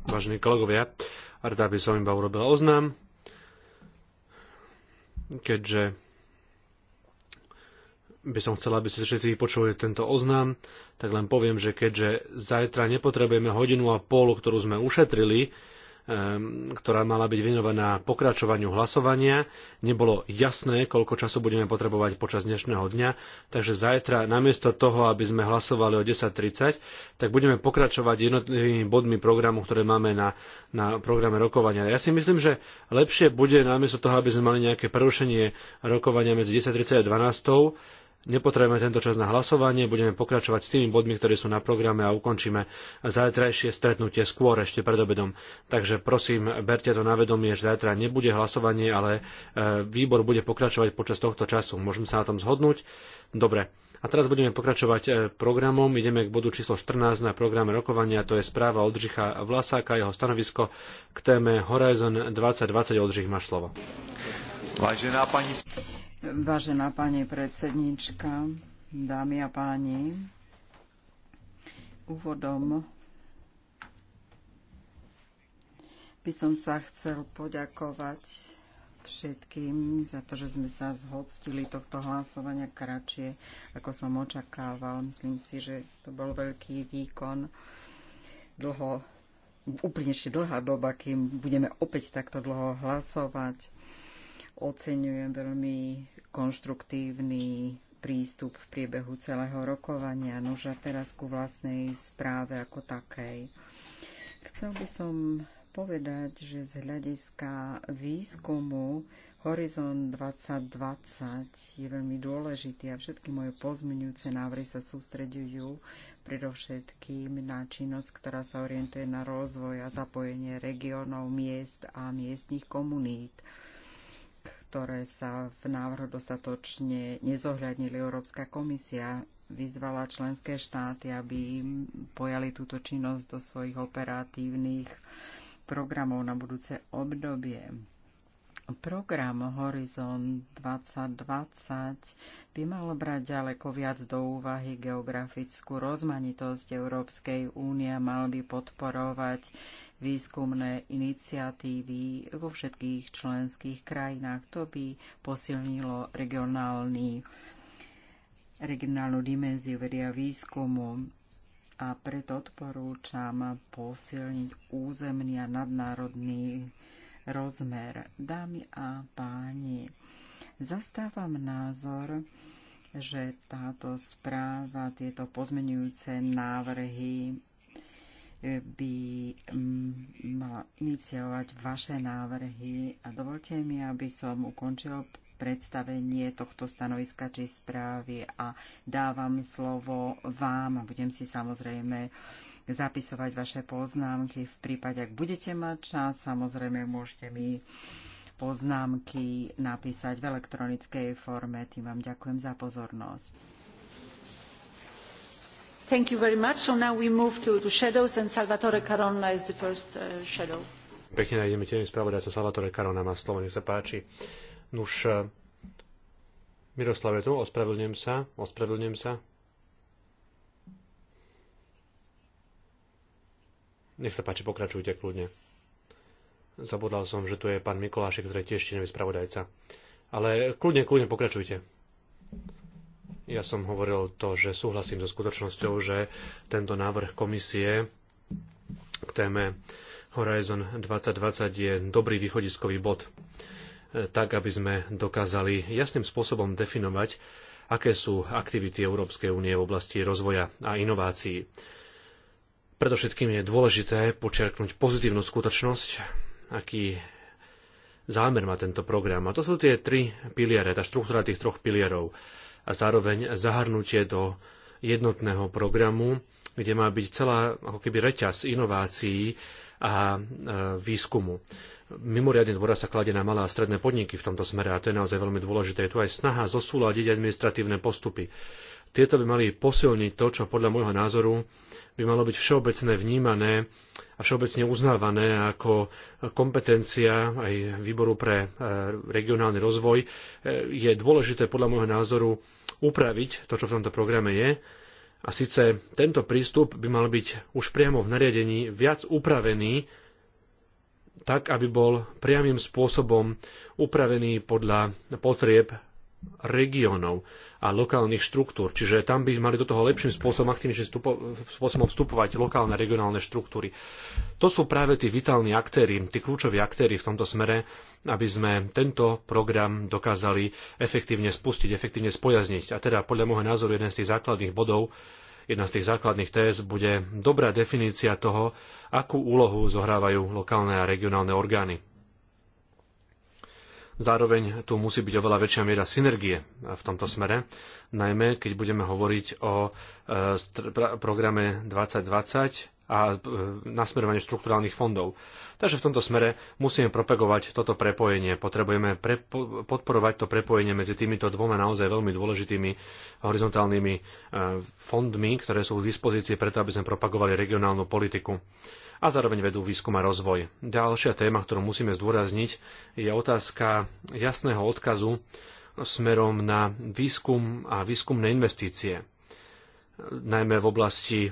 Vážení kolegovia, rada by som iba urobil oznám, keďže by som chcela, aby ste všetci vypočuli tento oznám, tak len poviem, že keďže zajtra nepotrebujeme hodinu a pol, ktorú sme ušetrili, Ehm, ktorá mala byť venovaná pokračovaniu hlasovania. Nebolo jasné, koľko času budeme potrebovať počas dnešného dňa, takže zajtra namiesto toho, aby sme hlasovali o 10.30, tak budeme pokračovať jednotlivými bodmi programu, ktoré máme na, na programe rokovania. Ja si myslím, že lepšie bude namiesto toho, aby sme mali nejaké prerušenie rokovania medzi 10.30 a 12. Nepotrebujeme tento čas na hlasovanie, budeme pokračovať s tými bodmi, ktoré sú na programe a ukončíme zajtrajšie stretnutie skôr ešte pred obedom. Takže prosím, berte to na vedomie, že zajtra nebude hlasovanie, ale e, výbor bude pokračovať počas tohto času. Môžeme sa na tom zhodnúť? Dobre. A teraz budeme pokračovať e, programom. Ideme k bodu číslo 14 na programe rokovania. To je správa Oldřicha Vlasáka, jeho stanovisko k téme Horizon 2020. Oldřich, máš slovo. Vážená pani... Vážená pani predsednička, dámy a páni, úvodom by som sa chcel poďakovať všetkým za to, že sme sa zhostili tohto hlasovania kratšie, ako som očakával. Myslím si, že to bol veľký výkon. Dlho úplne ešte dlhá doba, kým budeme opäť takto dlho hlasovať. Oceňujem veľmi konštruktívny prístup v priebehu celého rokovania, a teraz ku vlastnej správe ako takej. Chcel by som povedať, že z hľadiska výskumu Horizon 2020 je veľmi dôležitý a všetky moje pozmeňujúce návrhy sa sústreďujú predovšetkým na činnosť, ktorá sa orientuje na rozvoj a zapojenie regionov, miest a miestnych komunít ktoré sa v návrhu dostatočne nezohľadnili. Európska komisia vyzvala členské štáty, aby pojali túto činnosť do svojich operatívnych programov na budúce obdobie Program Horizon 2020 by mal brať ďaleko viac do úvahy geografickú rozmanitosť Európskej únie a mal by podporovať výskumné iniciatívy vo všetkých členských krajinách. To by posilnilo regionálny, regionálnu dimenziu vedia výskumu a preto odporúčam posilniť územný a nadnárodný rozmer. Dámy a páni, zastávam názor, že táto správa, tieto pozmenujúce návrhy e, by mala iniciovať vaše návrhy a dovolte mi, aby som ukončil predstavenie tohto stanoviska či správy a dávam slovo vám a budem si samozrejme zapisovať vaše poznámky. V prípade, ak budete mať čas, samozrejme môžete mi poznámky napísať v elektronickej forme. Tým vám ďakujem za pozornosť. Thank you very much. So now we move to, to shadows and Salvatore Carona is the first uh, shadow. Pekne nájdeme tiež spravodajca Salvatore Carona má slovo, nech sa páči. Nuž, eh, Miroslave tu, ospravedlňujem sa, ospravedlňujem sa. Nech sa páči, pokračujte kľudne. Zabudal som, že tu je pán Mikolášek, ktorý je tiež nevie spravodajca. Ale kľudne, kľudne pokračujte. Ja som hovoril to, že súhlasím so skutočnosťou, že tento návrh komisie k téme Horizon 2020 je dobrý východiskový bod, tak aby sme dokázali jasným spôsobom definovať, aké sú aktivity Európskej únie v oblasti rozvoja a inovácií Predovšetkým je dôležité počiarknúť pozitívnu skutočnosť, aký zámer má tento program. A to sú tie tri piliere, tá štruktúra tých troch pilierov. A zároveň zahrnutie do jednotného programu, kde má byť celá ako keby reťaz inovácií a e, výskumu. Mimoriadne dôraz sa kladie na malé a stredné podniky v tomto smere a to je naozaj veľmi dôležité. Je tu aj snaha zosúľadiť administratívne postupy tieto by mali posilniť to, čo podľa môjho názoru by malo byť všeobecne vnímané a všeobecne uznávané ako kompetencia aj výboru pre e, regionálny rozvoj. E, je dôležité podľa môjho názoru upraviť to, čo v tomto programe je. A síce tento prístup by mal byť už priamo v nariadení viac upravený tak, aby bol priamym spôsobom upravený podľa potrieb regiónov a lokálnych štruktúr. Čiže tam by mali do toho lepším spôsobom, aktívnejším spôsobom vstupovať lokálne regionálne štruktúry. To sú práve tí vitálni aktéry, tí kľúčoví aktéry v tomto smere, aby sme tento program dokázali efektívne spustiť, efektívne spojazniť. A teda podľa môjho názoru jeden z tých základných bodov, jedna z tých základných téz bude dobrá definícia toho, akú úlohu zohrávajú lokálne a regionálne orgány. Zároveň tu musí byť oveľa väčšia miera synergie v tomto smere, najmä keď budeme hovoriť o e, programe 2020 a e, nasmerovanie štrukturálnych fondov. Takže v tomto smere musíme propagovať toto prepojenie. Potrebujeme prepo- podporovať to prepojenie medzi týmito dvoma naozaj veľmi dôležitými horizontálnymi e, fondmi, ktoré sú k dispozícii preto, aby sme propagovali regionálnu politiku a zároveň vedú výskum a rozvoj. Ďalšia téma, ktorú musíme zdôrazniť, je otázka jasného odkazu smerom na výskum a výskumné investície. Najmä v oblasti e,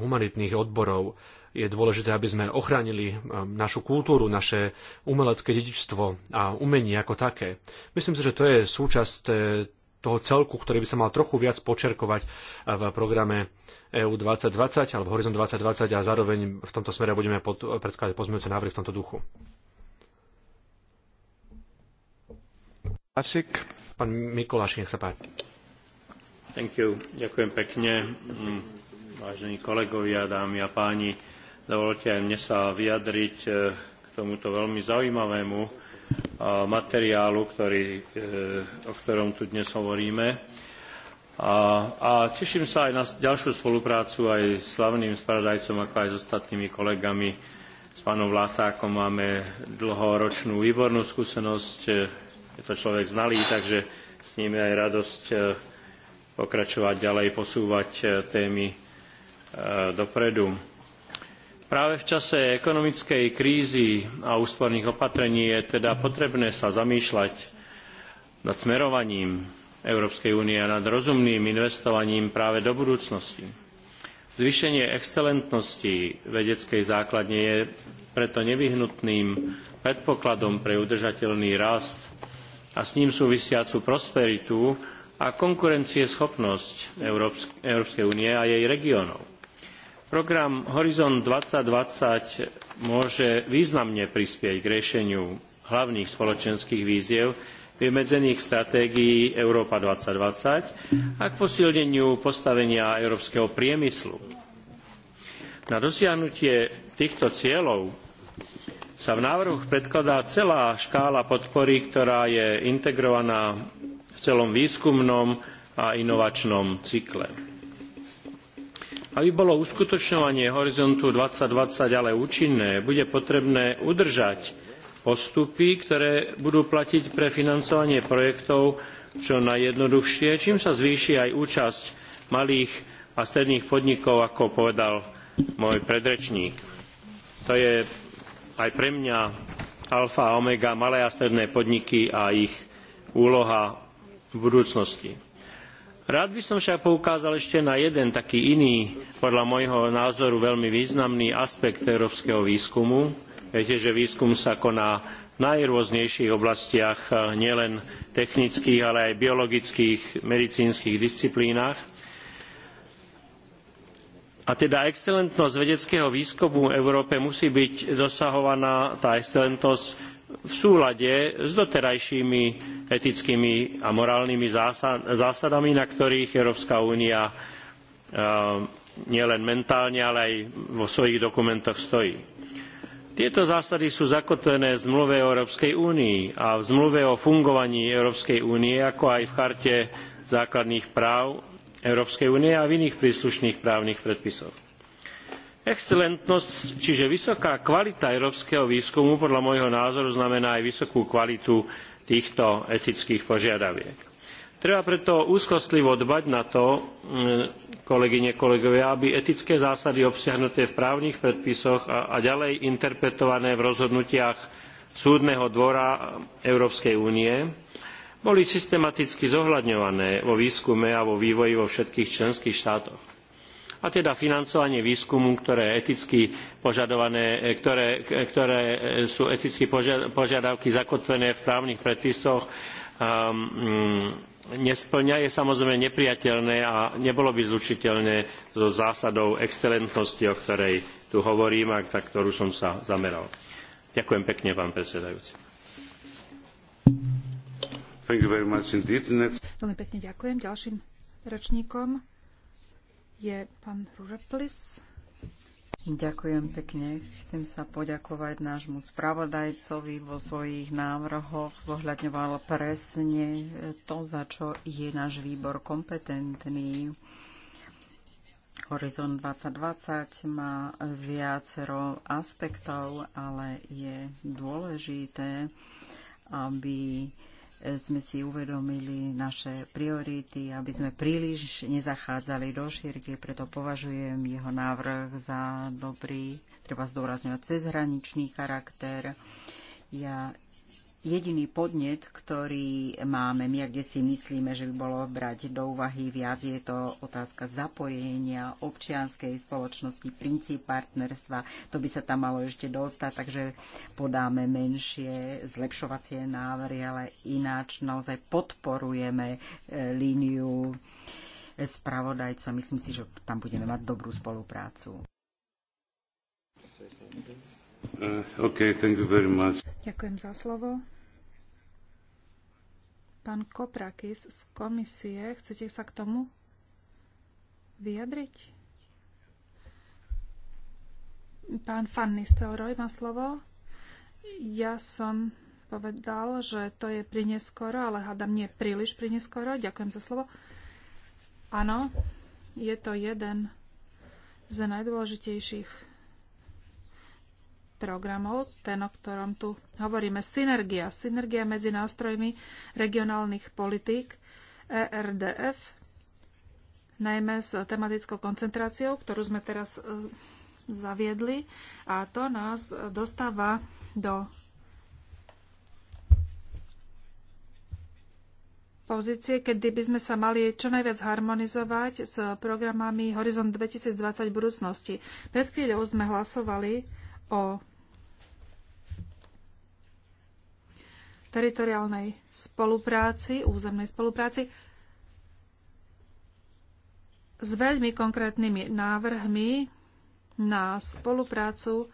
humanitných odborov je dôležité, aby sme ochránili e, našu kultúru, naše umelecké dedičstvo a umenie ako také. Myslím si, že to je súčasť e, toho celku, ktorý by sa mal trochu viac počerkovať eh, v programe EU 2020 alebo Horizon 2020 a zároveň v tomto smere budeme pod, predkladať pozmeňujúce návrhy v tomto duchu. Asik. Pán Mikuláš, nech sa páči. Thank you. Ďakujem pekne. Mm, vážení kolegovia, dámy a páni, dovolte aj mne sa vyjadriť eh, k tomuto veľmi zaujímavému materiálu, ktorý, e, o ktorom tu dnes hovoríme. A, a teším sa aj na ďalšiu spoluprácu aj s hlavným spravodajcom, ako aj s ostatnými kolegami. S pánom Vlásákom máme dlhoročnú výbornú skúsenosť. E, je to človek znalý, takže s ním je aj radosť e, pokračovať ďalej, posúvať témy dopredu Práve v čase ekonomickej krízy a úsporných opatrení je teda potrebné sa zamýšľať nad smerovaním Európskej únie a nad rozumným investovaním práve do budúcnosti. Zvýšenie excelentnosti vedeckej základne je preto nevyhnutným predpokladom pre udržateľný rast a s ním súvisiacu prosperitu a konkurencieschopnosť Európskej únie a jej regiónov Program Horizon 2020 môže významne prispieť k riešeniu hlavných spoločenských výziev vymedzených v stratégii Európa 2020 a k posilneniu postavenia európskeho priemyslu. Na dosiahnutie týchto cieľov sa v návrhu predkladá celá škála podpory, ktorá je integrovaná v celom výskumnom a inovačnom cykle aby bolo uskutočňovanie Horizontu twenty ale účinné, bude potrebné udržať postupy, ktoré budú platiť pre financovanie projektov čo najjednoduchšie, čím sa zvýši aj účasť malých a stredných podnikov, ako povedal môj predrečník. To je aj pre mňa alfa a omega malé a stredné podniky a ich úloha v budúcnosti Rád by som však poukázal ešte na jeden taký iný, podľa môjho názoru veľmi významný aspekt európskeho výskumu. Viete, že výskum sa koná v najrôznejších oblastiach, eh, nielen technických, ale aj biologických, medicínskych disciplínach. A teda excelentnosť vedeckého výskumu v Európe musí byť dosahovaná, tá excelentnosť v súlade s doterajšími etickými a morálnymi zásadami, na ktorých Európska únia e, nielen mentálne, ale aj vo svojich dokumentoch stojí. Tieto zásady sú zakotvené v zmluve o Európskej únii a v zmluve o fungovaní Európskej únie, ako aj v charte základných práv Európskej únie a v iných príslušných právnych predpisoch Excelentnosť, čiže vysoká kvalita európskeho výskumu podľa môjho názoru znamená aj vysokú kvalitu týchto etických požiadaviek. Treba preto úzkostlivo dbať na to, kolegyne, kolegovia, aby etické zásady obsiahnuté v právnych predpisoch a, ďalej interpretované v rozhodnutiach Súdneho dvora Európskej únie boli systematicky zohľadňované vo výskume a vo vývoji vo všetkých členských štátoch a teda financovanie výskumu, ktoré, požadované, e, ktoré, e, ktoré e, sú etické požiadavky zakotvené v právnych predpisoch ehm, mm, nespĺňa, je samozrejme neprijateľné a nebolo by zlučiteľné so zásadou excelentnosti, o ktorej tu hovorím a na ktorú som sa zameral. Ďakujem pekne, pán predsedajúci. Veľmi pekne ďakujem. Ďalším rečníkom je pán Rureplis. Ďakujem pekne. Chcem sa poďakovať nášmu spravodajcovi vo svojich návrhoch. Zohľadňoval presne to, za čo je náš výbor kompetentný. Horizont 2020 má viacero aspektov, ale je dôležité, aby sme si uvedomili naše priority, aby sme príliš nezachádzali do šírky, preto považujem jeho návrh za dobrý, treba zdôrazňovať cezhraničný charakter. Ja Jediný podnet, ktorý máme my, kde si myslíme, že by bolo brať do úvahy viac, je to otázka zapojenia občianskej spoločnosti, princíp partnerstva. To by sa tam malo ešte dostať, takže podáme menšie zlepšovacie návrhy, ale ináč naozaj podporujeme e, líniu spravodajcov. Myslím si, že tam budeme mať dobrú spoluprácu. Uh, Ďakujem za slovo. Pán Koprakis z komisie, chcete sa k tomu vyjadriť? Pán Fanny Nistelroj má slovo. Ja som povedal, že to je prineskoro, ale hádam nie príliš prineskoro. Ďakujem za slovo. Áno, je to jeden z najdôležitejších programov, ten, o ktorom tu hovoríme, synergia. Synergia medzi nástrojmi regionálnych politík ERDF, najmä s tematickou koncentráciou, ktorú sme teraz e, zaviedli. A to nás dostáva do pozície, kedy by sme sa mali čo najviac harmonizovať s programami Horizont 2020 v budúcnosti. Pred chvíľou sme hlasovali o teritoriálnej spolupráci, územnej spolupráci s veľmi konkrétnymi návrhmi na spoluprácu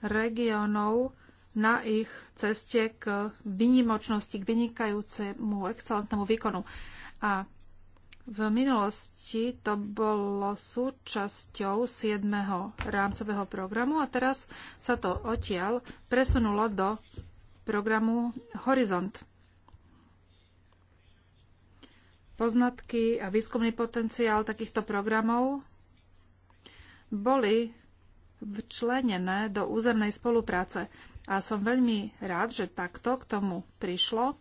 regionov na ich ceste k vynimočnosti, k vynikajúcemu excelentnému výkonu. A v minulosti to bolo súčasťou 7. rámcového programu a teraz sa to odtiaľ presunulo do programu Horizont. Poznatky a výskumný potenciál takýchto programov boli včlenené do územnej spolupráce. A som veľmi rád, že takto k tomu prišlo,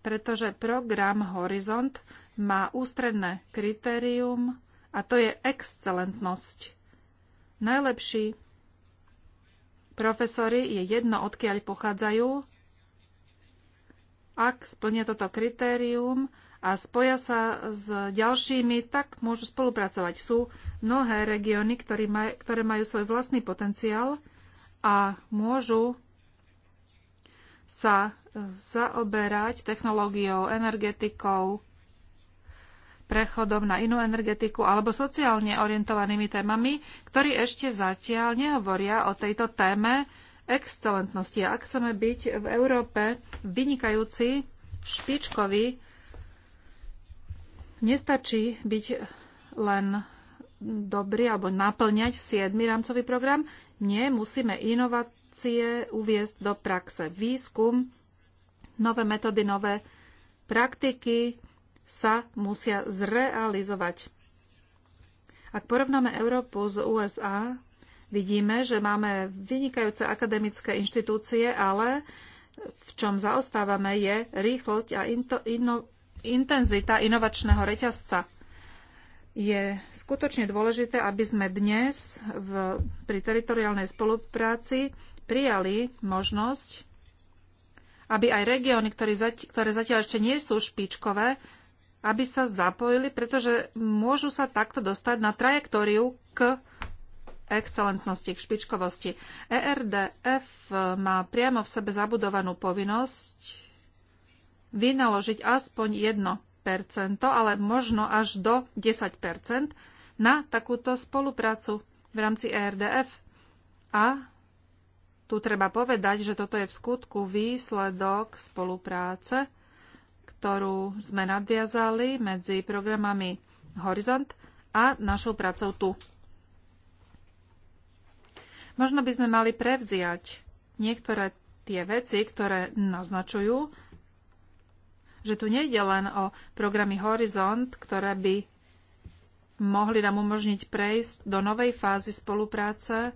pretože program Horizont má ústredné kritérium a to je excelentnosť. Najlepší profesori, je jedno, odkiaľ pochádzajú, ak splnia toto kritérium a spoja sa s ďalšími, tak môžu spolupracovať. Sú mnohé regióny, maj, ktoré majú svoj vlastný potenciál a môžu sa zaoberať technológiou, energetikou, prechodom na inú energetiku alebo sociálne orientovanými témami, ktorí ešte zatiaľ nehovoria o tejto téme excelentnosti. A ak chceme byť v Európe vynikajúci, špičkový, nestačí byť len dobrý alebo naplňať 7. rámcový program. Nie, musíme inovácie uviezť do praxe. Výskum, nové metódy, nové praktiky, sa musia zrealizovať. Ak porovnáme Európu s USA, vidíme, že máme vynikajúce akademické inštitúcie, ale v čom zaostávame je rýchlosť a into, ino, intenzita inovačného reťazca. Je skutočne dôležité, aby sme dnes v, pri teritoriálnej spolupráci prijali možnosť, aby aj regióny, ktoré, zatiaľ ešte nie sú špičkové, aby sa zapojili, pretože môžu sa takto dostať na trajektóriu k excelentnosti, k špičkovosti. ERDF má priamo v sebe zabudovanú povinnosť vynaložiť aspoň 1%, ale možno až do 10% na takúto spoluprácu v rámci ERDF. A tu treba povedať, že toto je v skutku výsledok spolupráce ktorú sme nadviazali medzi programami Horizont a našou prácou tu. Možno by sme mali prevziať niektoré tie veci, ktoré naznačujú, že tu nejde len o programy Horizont, ktoré by mohli nám umožniť prejsť do novej fázy spolupráce,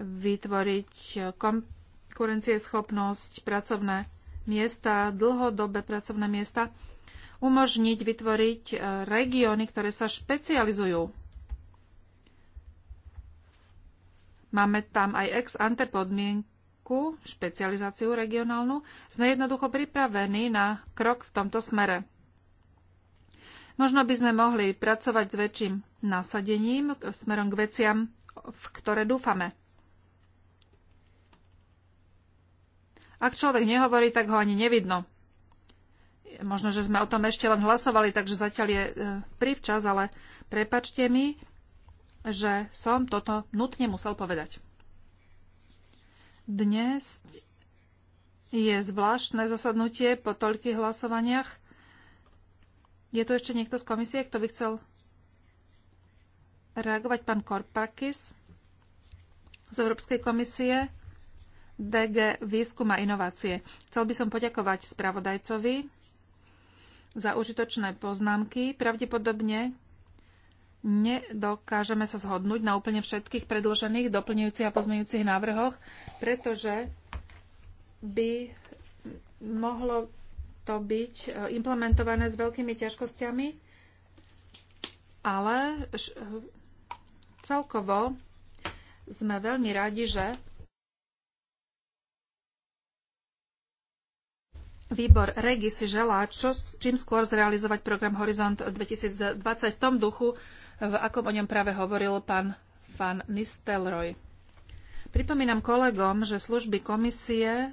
vytvoriť konkurencieschopnosť, pracovné miesta, dlhodobé pracovné miesta, umožniť vytvoriť e, regióny, ktoré sa špecializujú. Máme tam aj ex ante podmienku, špecializáciu regionálnu. Sme jednoducho pripravení na krok v tomto smere. Možno by sme mohli pracovať s väčším nasadením smerom k veciam, v ktoré dúfame. Ak človek nehovorí, tak ho ani nevidno. Možno, že sme o tom ešte len hlasovali, takže zatiaľ je e, prívčas, ale prepačte mi, že som toto nutne musel povedať. Dnes je zvláštne zasadnutie po toľkých hlasovaniach. Je tu ešte niekto z komisie, kto by chcel reagovať? Pán Korpakis z Európskej komisie. DG Výskum a inovácie. Chcel by som poďakovať spravodajcovi za užitočné poznámky. Pravdepodobne nedokážeme sa zhodnúť na úplne všetkých predložených doplňujúcich a pozmeňujúcich návrhoch, pretože by mohlo to byť e, implementované s veľkými ťažkosťami, ale e, celkovo sme veľmi radi, že výbor REGI si želá čo, čím skôr zrealizovať program Horizont 2020 v tom duchu, v akom o ňom práve hovoril pán Van Nistelrooy. Pripomínam kolegom, že služby komisie, eh,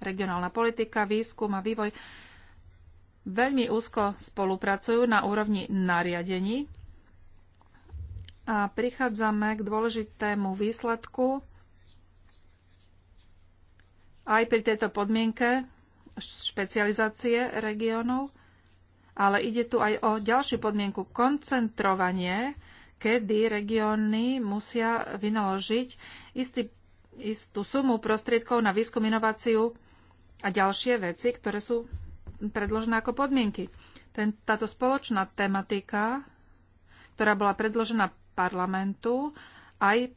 regionálna politika, výskum a vývoj veľmi úzko spolupracujú na úrovni nariadení a prichádzame k dôležitému výsledku, aj pri tejto podmienke špecializácie regiónov, ale ide tu aj o ďalšiu podmienku koncentrovanie, kedy regióny musia vynaložiť istý, istú sumu prostriedkov na výskum, inováciu a ďalšie veci, ktoré sú predložené ako podmienky. Ten, táto spoločná tematika, ktorá bola predložená parlamentu aj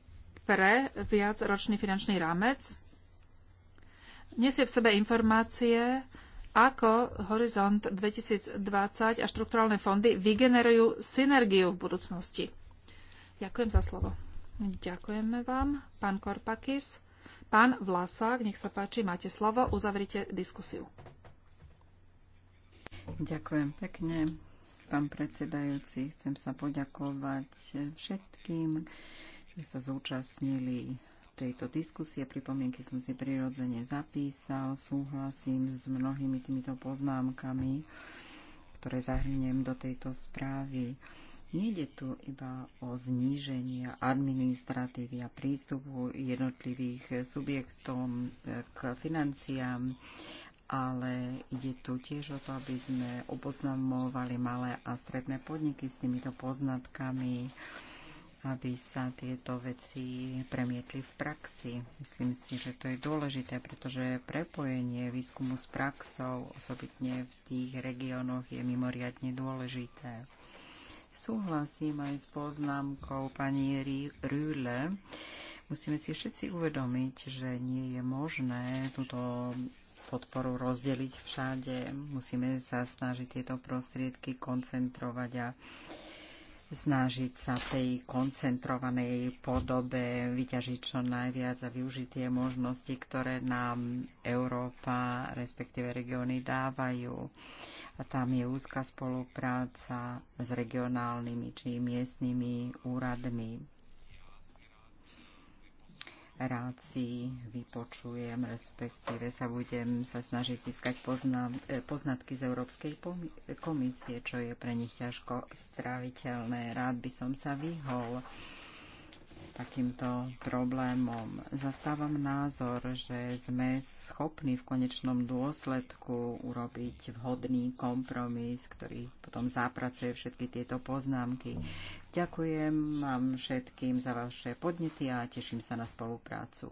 pre viacročný finančný rámec, nesie v sebe informácie, ako Horizont 2020 a štrukturálne fondy vygenerujú synergiu v budúcnosti. Ďakujem za slovo. Ďakujeme vám, pán Korpakis. Pán Vlasák, nech sa páči, máte slovo, uzavrite diskusiu. Ďakujem pekne, pán predsedajúci. Chcem sa poďakovať všetkým, ktorí sa zúčastnili tejto diskusie. Pripomienky som si prirodzene zapísal, súhlasím s mnohými týmito poznámkami, ktoré zahrňujem do tejto správy. Nejde tu iba o zníženie administratívy a prístupu jednotlivých subjektom k financiám, ale ide tu tiež o to, aby sme oboznamovali malé a stredné podniky s týmito poznatkami aby sa tieto veci premietli v praxi. Myslím si, že to je dôležité, pretože prepojenie výskumu s praxou, osobitne v tých regiónoch, je mimoriadne dôležité. Súhlasím aj s poznámkou pani Rühle. Musíme si všetci uvedomiť, že nie je možné túto podporu rozdeliť všade. Musíme sa snažiť tieto prostriedky koncentrovať a snažiť sa v tej koncentrovanej podobe vyťažiť čo najviac a využiť tie možnosti, ktoré nám Európa, respektíve regióny dávajú. A tam je úzka spolupráca s regionálnymi či miestnymi úradmi rád si vypočujem, respektíve sa budem sa snažiť získať e, poznatky z Európskej komisie, čo je pre nich ťažko stráviteľné. Rád by som sa vyhol takýmto problémom. Zastávam názor, že sme schopní v konečnom dôsledku urobiť vhodný kompromis, ktorý potom zapracuje všetky tieto poznámky. Ďakujem vám všetkým za vaše podnety a teším sa na spoluprácu.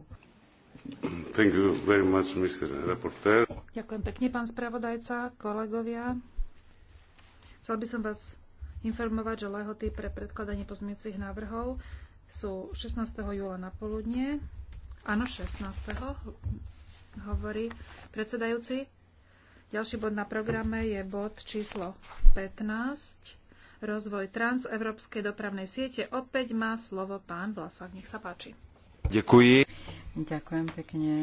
Thank you very much, Mr. Ďakujem pekne, pán spravodajca, kolegovia. Chcel by som vás informovať, že lehoty pre predkladanie pozmiecich návrhov sú 16. júla na poludnie. Áno, 16. hovorí predsedajúci. Ďalší bod na programe je bod číslo 15. Rozvoj transeurópskej dopravnej siete. Opäť má slovo pán Vlasak. Nech sa páči. Ďakujem. Ďakujem pekne.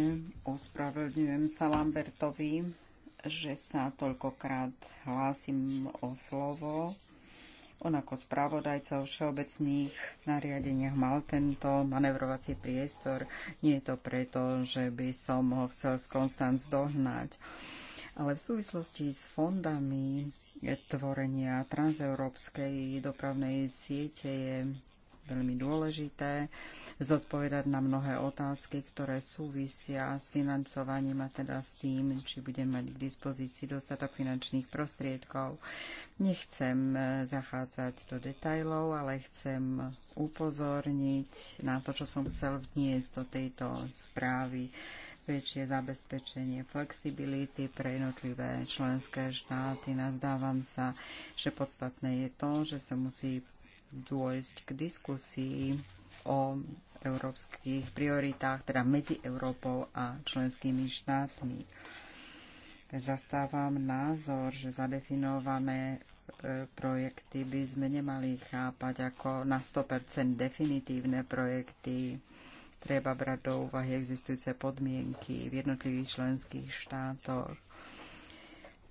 Ospravedlňujem sa Lambertovi, že sa toľkokrát hlásim o slovo on ako spravodajca o všeobecných nariadeniach mal tento manevrovací priestor. Nie je to preto, že by som ho chcel z Konstanc dohnať. Ale v súvislosti s fondami tvorenia transeurópskej dopravnej siete je veľmi dôležité, zodpovedať na mnohé otázky, ktoré súvisia s financovaním a teda s tým, či budeme mať k dispozícii dostatok finančných prostriedkov. Nechcem e, zachádzať do detajlov, ale chcem upozorniť na to, čo som chcel vniesť do tejto správy väčšie zabezpečenie flexibility pre jednotlivé členské štáty. Nazdávam sa, že podstatné je to, že sa musí dôjsť k diskusii o európskych prioritách, teda medzi Európou a členskými štátmi. Zastávam názor, že zadefinované e, projekty by sme nemali chápať ako na 100% definitívne projekty. Treba brať do úvahy existujúce podmienky v jednotlivých členských štátoch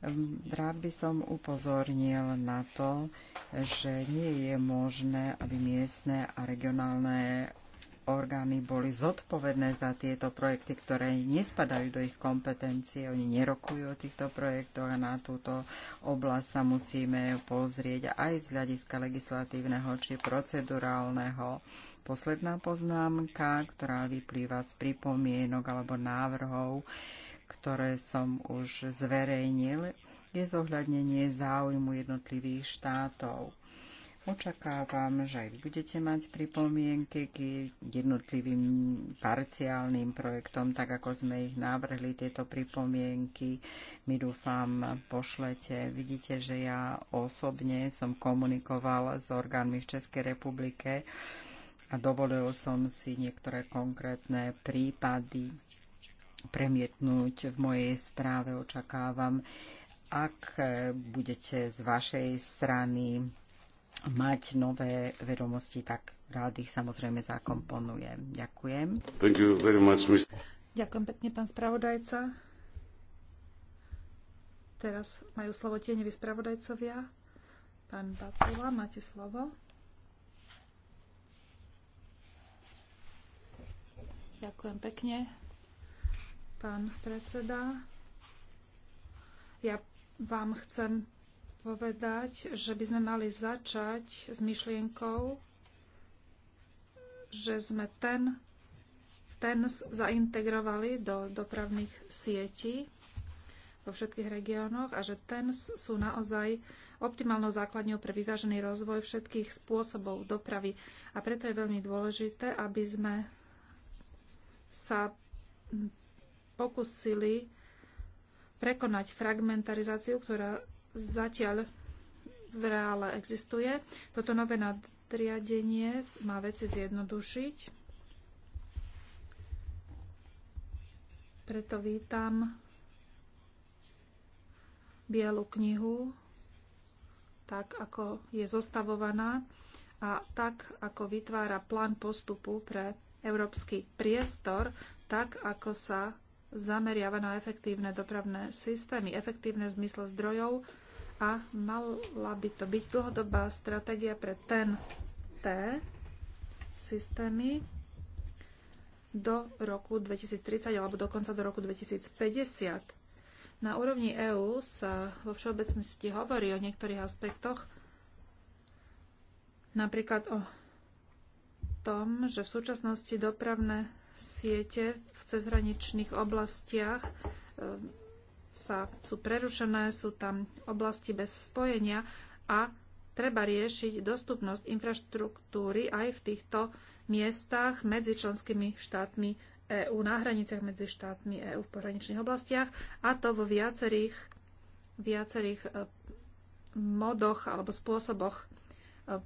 Ehm, rád by som upozornil na to, že nie je možné, aby miestne a regionálne orgány boli zodpovedné za tieto projekty, ktoré nespadajú do ich kompetencie. Oni nerokujú o týchto projektoch a na túto oblasť sa musíme pozrieť aj z hľadiska legislatívneho či procedurálneho. Posledná poznámka, ktorá vyplýva z pripomienok alebo návrhov, ktoré som už zverejnil, je zohľadnenie záujmu jednotlivých štátov. Očakávam, že aj vy budete mať pripomienky k jednotlivým parciálnym projektom, tak ako sme ich navrhli, tieto pripomienky my dúfam pošlete. Vidíte, že ja osobne som komunikoval s orgánmi v Českej republike a dovolil som si niektoré konkrétne prípady premietnúť v mojej správe. Očakávam, ak budete z vašej strany mať nové vedomosti, tak rád ich samozrejme zakomponujem. Ďakujem. Thank you very much, Mr. Ďakujem pekne, pán spravodajca. Teraz majú slovo tieňoví spravodajcovia. Pán Bakula, máte slovo. Ďakujem pekne pán predseda. Ja vám chcem povedať, že by sme mali začať s myšlienkou, že sme ten, ten zaintegrovali do dopravných sietí vo všetkých regiónoch a že ten sú naozaj optimálnou základňou pre vyvážený rozvoj všetkých spôsobov dopravy. A preto je veľmi dôležité, aby sme sa pokusili prekonať fragmentarizáciu, ktorá zatiaľ v reále existuje. Toto nové nadriadenie má veci zjednodušiť. Preto vítam bielu knihu, tak ako je zostavovaná a tak ako vytvára plán postupu pre európsky priestor, tak ako sa zameriava na efektívne dopravné systémy, efektívne v zmysle zdrojov a mala by to byť dlhodobá stratégia pre ten T systémy do roku 2030 alebo dokonca do roku 2050. Na úrovni EÚ sa vo všeobecnosti hovorí o niektorých aspektoch, napríklad o tom, že v súčasnosti dopravné siete v cezhraničných oblastiach ehm, sa, sú prerušené, sú tam oblasti bez spojenia a treba riešiť dostupnosť infraštruktúry aj v týchto miestach medzi členskými štátmi EÚ, na hraniciach medzi štátmi EÚ v pohraničných oblastiach a to vo viacerých, viacerých e, modoch alebo spôsoboch e,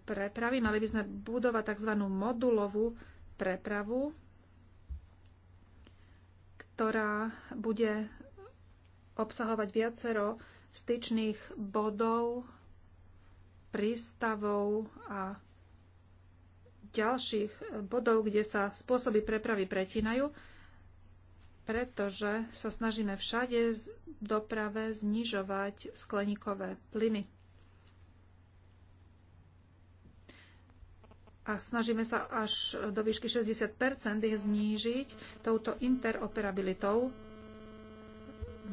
prepravy. Mali by sme budovať tzv. modulovú prepravu, ktorá bude obsahovať viacero styčných bodov, prístavov a ďalších bodov, kde sa spôsoby prepravy pretínajú, pretože sa snažíme všade v doprave znižovať skleníkové plyny. a snažíme sa až do výšky 60 ich znížiť touto interoperabilitou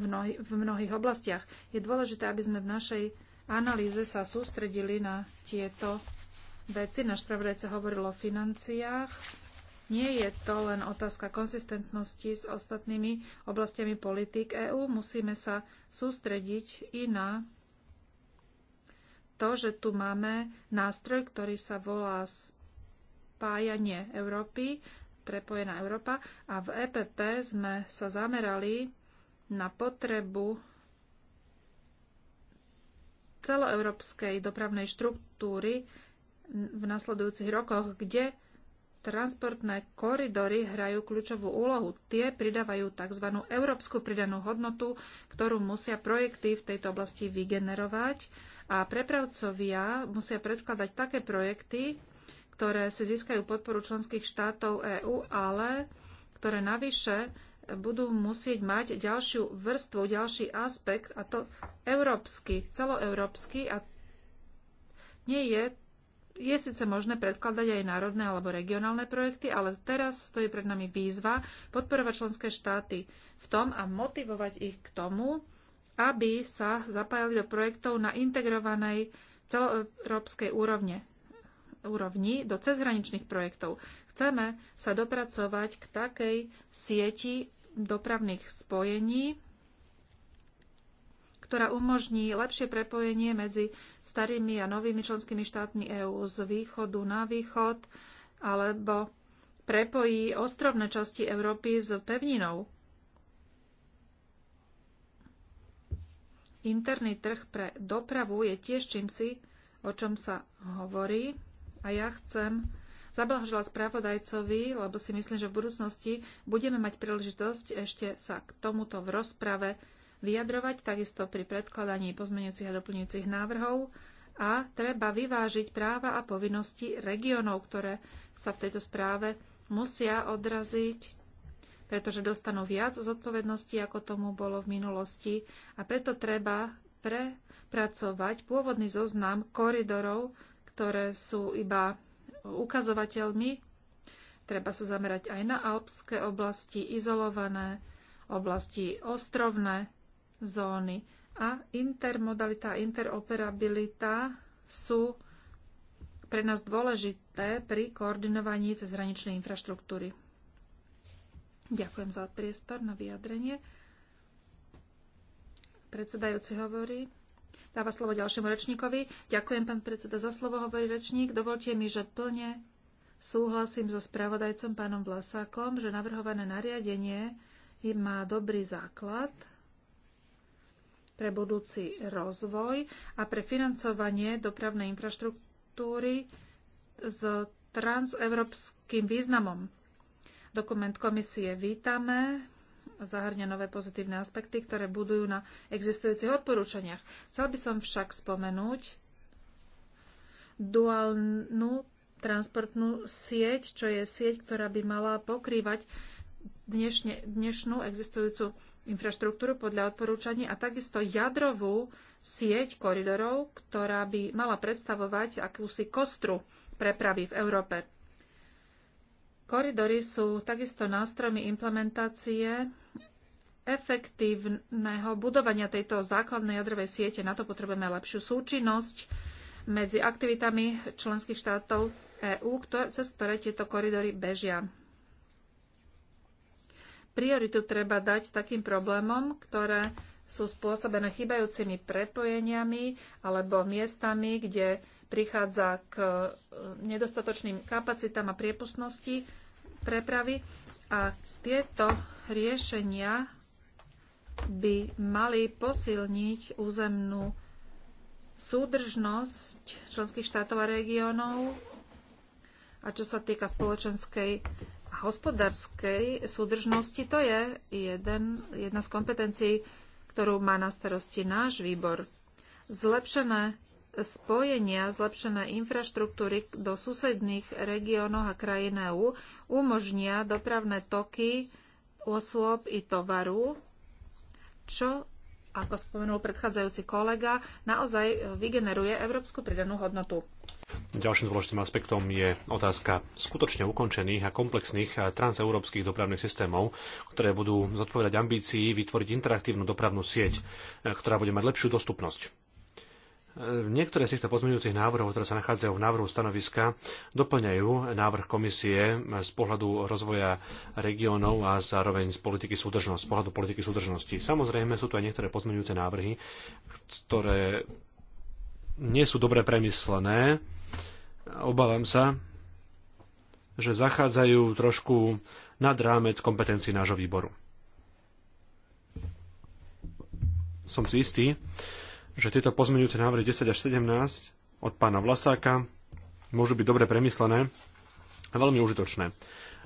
v, mnoh- v mnohých oblastiach. Je dôležité, aby sme v našej analýze sa sústredili na tieto veci. Náš spravodajca hovoril o financiách. Nie je to len otázka konsistentnosti s ostatnými oblastiami politik EÚ. Musíme sa sústrediť i na to, že tu máme nástroj, ktorý sa volá spájanie Európy, prepojená Európa. A v EPP sme sa zamerali na potrebu celoeurópskej dopravnej štruktúry v nasledujúcich rokoch, kde transportné koridory hrajú kľúčovú úlohu. Tie pridávajú tzv. európsku pridanú hodnotu, ktorú musia projekty v tejto oblasti vygenerovať a prepravcovia musia predkladať také projekty, ktoré si získajú podporu členských štátov EÚ, ale ktoré navyše budú musieť mať ďalšiu vrstvu, ďalší aspekt, a to európsky, celoeurópsky. A nie je, je síce možné predkladať aj národné alebo regionálne projekty, ale teraz stojí pred nami výzva podporovať členské štáty v tom a motivovať ich k tomu, aby sa zapájali do projektov na integrovanej celoeurópskej úrovne úrovni do cezhraničných projektov. Chceme sa dopracovať k takej sieti dopravných spojení, ktorá umožní lepšie prepojenie medzi starými a novými členskými štátmi EÚ z východu na východ alebo prepojí ostrovné časti Európy s pevninou. Interný trh pre dopravu je tiež čímsi, o čom sa hovorí a ja chcem zablahoželať spravodajcovi, lebo si myslím, že v budúcnosti budeme mať príležitosť ešte sa k tomuto v rozprave vyjadrovať, takisto pri predkladaní pozmeňujúcich a doplňujúcich návrhov a treba vyvážiť práva a povinnosti regiónov, ktoré sa v tejto správe musia odraziť, pretože dostanú viac zodpovedností, ako tomu bolo v minulosti a preto treba prepracovať pôvodný zoznam koridorov, ktoré sú iba ukazovateľmi. Treba sa zamerať aj na alpské oblasti, izolované oblasti, ostrovné zóny. A intermodalita, interoperabilita sú pre nás dôležité pri koordinovaní cezhraničnej infraštruktúry. Ďakujem za priestor na vyjadrenie. Predsedajúci hovorí dáva slovo ďalšiemu rečníkovi. Ďakujem, pán predseda, za slovo, hovorí rečník. Dovolte mi, že plne súhlasím so spravodajcom pánom Vlasákom, že navrhované nariadenie má dobrý základ pre budúci rozvoj a pre financovanie dopravnej infraštruktúry s transeurópskym významom. Dokument komisie vítame, zahrňa nové pozitívne aspekty, ktoré budujú na existujúcich odporúčaniach. Chcel by som však spomenúť duálnu transportnú sieť, čo je sieť, ktorá by mala pokrývať dnešne, dnešnú existujúcu infraštruktúru podľa odporúčaní a takisto jadrovú sieť koridorov, ktorá by mala predstavovať akúsi kostru prepravy v Európe. Koridory sú takisto nástrojmi implementácie efektívneho budovania tejto základnej jadrovej siete. Na to potrebujeme lepšiu súčinnosť medzi aktivitami členských štátov EÚ, cez ktoré tieto koridory bežia. Prioritu treba dať takým problémom, ktoré sú spôsobené chybajúcimi prepojeniami alebo miestami, kde prichádza k e, nedostatočným kapacitám a priepustnosti prepravy a tieto riešenia by mali posilniť územnú súdržnosť členských štátov a regiónov a čo sa týka spoločenskej a hospodárskej súdržnosti, to je jeden, jedna z kompetencií, ktorú má na starosti náš výbor. Zlepšené spojenia zlepšené infraštruktúry do susedných regiónoch a krajín EÚ umožnia dopravné toky osôb i tovaru, čo, ako spomenul predchádzajúci kolega, naozaj vygeneruje európsku pridanú hodnotu. Ďalším dôležitým aspektom je otázka skutočne ukončených a komplexných transeurópskych dopravných systémov, ktoré budú zodpovedať ambícii vytvoriť interaktívnu dopravnú sieť, ktorá bude mať lepšiu dostupnosť Niektoré z týchto pozmeňujúcich návrhov, ktoré sa nachádzajú v návrhu stanoviska, doplňajú návrh komisie z pohľadu rozvoja regiónov a zároveň z politiky súdržnosti, z pohľadu politiky súdržnosti. Samozrejme sú tu aj niektoré pozmeňujúce návrhy, ktoré nie sú dobre premyslené. Obávam sa, že zachádzajú trošku nad rámec kompetencií nášho výboru. Som si istý, že tieto pozmeňujúce návrhy 10 až 17 od pána Vlasáka môžu byť dobre premyslené a veľmi užitočné.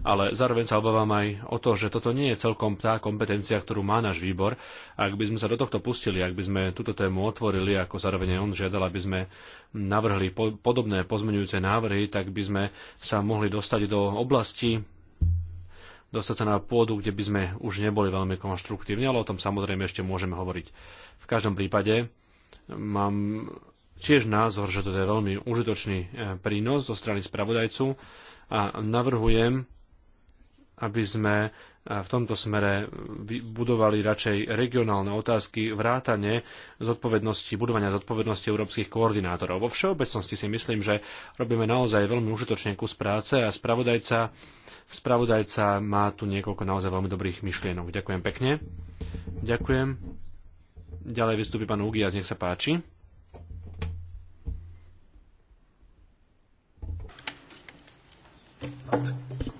Ale zároveň sa obávam aj o to, že toto nie je celkom tá kompetencia, ktorú má náš výbor. Ak by sme sa do tohto pustili, ak by sme túto tému otvorili, ako zároveň on žiadal, aby sme navrhli podobné pozmeňujúce návrhy, tak by sme sa mohli dostať do oblasti, dostať sa na pôdu, kde by sme už neboli veľmi konštruktívni, ale o tom samozrejme ešte môžeme hovoriť. V každom prípade Mám tiež názor, že toto je veľmi užitočný e, prínos zo strany spravodajcu a navrhujem, aby sme e, v tomto smere budovali radšej regionálne otázky vrátane zodpovednosti, budovania zodpovednosti európskych koordinátorov. Vo všeobecnosti si myslím, že robíme naozaj veľmi užitočný kus práce a spravodajca, spravodajca má tu niekoľko naozaj veľmi dobrých myšlienok. Ďakujem pekne. Ďakujem. Ďalej vystúpi pán Ugias, nech sa páči.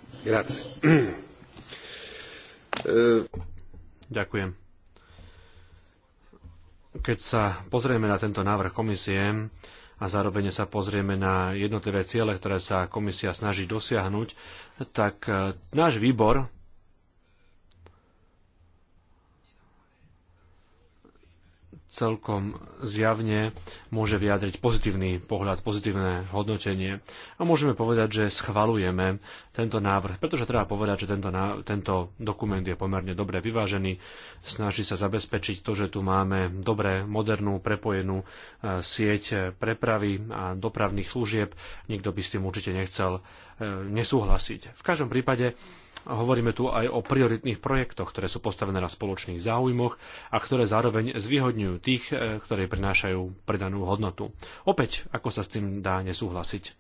Eh. Ďakujem. Keď sa pozrieme na tento návrh komisie a zároveň sa pozrieme na jednotlivé ciele, ktoré sa komisia snaží dosiahnuť, tak eh, náš výbor celkom zjavne môže vyjadriť pozitívny pohľad, pozitívne hodnotenie a môžeme povedať, že schvalujeme tento návrh, pretože treba povedať, že tento, tento dokument je pomerne dobre vyvážený, snaží sa zabezpečiť to, že tu máme dobré, modernú, prepojenú e, sieť prepravy a dopravných služieb. Nikto by s tým určite nechcel e, nesúhlasiť. V každom prípade Hovoríme tu aj o prioritných projektoch, ktoré sú postavené na spoločných záujmoch a ktoré zároveň zvýhodňujú tých, e, ktoré prinášajú predanú hodnotu. Opäť, ako sa s tým dá nesúhlasiť?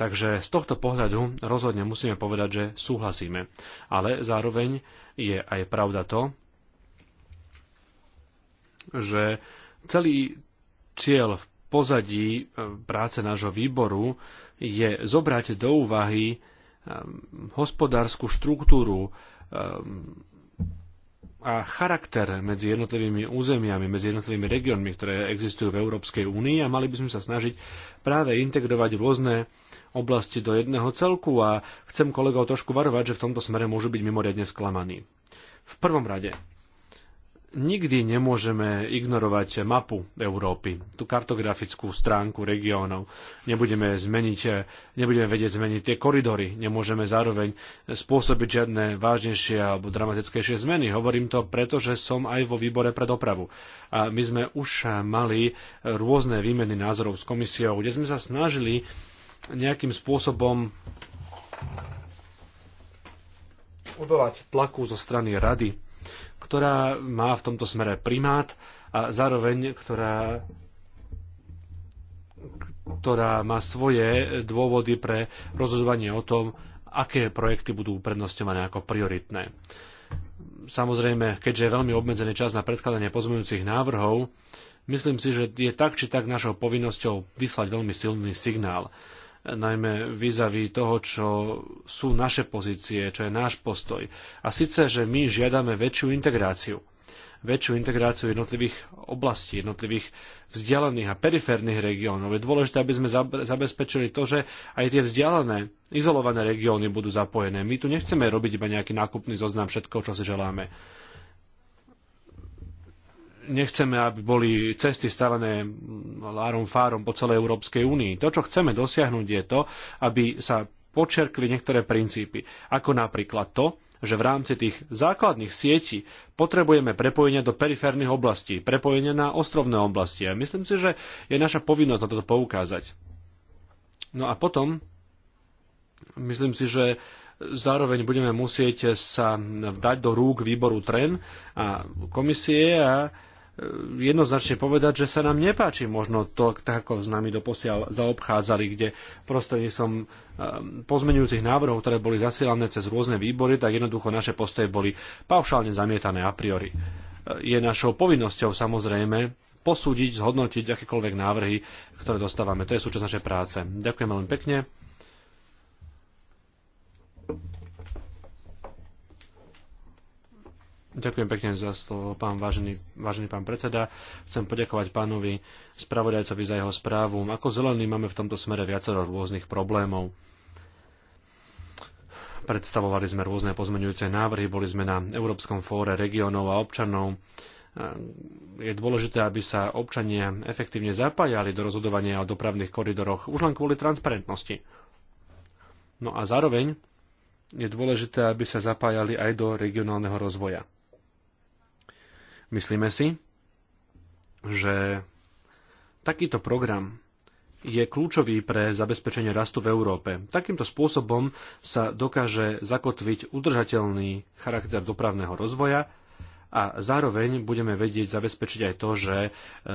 Takže z tohto pohľadu rozhodne musíme povedať, že súhlasíme. Ale zároveň je aj pravda to, že celý cieľ v pozadí e, práce nášho výboru je zobrať do úvahy Ehm, hospodárskú štruktúru ehm, a charakter medzi jednotlivými územiami, medzi jednotlivými regiónmi, ktoré existujú v Európskej únii a mali by sme sa snažiť práve integrovať rôzne oblasti do jedného celku a chcem kolegov trošku varovať, že v tomto smere môžu byť mimoriadne sklamaní. V prvom rade nikdy nemôžeme ignorovať mapu Európy, tú kartografickú stránku regiónov. Nebudeme, zmeniť, nebudeme vedieť zmeniť tie koridory, nemôžeme zároveň spôsobiť žiadne vážnejšie alebo dramatickejšie zmeny. Hovorím to preto, že som aj vo výbore pre dopravu. A my sme už mali rôzne výmeny názorov s komisiou, kde sme sa snažili nejakým spôsobom odolať tlaku zo strany rady ktorá má v tomto smere primát a zároveň, ktorá ktorá má svoje dôvody pre rozhodovanie o tom, aké projekty budú uprednostňované ako prioritné. Samozrejme, keďže je veľmi obmedzený čas na predkladanie pozmeňujúcich návrhov, myslím si, že je tak či tak našou povinnosťou vyslať veľmi silný signál najmä vizaví toho, čo sú naše pozície, čo je náš postoj. A síce, že my žiadame väčšiu integráciu väčšiu integráciu jednotlivých oblastí, jednotlivých vzdialených a periférnych regiónov. Je dôležité, aby sme zabezpečili to, že aj tie vzdialené, izolované regióny budú zapojené. My tu nechceme robiť iba nejaký nákupný zoznam všetko, čo si želáme nechceme, aby boli cesty stavané lárom fárom po celej Európskej únii. To, čo chceme dosiahnuť, je to, aby sa počerkli niektoré princípy, ako napríklad to, že v rámci tých základných sietí potrebujeme prepojenia do periférnych oblastí, prepojenia na ostrovné oblasti. A myslím si, že je naša povinnosť na toto poukázať. No a potom, myslím si, že zároveň budeme musieť sa dať do rúk výboru TREN a komisie a E, jednoznačne povedať, že sa nám nepáči možno to, tak ako s nami doposiaľ zaobchádzali, kde prostredníctvom e, pozmenujúcich návrhov, ktoré boli zasielané cez rôzne výbory, tak jednoducho naše postoje boli paušálne zamietané a priori. E, je našou povinnosťou samozrejme posúdiť, zhodnotiť akékoľvek návrhy, ktoré dostávame. To je súčasť našej práce. Ďakujem veľmi pekne. Ďakujem pekne za slovo, pán vážený, vážený pán predseda. Chcem poďakovať pánovi spravodajcovi za jeho správu. Ako zelený máme v tomto smere viacero rôznych problémov. Predstavovali sme rôzne pozmeňujúce návrhy, boli sme na Európskom fóre regiónov a občanov. Ehm, je dôležité, aby sa občania efektívne zapájali do rozhodovania o dopravných koridoroch už len kvôli transparentnosti. No a zároveň je dôležité, aby sa zapájali aj do regionálneho rozvoja. Myslíme si, že takýto program je kľúčový pre zabezpečenie rastu v Európe. Takýmto spôsobom sa dokáže zakotviť udržateľný charakter dopravného rozvoja a zároveň budeme vedieť zabezpečiť aj to, že e,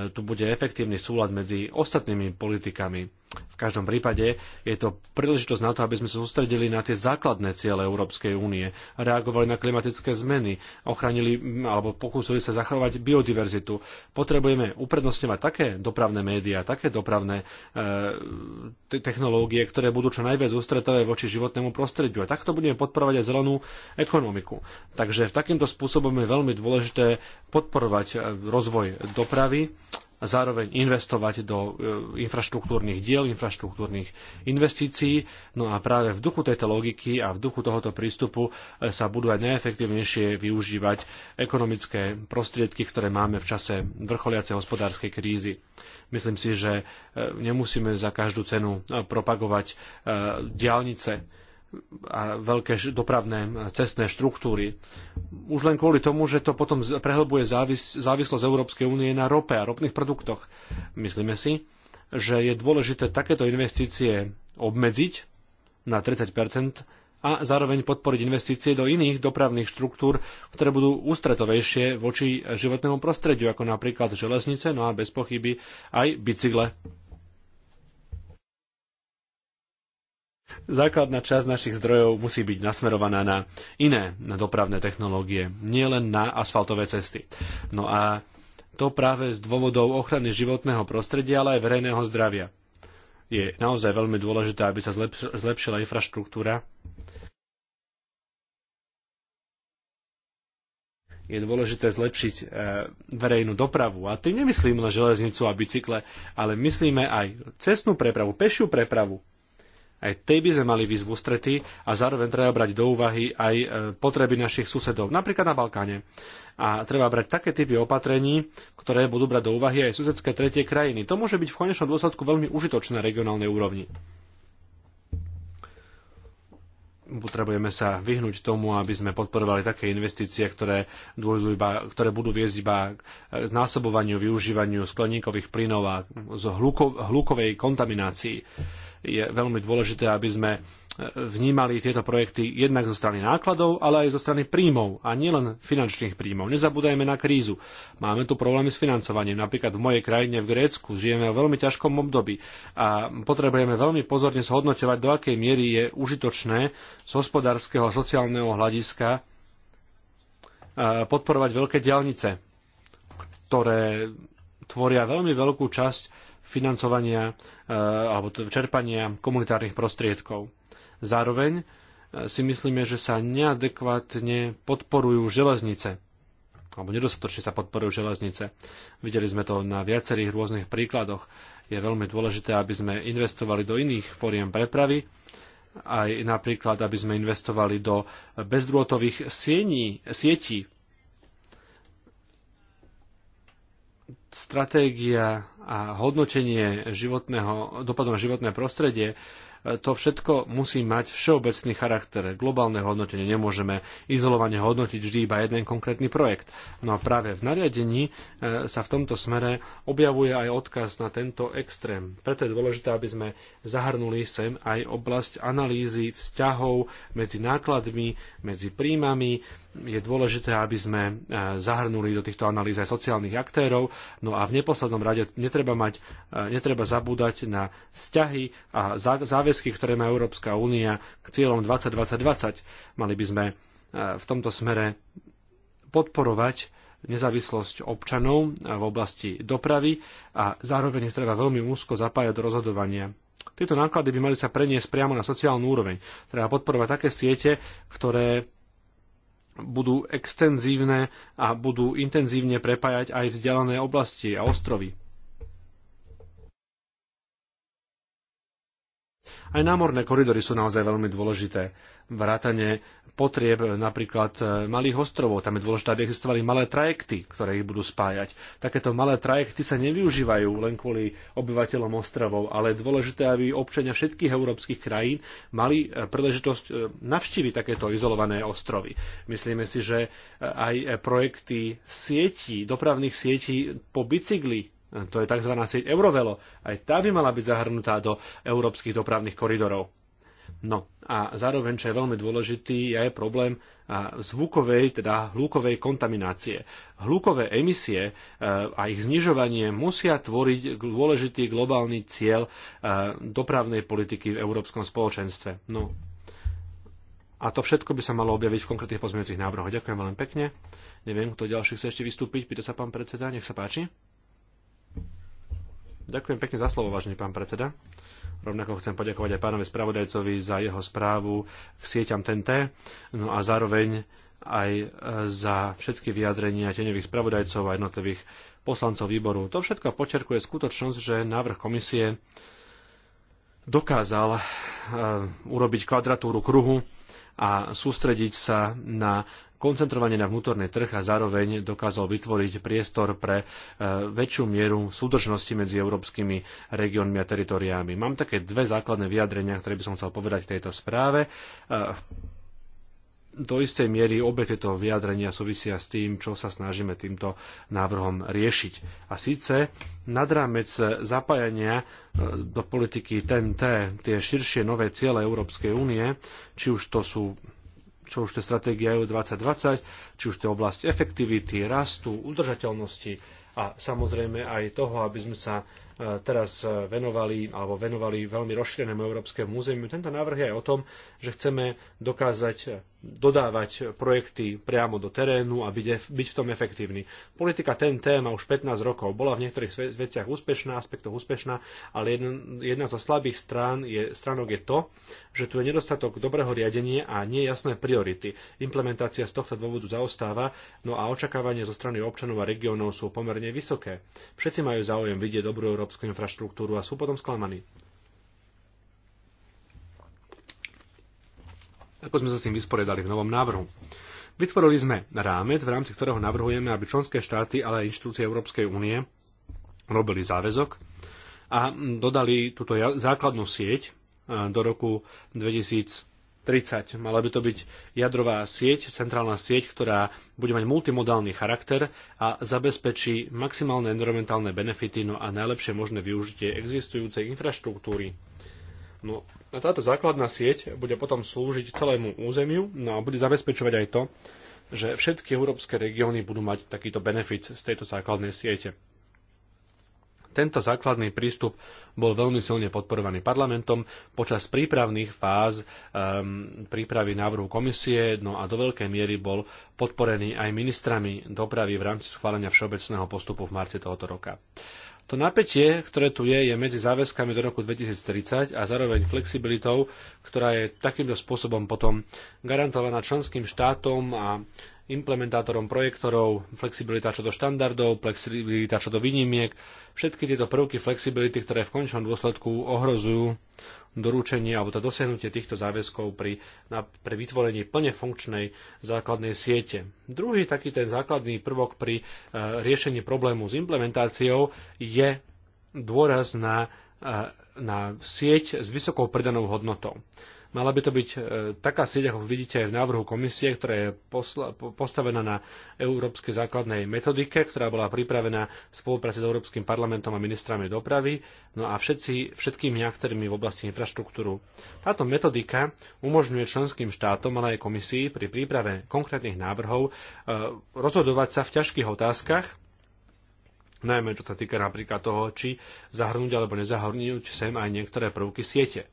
tu bude efektívny súlad medzi ostatnými politikami. V každom prípade je to príležitosť na to, aby sme sa sústredili na tie základné ciele Európskej únie, reagovali na klimatické zmeny, ochránili alebo pokúsili sa zachovať biodiverzitu. Potrebujeme uprednostňovať také dopravné médiá, také dopravné e, technológie, ktoré budú čo najviac ústretové voči životnému prostrediu. A takto budeme podporovať aj zelenú ekonomiku. Takže v takýmto spôsobom je veľmi dôležité podporovať e, rozvoj dopravy a zároveň investovať do e, infraštruktúrnych diel, infraštruktúrnych investícií. No a práve v duchu tejto logiky a v duchu tohoto prístupu e, sa budú aj najefektívnejšie využívať ekonomické prostriedky, ktoré máme v čase vrcholiacej hospodárskej krízy. Myslím si, že nemusíme za každú cenu propagovať diálnice a veľké dopravné cestné štruktúry. Už len kvôli tomu, že to potom prehlbuje závis, závislosť Európskej únie na rope a ropných produktoch. Myslíme si, že je dôležité takéto investície obmedziť na 30 a zároveň podporiť investície do iných dopravných štruktúr, ktoré budú ústretovejšie voči životnému prostrediu, ako napríklad železnice, no a bez pochyby aj bicykle. základná časť našich zdrojov musí byť nasmerovaná na iné, na dopravné technológie, nielen na asfaltové cesty. No a to práve z dôvodov ochrany životného prostredia, ale aj verejného zdravia. Je naozaj veľmi dôležité, aby sa zlepšila infraštruktúra je dôležité zlepšiť e, verejnú dopravu. A tým nemyslíme na železnicu a bicykle, ale myslíme aj cestnú prepravu, pešiu prepravu. Aj tej by sme mali výsť v a zároveň treba brať do úvahy aj e, potreby našich susedov, napríklad na Balkáne. A treba brať také typy opatrení, ktoré budú brať do úvahy aj susedské tretie krajiny. To môže byť v konečnom dôsledku veľmi užitočné na regionálnej úrovni potrebujeme sa vyhnúť tomu, aby sme podporovali také investície, ktoré, iba, ktoré budú viesť iba k e, znásobovaniu, využívaniu skleníkových plynov a z hluko, hlukovej kontaminácii je veľmi dôležité, aby sme e, vnímali tieto projekty jednak zo strany nákladov, ale aj zo strany príjmov a nielen finančných príjmov. Nezabúdajme na krízu. Máme tu problémy s financovaním. Napríklad v mojej krajine v Grécku žijeme v veľmi ťažkom období a potrebujeme veľmi pozorne zhodnoťovať, do akej miery je užitočné z hospodárskeho a sociálneho hľadiska e, podporovať veľké diaľnice, ktoré tvoria veľmi veľkú časť financovania e, alebo čerpania komunitárnych prostriedkov. Zároveň e, si myslíme, že sa neadekvátne podporujú železnice alebo nedostatočne sa podporujú železnice. Videli sme to na viacerých rôznych príkladoch. Je veľmi dôležité, aby sme investovali do iných fóriem prepravy, aj napríklad, aby sme investovali do bezdrôtových sietí stratégia a hodnotenie životného, dopadu na životné prostredie, e, to všetko musí mať všeobecný charakter. Globálne hodnotenie nemôžeme izolovane hodnotiť vždy iba jeden konkrétny projekt. No a práve v nariadení e, sa v tomto smere objavuje aj odkaz na tento extrém. Preto je dôležité, aby sme zahrnuli sem aj oblasť analýzy vzťahov medzi nákladmi, medzi príjmami, je dôležité, aby sme e, zahrnuli do týchto analýz aj sociálnych aktérov. No a v neposlednom rade netreba, mať, e, netreba zabúdať na vzťahy a záväzky, ktoré má Európska únia k cieľom 2020. Mali by sme e, v tomto smere podporovať nezávislosť občanov v oblasti dopravy a zároveň ich treba veľmi úzko zapájať do rozhodovania tieto náklady by mali sa preniesť priamo na sociálnu úroveň. Treba podporovať také siete, ktoré budú extenzívne a budú intenzívne prepájať aj vzdialené oblasti a ostrovy. Aj námorné koridory sú naozaj veľmi dôležité. Vrátane potrieb napríklad e, malých ostrovov. Tam je dôležité, aby existovali malé trajekty, ktoré ich budú spájať. Takéto malé trajekty sa nevyužívajú len kvôli obyvateľom ostrovov, ale je dôležité, aby občania všetkých európskych krajín mali e, príležitosť e, navštíviť takéto izolované ostrovy. Myslíme si, že aj projekty sietí, dopravných sietí po bicykli to je tzv. sieť Eurovelo. Aj tá by mala byť zahrnutá do európskych dopravných koridorov. No a zároveň, čo je veľmi dôležitý, je problém zvukovej, teda hľukovej kontaminácie. Hľukové emisie e, a ich znižovanie musia tvoriť dôležitý globálny cieľ e, dopravnej politiky v Európskom spoločenstve. No. A to všetko by sa malo objaviť v konkrétnych pozmeňujúcich návrhoch. Ďakujem veľmi pekne. Neviem, kto ďalší chce ešte vystúpiť. Pýta sa pán predseda, nech sa páči. Ďakujem pekne za slovo, vážený pán predseda. Rovnako chcem poďakovať aj pánovi spravodajcovi za jeho správu k sieťam TNT, no a zároveň aj za všetky vyjadrenia tenevých spravodajcov a jednotlivých poslancov výboru. To všetko počerkuje skutočnosť, že návrh komisie dokázal e, urobiť kvadratúru kruhu a sústrediť sa na koncentrovanie na vnútorný trh a zároveň dokázal vytvoriť priestor pre e, väčšiu mieru súdržnosti medzi európskymi regiónmi a teritoriami. Mám také dve základné vyjadrenia, ktoré by som chcel povedať v tejto správe e, do istej miery obe tieto vyjadrenia súvisia s tým, čo sa snažíme týmto návrhom riešiť. A síce nad rámec zapájania e, do politiky TNT tie širšie nové ciele Európskej únie, či už to sú čo už to je stratégia EU 2020, či už to je oblasť efektivity, rastu, udržateľnosti a samozrejme aj toho, aby sme sa e, teraz e, venovali alebo venovali veľmi rozšírenému európskemu múzeumu. Tento návrh je aj o tom, že chceme dokázať eh, dodávať projekty priamo do terénu a byť, byť v tom efektívny. Politika ten téma už 15 rokov bola v niektorých veciach úspešná, aspektoch úspešná, ale jedna, jedna zo slabých strán je, stránok je to, že tu je nedostatok dobrého riadenia a nie jasné priority. Implementácia z tohto dôvodu zaostáva, no a očakávanie zo strany občanov a regiónov sú pomerne vysoké. Všetci majú záujem vidieť dobrú európsku infraštruktúru a sú potom sklamaní. ako sme sa s tým vysporiadali v novom návrhu. Vytvorili sme rámec, v rámci ktorého navrhujeme, aby členské štáty, ale aj inštitúcie Európskej únie robili záväzok a dodali túto základnú sieť e, do roku 2030. Mala by to byť jadrová sieť, centrálna sieť, ktorá bude mať multimodálny charakter a zabezpečí maximálne environmentálne benefity no a najlepšie možné využitie existujúcej infraštruktúry No a táto základná sieť bude potom slúžiť celému územiu no a bude zabezpečovať aj to, že všetky európske regióny budú mať takýto benefit z tejto základnej siete. Tento základný prístup bol veľmi silne podporovaný parlamentom počas prípravných fáz um, prípravy návrhu komisie, no a do veľkej miery bol podporený aj ministrami dopravy v rámci schválenia všeobecného postupu v marci tohoto roka. To napätie, ktoré tu je, je medzi záväzkami do roku 2030 a zároveň flexibilitou, ktorá je takýmto spôsobom potom garantovaná členským štátom a implementátorom projektorov, flexibilita čo do štandardov, flexibilita čo do výnimiek, všetky tieto prvky flexibility, ktoré v končnom dôsledku ohrozujú doručenie alebo to dosiahnutie týchto záväzkov pri, na, pri vytvorení plne funkčnej základnej siete. Druhý taký ten základný prvok pri e, riešení problému s implementáciou je dôraz na, e, na sieť s vysokou predanou hodnotou. Mala by to byť e, taká sieť, ako vidíte aj v návrhu komisie, ktorá je postavená na európskej základnej metodike, ktorá bola pripravená v spolupráci s Európskym parlamentom a ministrami dopravy, no a všetci, všetkými aktérmi v oblasti infraštruktúru. Táto metodika umožňuje členským štátom, ale aj komisii pri príprave konkrétnych návrhov e, rozhodovať sa v ťažkých otázkach, najmä čo sa týka napríklad toho, či zahrnúť alebo nezahrnúť sem aj niektoré prvky siete.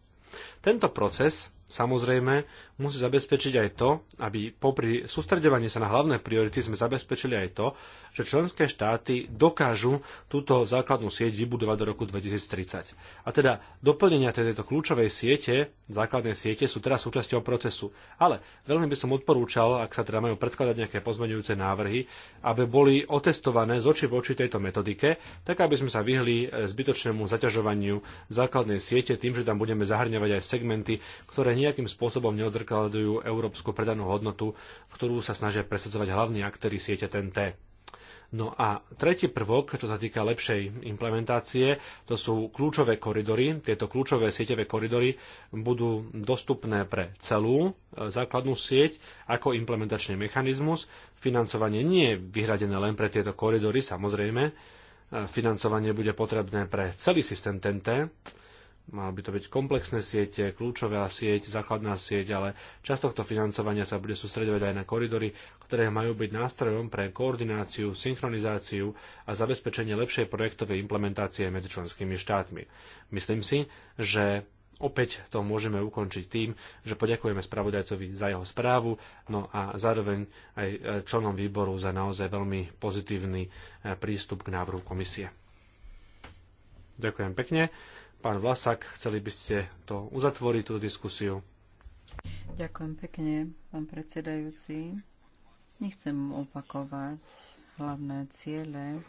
Tento proces Samozrejme, musí zabezpečiť aj to, aby popri sústredovaní sa na hlavné priority sme zabezpečili aj to, že členské štáty dokážu túto základnú sieť vybudovať do roku 2030. A teda doplnenia tejto kľúčovej siete, základnej siete, sú teraz súčasťou procesu. Ale veľmi by som odporúčal, ak sa teda majú predkladať nejaké pozmeňujúce návrhy, aby boli otestované z oči v oči tejto metodike, tak aby sme sa vyhli e, zbytočnému zaťažovaniu základnej siete tým, že tam budeme zahrňovať aj segmenty, ktoré nejakým spôsobom neodzrkadľujú európsku predanú hodnotu, ktorú sa snažia presadzovať hlavní aktéry siete TNT. No a tretí prvok, čo sa týka lepšej implementácie, to sú kľúčové koridory. Tieto kľúčové sieťové koridory budú dostupné pre celú e, základnú sieť ako implementačný mechanizmus. Financovanie nie je vyhradené len pre tieto koridory, samozrejme. E, financovanie bude potrebné pre celý systém TNT Mala by to byť komplexné siete, kľúčová sieť, základná sieť, ale časť tohto financovania sa bude sústredovať aj na koridory, ktoré majú byť nástrojom pre koordináciu, synchronizáciu a zabezpečenie lepšej projektovej implementácie medzi členskými štátmi. Myslím si, že opäť to môžeme ukončiť tým, že poďakujeme spravodajcovi za jeho správu, no a zároveň aj členom výboru za naozaj veľmi pozitívny eh, prístup k návrhu komisie. Ďakujem pekne. Pán Vlasak, chceli by ste to uzatvoriť, tú diskusiu? Ďakujem pekne, pán predsedajúci. Nechcem opakovať hlavné ciele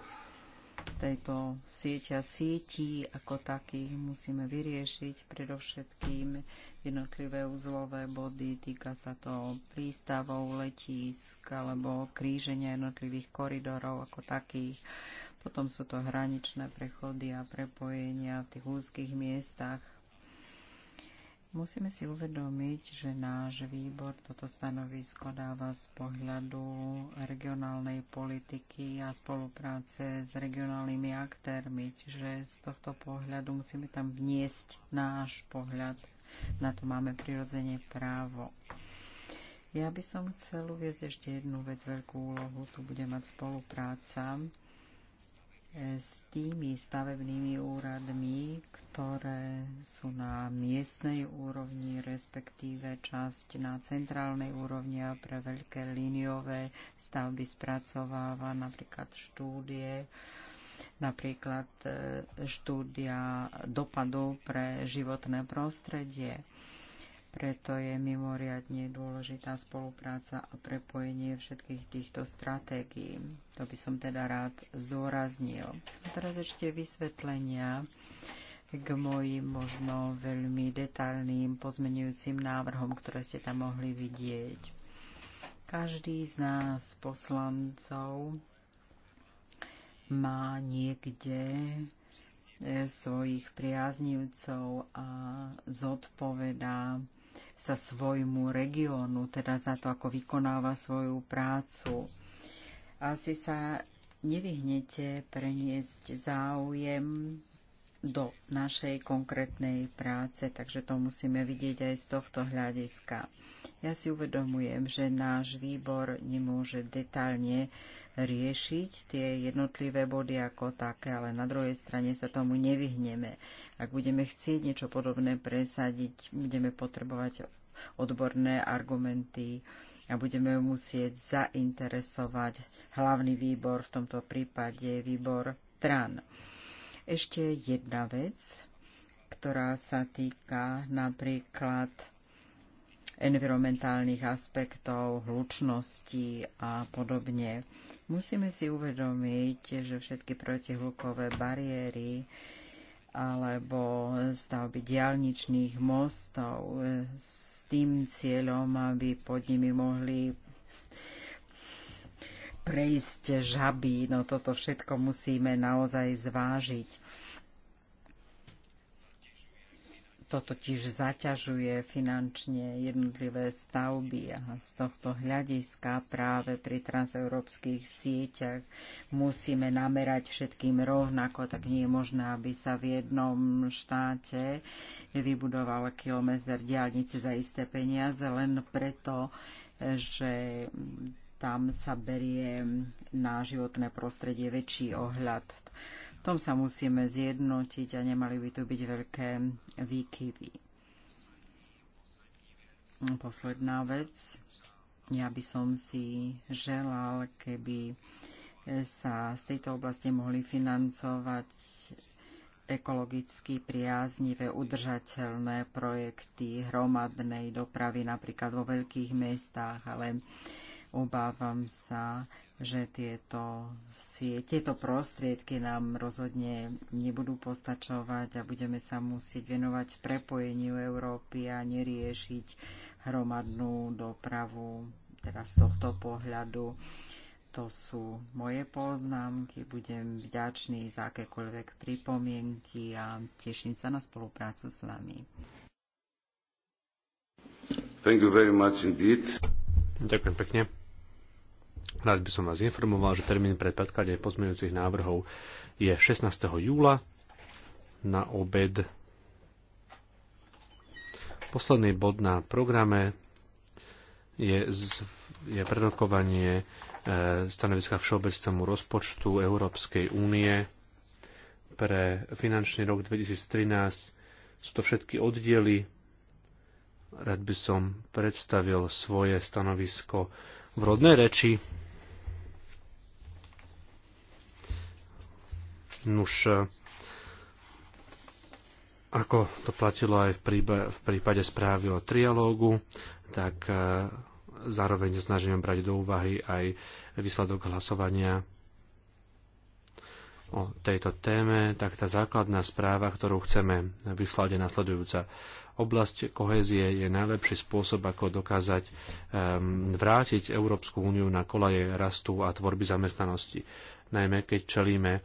tejto sieťa sietí ako takých musíme vyriešiť predovšetkým jednotlivé uzlové body, týka sa to prístavov, letísk alebo kríženia jednotlivých koridorov ako takých. Potom sú to hraničné prechody a prepojenia v tých úzkých miestach. Musíme si uvedomiť, že náš výbor toto stanovisko dáva z pohľadu regionálnej politiky a spolupráce s regionálnymi aktérmi, čiže z tohto pohľadu musíme tam vniesť náš pohľad. Na to máme prirodzene právo. Ja by som chcel uvieť ešte jednu vec, veľkú úlohu, tu bude mať spolupráca s tými stavebnými úradmi, ktoré sú na miestnej úrovni, respektíve časť na centrálnej úrovni a pre veľké líniové stavby spracováva napríklad štúdie, napríklad e, štúdia dopadov pre životné prostredie. Preto je mimoriadne dôležitá spolupráca a prepojenie všetkých týchto stratégií. To by som teda rád zdôraznil. A teraz ešte vysvetlenia k mojim možno veľmi detailným pozmenujúcim návrhom, ktoré ste tam mohli vidieť. Každý z nás poslancov má niekde eh, svojich priaznivcov a zodpovedá sa svojmu regiónu, teda za to, ako vykonáva svoju prácu. Asi sa nevyhnete preniesť záujem do našej konkrétnej práce, takže to musíme vidieť aj z tohto hľadiska. Ja si uvedomujem, že náš výbor nemôže detálne riešiť tie jednotlivé body ako také, ale na druhej strane sa tomu nevyhneme. Ak budeme chcieť niečo podobné presadiť, budeme potrebovať odborné argumenty a budeme musieť zainteresovať hlavný výbor, v tomto prípade výbor TRAN. Ešte jedna vec, ktorá sa týka napríklad environmentálnych aspektov, hlučnosti a podobne. Musíme si uvedomiť, že všetky protihlukové bariéry alebo stavby diálničných mostov s tým cieľom, aby pod nimi mohli prejsť žaby. No toto všetko musíme naozaj zvážiť. Toto tiež zaťažuje finančne jednotlivé stavby a z tohto hľadiska práve pri transeurópskych sieťach musíme namerať všetkým rovnako, tak nie je možné, aby sa v jednom štáte vybudoval kilometr diálnice za isté peniaze len preto, že tam sa berie na životné prostredie väčší ohľad. V tom sa musíme zjednotiť a nemali by tu byť veľké výkyvy. Posledná vec. Ja by som si želal, keby sa z tejto oblasti mohli financovať ekologicky priaznivé, udržateľné projekty hromadnej dopravy napríklad vo veľkých mestách, ale Obávam sa, že tieto, tieto prostriedky nám rozhodne nebudú postačovať a budeme sa musieť venovať prepojeniu Európy a neriešiť hromadnú dopravu. Teraz z tohto pohľadu to sú moje poznámky. Budem vďačný za akékoľvek pripomienky a teším sa na spoluprácu s vami. Thank you very much indeed. Ďakujem pekne. Rád by som vás informoval, že termín pre predkladanie pozmeňujúcich návrhov je 16. júla na obed. Posledný bod na programe je, z, je prerokovanie e, stanoviska všeobecnému rozpočtu Európskej únie pre finančný rok 2013. Sú to všetky oddiely. Rád by som predstavil svoje stanovisko v rodnej reči. Nuž, e, ako to platilo aj v, príbe, v prípade správy o trialógu, tak e, zároveň snažíme brať do úvahy aj výsledok hlasovania o tejto téme, tak tá základná správa, ktorú chceme vyslať, je nasledujúca. Oblasť kohézie je najlepší spôsob, ako dokázať um, vrátiť Európsku úniu na kolaje rastu a tvorby zamestnanosti najmä keď čelíme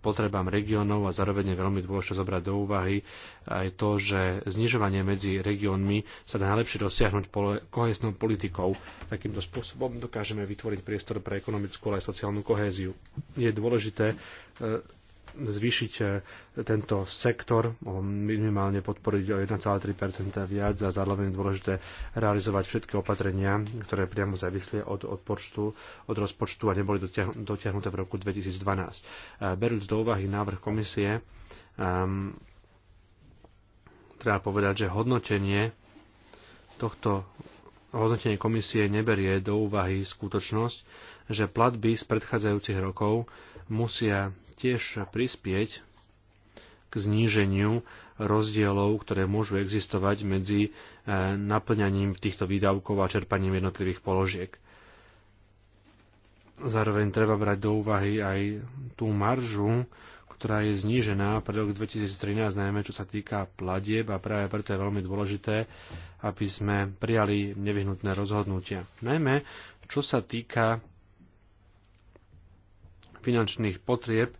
potrebám regiónov a zároveň je veľmi dôležité zobrať do úvahy aj to, že znižovanie medzi regiónmi sa dá najlepšie dosiahnuť kohesnou politikou. Takýmto spôsobom dokážeme vytvoriť priestor pre ekonomickú ale aj sociálnu kohéziu. Je dôležité e, zvýšiť e, tento sektor, minimálne podporiť o 1,3 viac a zároveň je dôležité realizovať všetky opatrenia, ktoré priamo závislia od, od, počtu, od rozpočtu a neboli dotiahnuté v roku 2012. E, berúc do úvahy návrh komisie, um, treba povedať, že hodnotenie tohto hodnotenie komisie neberie do úvahy skutočnosť, že platby z predchádzajúcich rokov musia tiež prispieť k zníženiu rozdielov, ktoré môžu existovať medzi e, naplňaním týchto výdavkov a čerpaním jednotlivých položiek. Zároveň treba brať do úvahy aj tú maržu, ktorá je znížená pre rok 2013, najmä čo sa týka platieb a práve preto je veľmi dôležité, aby sme prijali nevyhnutné rozhodnutia. Najmä čo sa týka finančných potrieb e,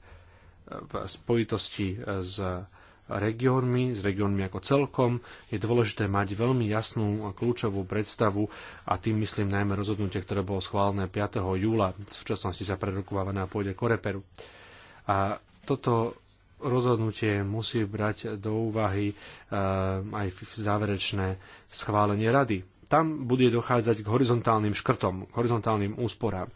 v spojitosti e, s regiónmi, s regiónmi ako celkom, je dôležité mať veľmi jasnú a kľúčovú predstavu a tým myslím najmä rozhodnutie, ktoré bolo schválené 5. júla, v súčasnosti sa prerokováva na pôde Koreperu. A toto rozhodnutie musí brať do úvahy e, aj v záverečné schválenie rady. Tam bude dochádzať k horizontálnym škrtom, k horizontálnym úsporám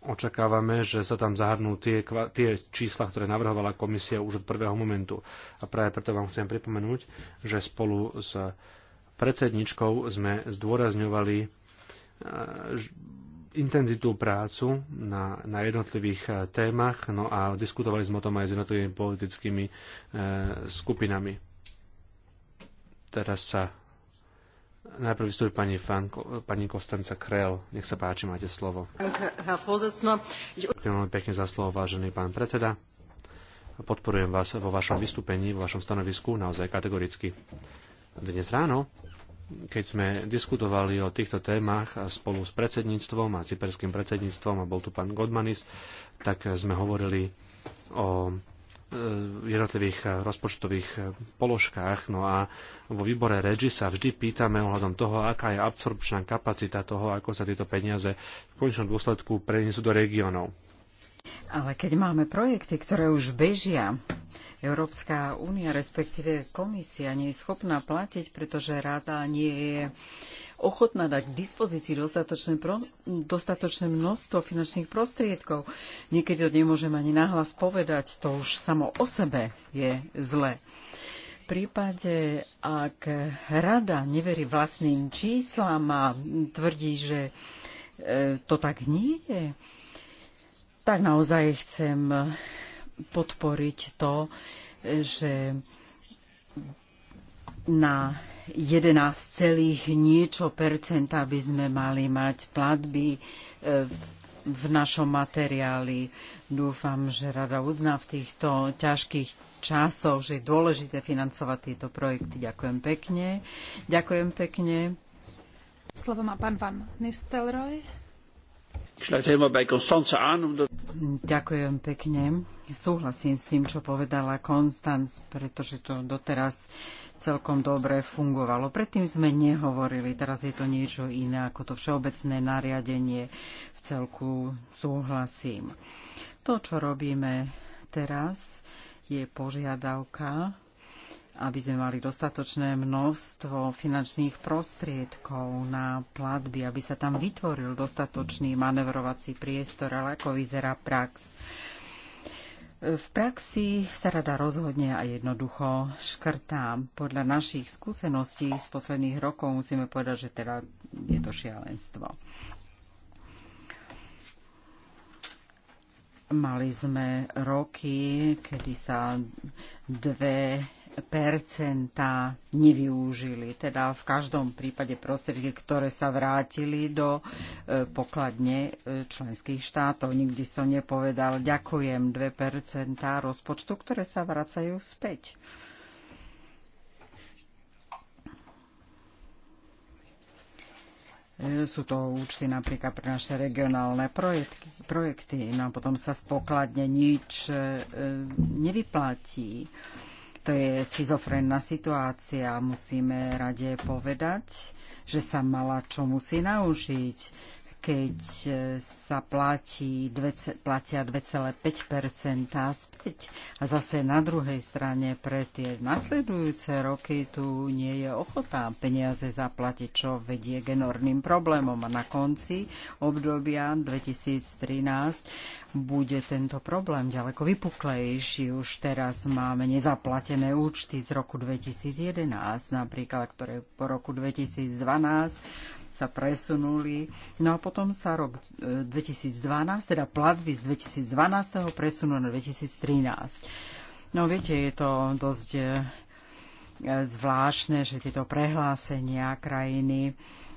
očakávame, že sa tam zahrnú tie, tie čísla, ktoré navrhovala komisia už od prvého momentu. A práve preto vám chcem pripomenúť, že spolu s predsedničkou sme zdôrazňovali e, intenzitu prácu na, na jednotlivých e, témach, no a diskutovali sme o tom aj s jednotlivými politickými e, skupinami. Teraz sa Najprv vystúpi pani, pani Kostanca Krel. Nech sa páči, máte slovo. Ďakujem veľmi pekne za slovo, vážený pán predseda. Podporujem vás vo vašom vystúpení, vo vašom stanovisku naozaj kategoricky. Dnes ráno, keď sme diskutovali o týchto témach spolu s predsedníctvom a cyperským predsedníctvom a bol tu pán Godmanis, tak sme hovorili o Eh, jednotlivých eh, rozpočtových eh, položkách. No a vo výbore REGI sa vždy pýtame ohľadom toho, aká je absorpčná kapacita toho, ako sa tieto peniaze v konečnom dôsledku prenesú do regiónov. Ale keď máme projekty, ktoré už bežia, Európska únia, respektíve komisia, nie je schopná platiť, pretože rada nie je ochotná dať k dispozícii dostatočné, pro, dostatočné množstvo finančných prostriedkov. Niekedy to nemôžem ani nahlas povedať, to už samo o sebe je zlé. V prípade, ak rada neverí vlastným číslam a tvrdí, že e, to tak nie je, tak naozaj chcem podporiť to, e, že na 11, niečo percenta by sme mali mať platby e, v našom materiáli. Dúfam, že rada uzná v týchto ťažkých časoch, že je dôležité financovať tieto projekty. Ďakujem pekne. Ďakujem pekne. Slovo má pán Van Nistelroj. Ďakujem pekne. Súhlasím s tým, čo povedala Konstanc, pretože to doteraz celkom dobre fungovalo. Predtým sme nehovorili, teraz je to niečo iné ako to všeobecné nariadenie. V celku súhlasím. To, čo robíme teraz, je požiadavka, aby sme mali dostatočné množstvo finančných prostriedkov na platby, aby sa tam vytvoril dostatočný manevrovací priestor, ale ako vyzerá prax. V praxi sa rada rozhodne a jednoducho škrtá. Podľa našich skúseností z posledných rokov musíme povedať, že teda je to šialenstvo. Mali sme roky, kedy sa dve percentá nevyužili, teda v každom prípade prostriedky, ktoré sa vrátili do e, pokladne e, členských štátov. Nikdy som nepovedal ďakujem 2% rozpočtu, ktoré sa vracajú späť. E, sú to účty napríklad pre naše regionálne projekty, projekty no a potom sa spokladne nič nevyplatí. To je schizofrenná situácia. Musíme rade povedať, že sa mala čo musí naučiť keď sa platí 2, platia 2,5% späť. A zase na druhej strane pre tie nasledujúce roky tu nie je ochota peniaze zaplatiť, čo vedie k enormným problémom. A na konci obdobia 2013 bude tento problém ďaleko vypuklejší. Už teraz máme nezaplatené účty z roku 2011, napríklad, ktoré po roku 2012 sa presunuli. No a potom sa rok 2012, e, teda platby z 2012. presunú na 2013. No viete, je to dosť e, zvláštne, že tieto prehlásenia krajiny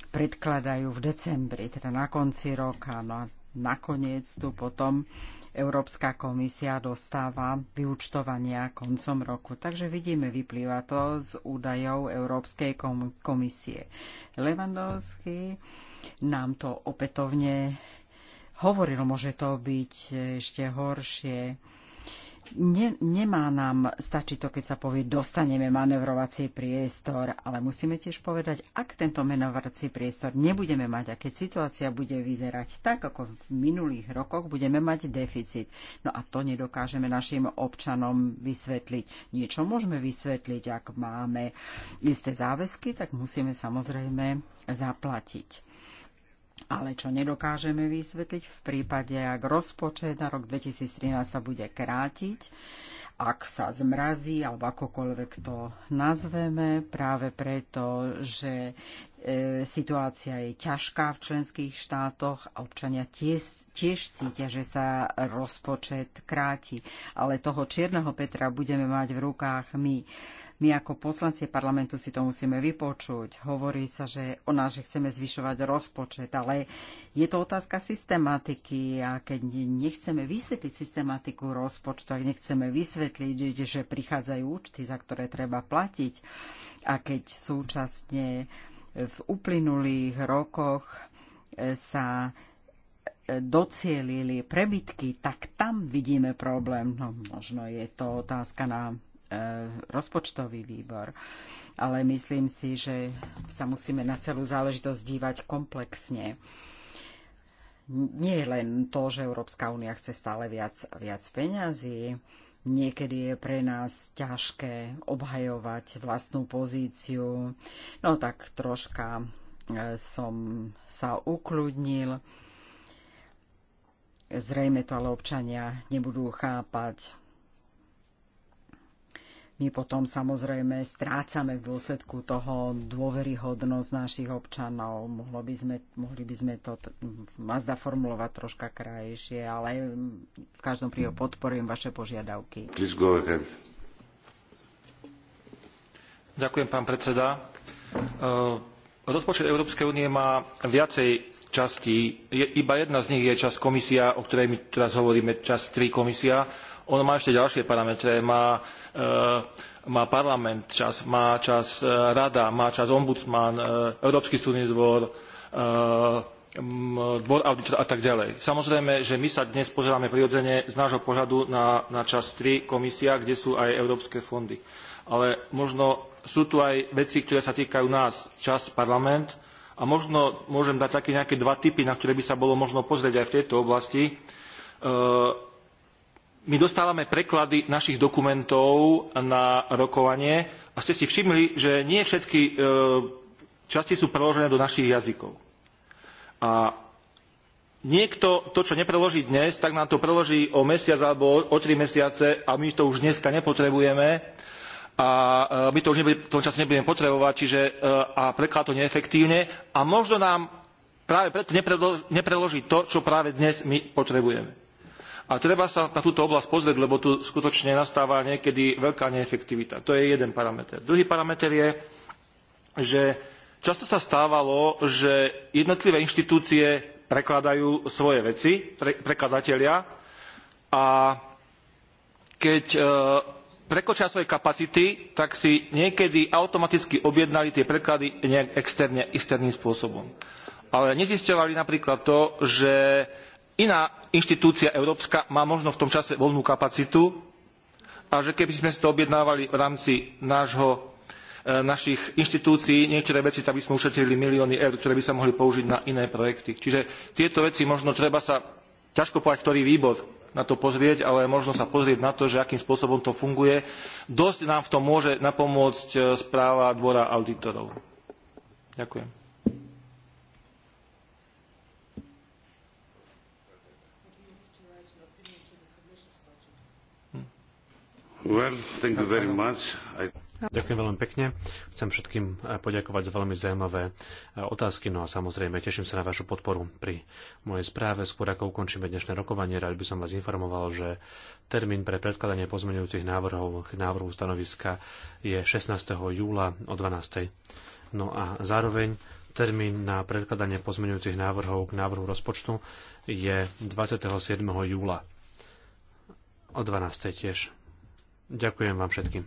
predkladajú v decembri, teda na konci roka. No a nakoniec tu potom Európska komisia dostáva vyúčtovania koncom roku. Takže vidíme, vyplýva to z údajov Európskej komisie. Levandovský nám to opätovne hovoril, môže to byť ešte horšie Ne, nemá nám stačiť to, keď sa povie, dostaneme manevrovací priestor, ale musíme tiež povedať, ak tento manevrovací priestor nebudeme mať a keď situácia bude vyzerať tak, ako v minulých rokoch, budeme mať deficit. No a to nedokážeme našim občanom vysvetliť. Niečo môžeme vysvetliť, ak máme isté záväzky, tak musíme samozrejme zaplatiť. Ale čo nedokážeme vysvetliť v prípade, ak rozpočet na rok 2013 sa bude krátiť, ak sa zmrazí, alebo akokoľvek to nazveme, práve preto, že e, situácia je ťažká v členských štátoch a občania tiež, tiež cítia, že sa rozpočet kráti. Ale toho čierneho Petra budeme mať v rukách my. My ako poslanci parlamentu si to musíme vypočuť. Hovorí sa, že o nás, že chceme zvyšovať rozpočet, ale je to otázka systematiky a keď nechceme vysvetliť systematiku rozpočtu, ak nechceme vysvetliť, že prichádzajú účty, za ktoré treba platiť a keď súčasne v uplynulých rokoch sa docielili prebytky, tak tam vidíme problém. No, možno je to otázka na E, rozpočtový výbor. Ale myslím si, že sa musíme na celú záležitosť dívať komplexne. Nie je len to, že Európska únia chce stále viac, viac peňazí, Niekedy je pre nás ťažké obhajovať vlastnú pozíciu. No tak troška e, som sa ukludnil. Zrejme to ale občania nebudú chápať my potom samozrejme strácame v dôsledku toho dôveryhodnosť našich občanov. Mohlo by sme, mohli by sme to Mazda formulovať troška krajšie, ale v každom prípade podporujem vaše požiadavky. Ďakujem, pán predseda. E, rozpočet Európskej únie má viacej častí. iba jedna z nich je časť komisia, o ktorej my teraz hovoríme, časť 3 komisia ono má ešte ďalšie parametre. Má, e, má parlament čas, má čas e, rada, má čas ombudsman, e, Európsky súdny dvor, dvor auditor a tak ďalej. Samozrejme, že my sa dnes pozeráme prirodzene z nášho pohľadu na, na čas 3 komisia, kde sú aj európske fondy. Ale možno sú tu aj veci, ktoré sa týkajú nás, čas parlament, a možno môžem dať také nejaké dva typy, na ktoré by sa bolo možno pozrieť aj v tejto oblasti. E my dostávame preklady našich dokumentov na rokovanie a ste si všimli, že nie všetky e, časti sú preložené do našich jazykov. A niekto to, čo nepreloží dnes, tak nám to preloží o mesiac alebo o tri mesiace a my to už dneska nepotrebujeme a e, my to už nebude, v tom čase nebudeme potrebovať, čiže e, a preklad to neefektívne a možno nám práve preto nepreloží to, čo práve dnes my potrebujeme. A treba sa na túto oblasť pozrieť, lebo tu skutočne nastáva niekedy veľká neefektivita. To je jeden parameter. Druhý parameter je, že často sa stávalo, že jednotlivé inštitúcie prekladajú svoje veci, pre, prekladatelia, a keď e, prekočia svoje kapacity, tak si niekedy automaticky objednali tie preklady nejak externe, externým spôsobom. Ale nezisťovali napríklad to, že iná inštitúcia európska má možno v tom čase voľnú kapacitu a že keby sme si to objednávali v rámci nášho, e, našich inštitúcií niektoré veci, tak by sme ušetrili milióny eur, ktoré by sa mohli použiť na iné projekty. Čiže tieto veci možno treba sa, ťažko povedať, ktorý výbor na to pozrieť, ale možno sa pozrieť na to, že akým spôsobom to funguje. Dosť nám v tom môže napomôcť e, správa dvora auditorov. Ďakujem. Well, I... Ďakujem veľmi pekne. Chcem všetkým eh, poďakovať za veľmi zaujímavé eh, otázky, no a samozrejme teším sa na vašu podporu pri mojej správe. Skôr ako ukončíme dnešné rokovanie, rád by som vás informoval, že termín pre predkladanie pozmenujúcich návrhov k návrhu stanoviska je 16. júla o 12. No a zároveň termín na predkladanie pozmenujúcich návrhov k návrhu rozpočtu je 27. júla o 12. tiež. Ďakujem vám všetkým.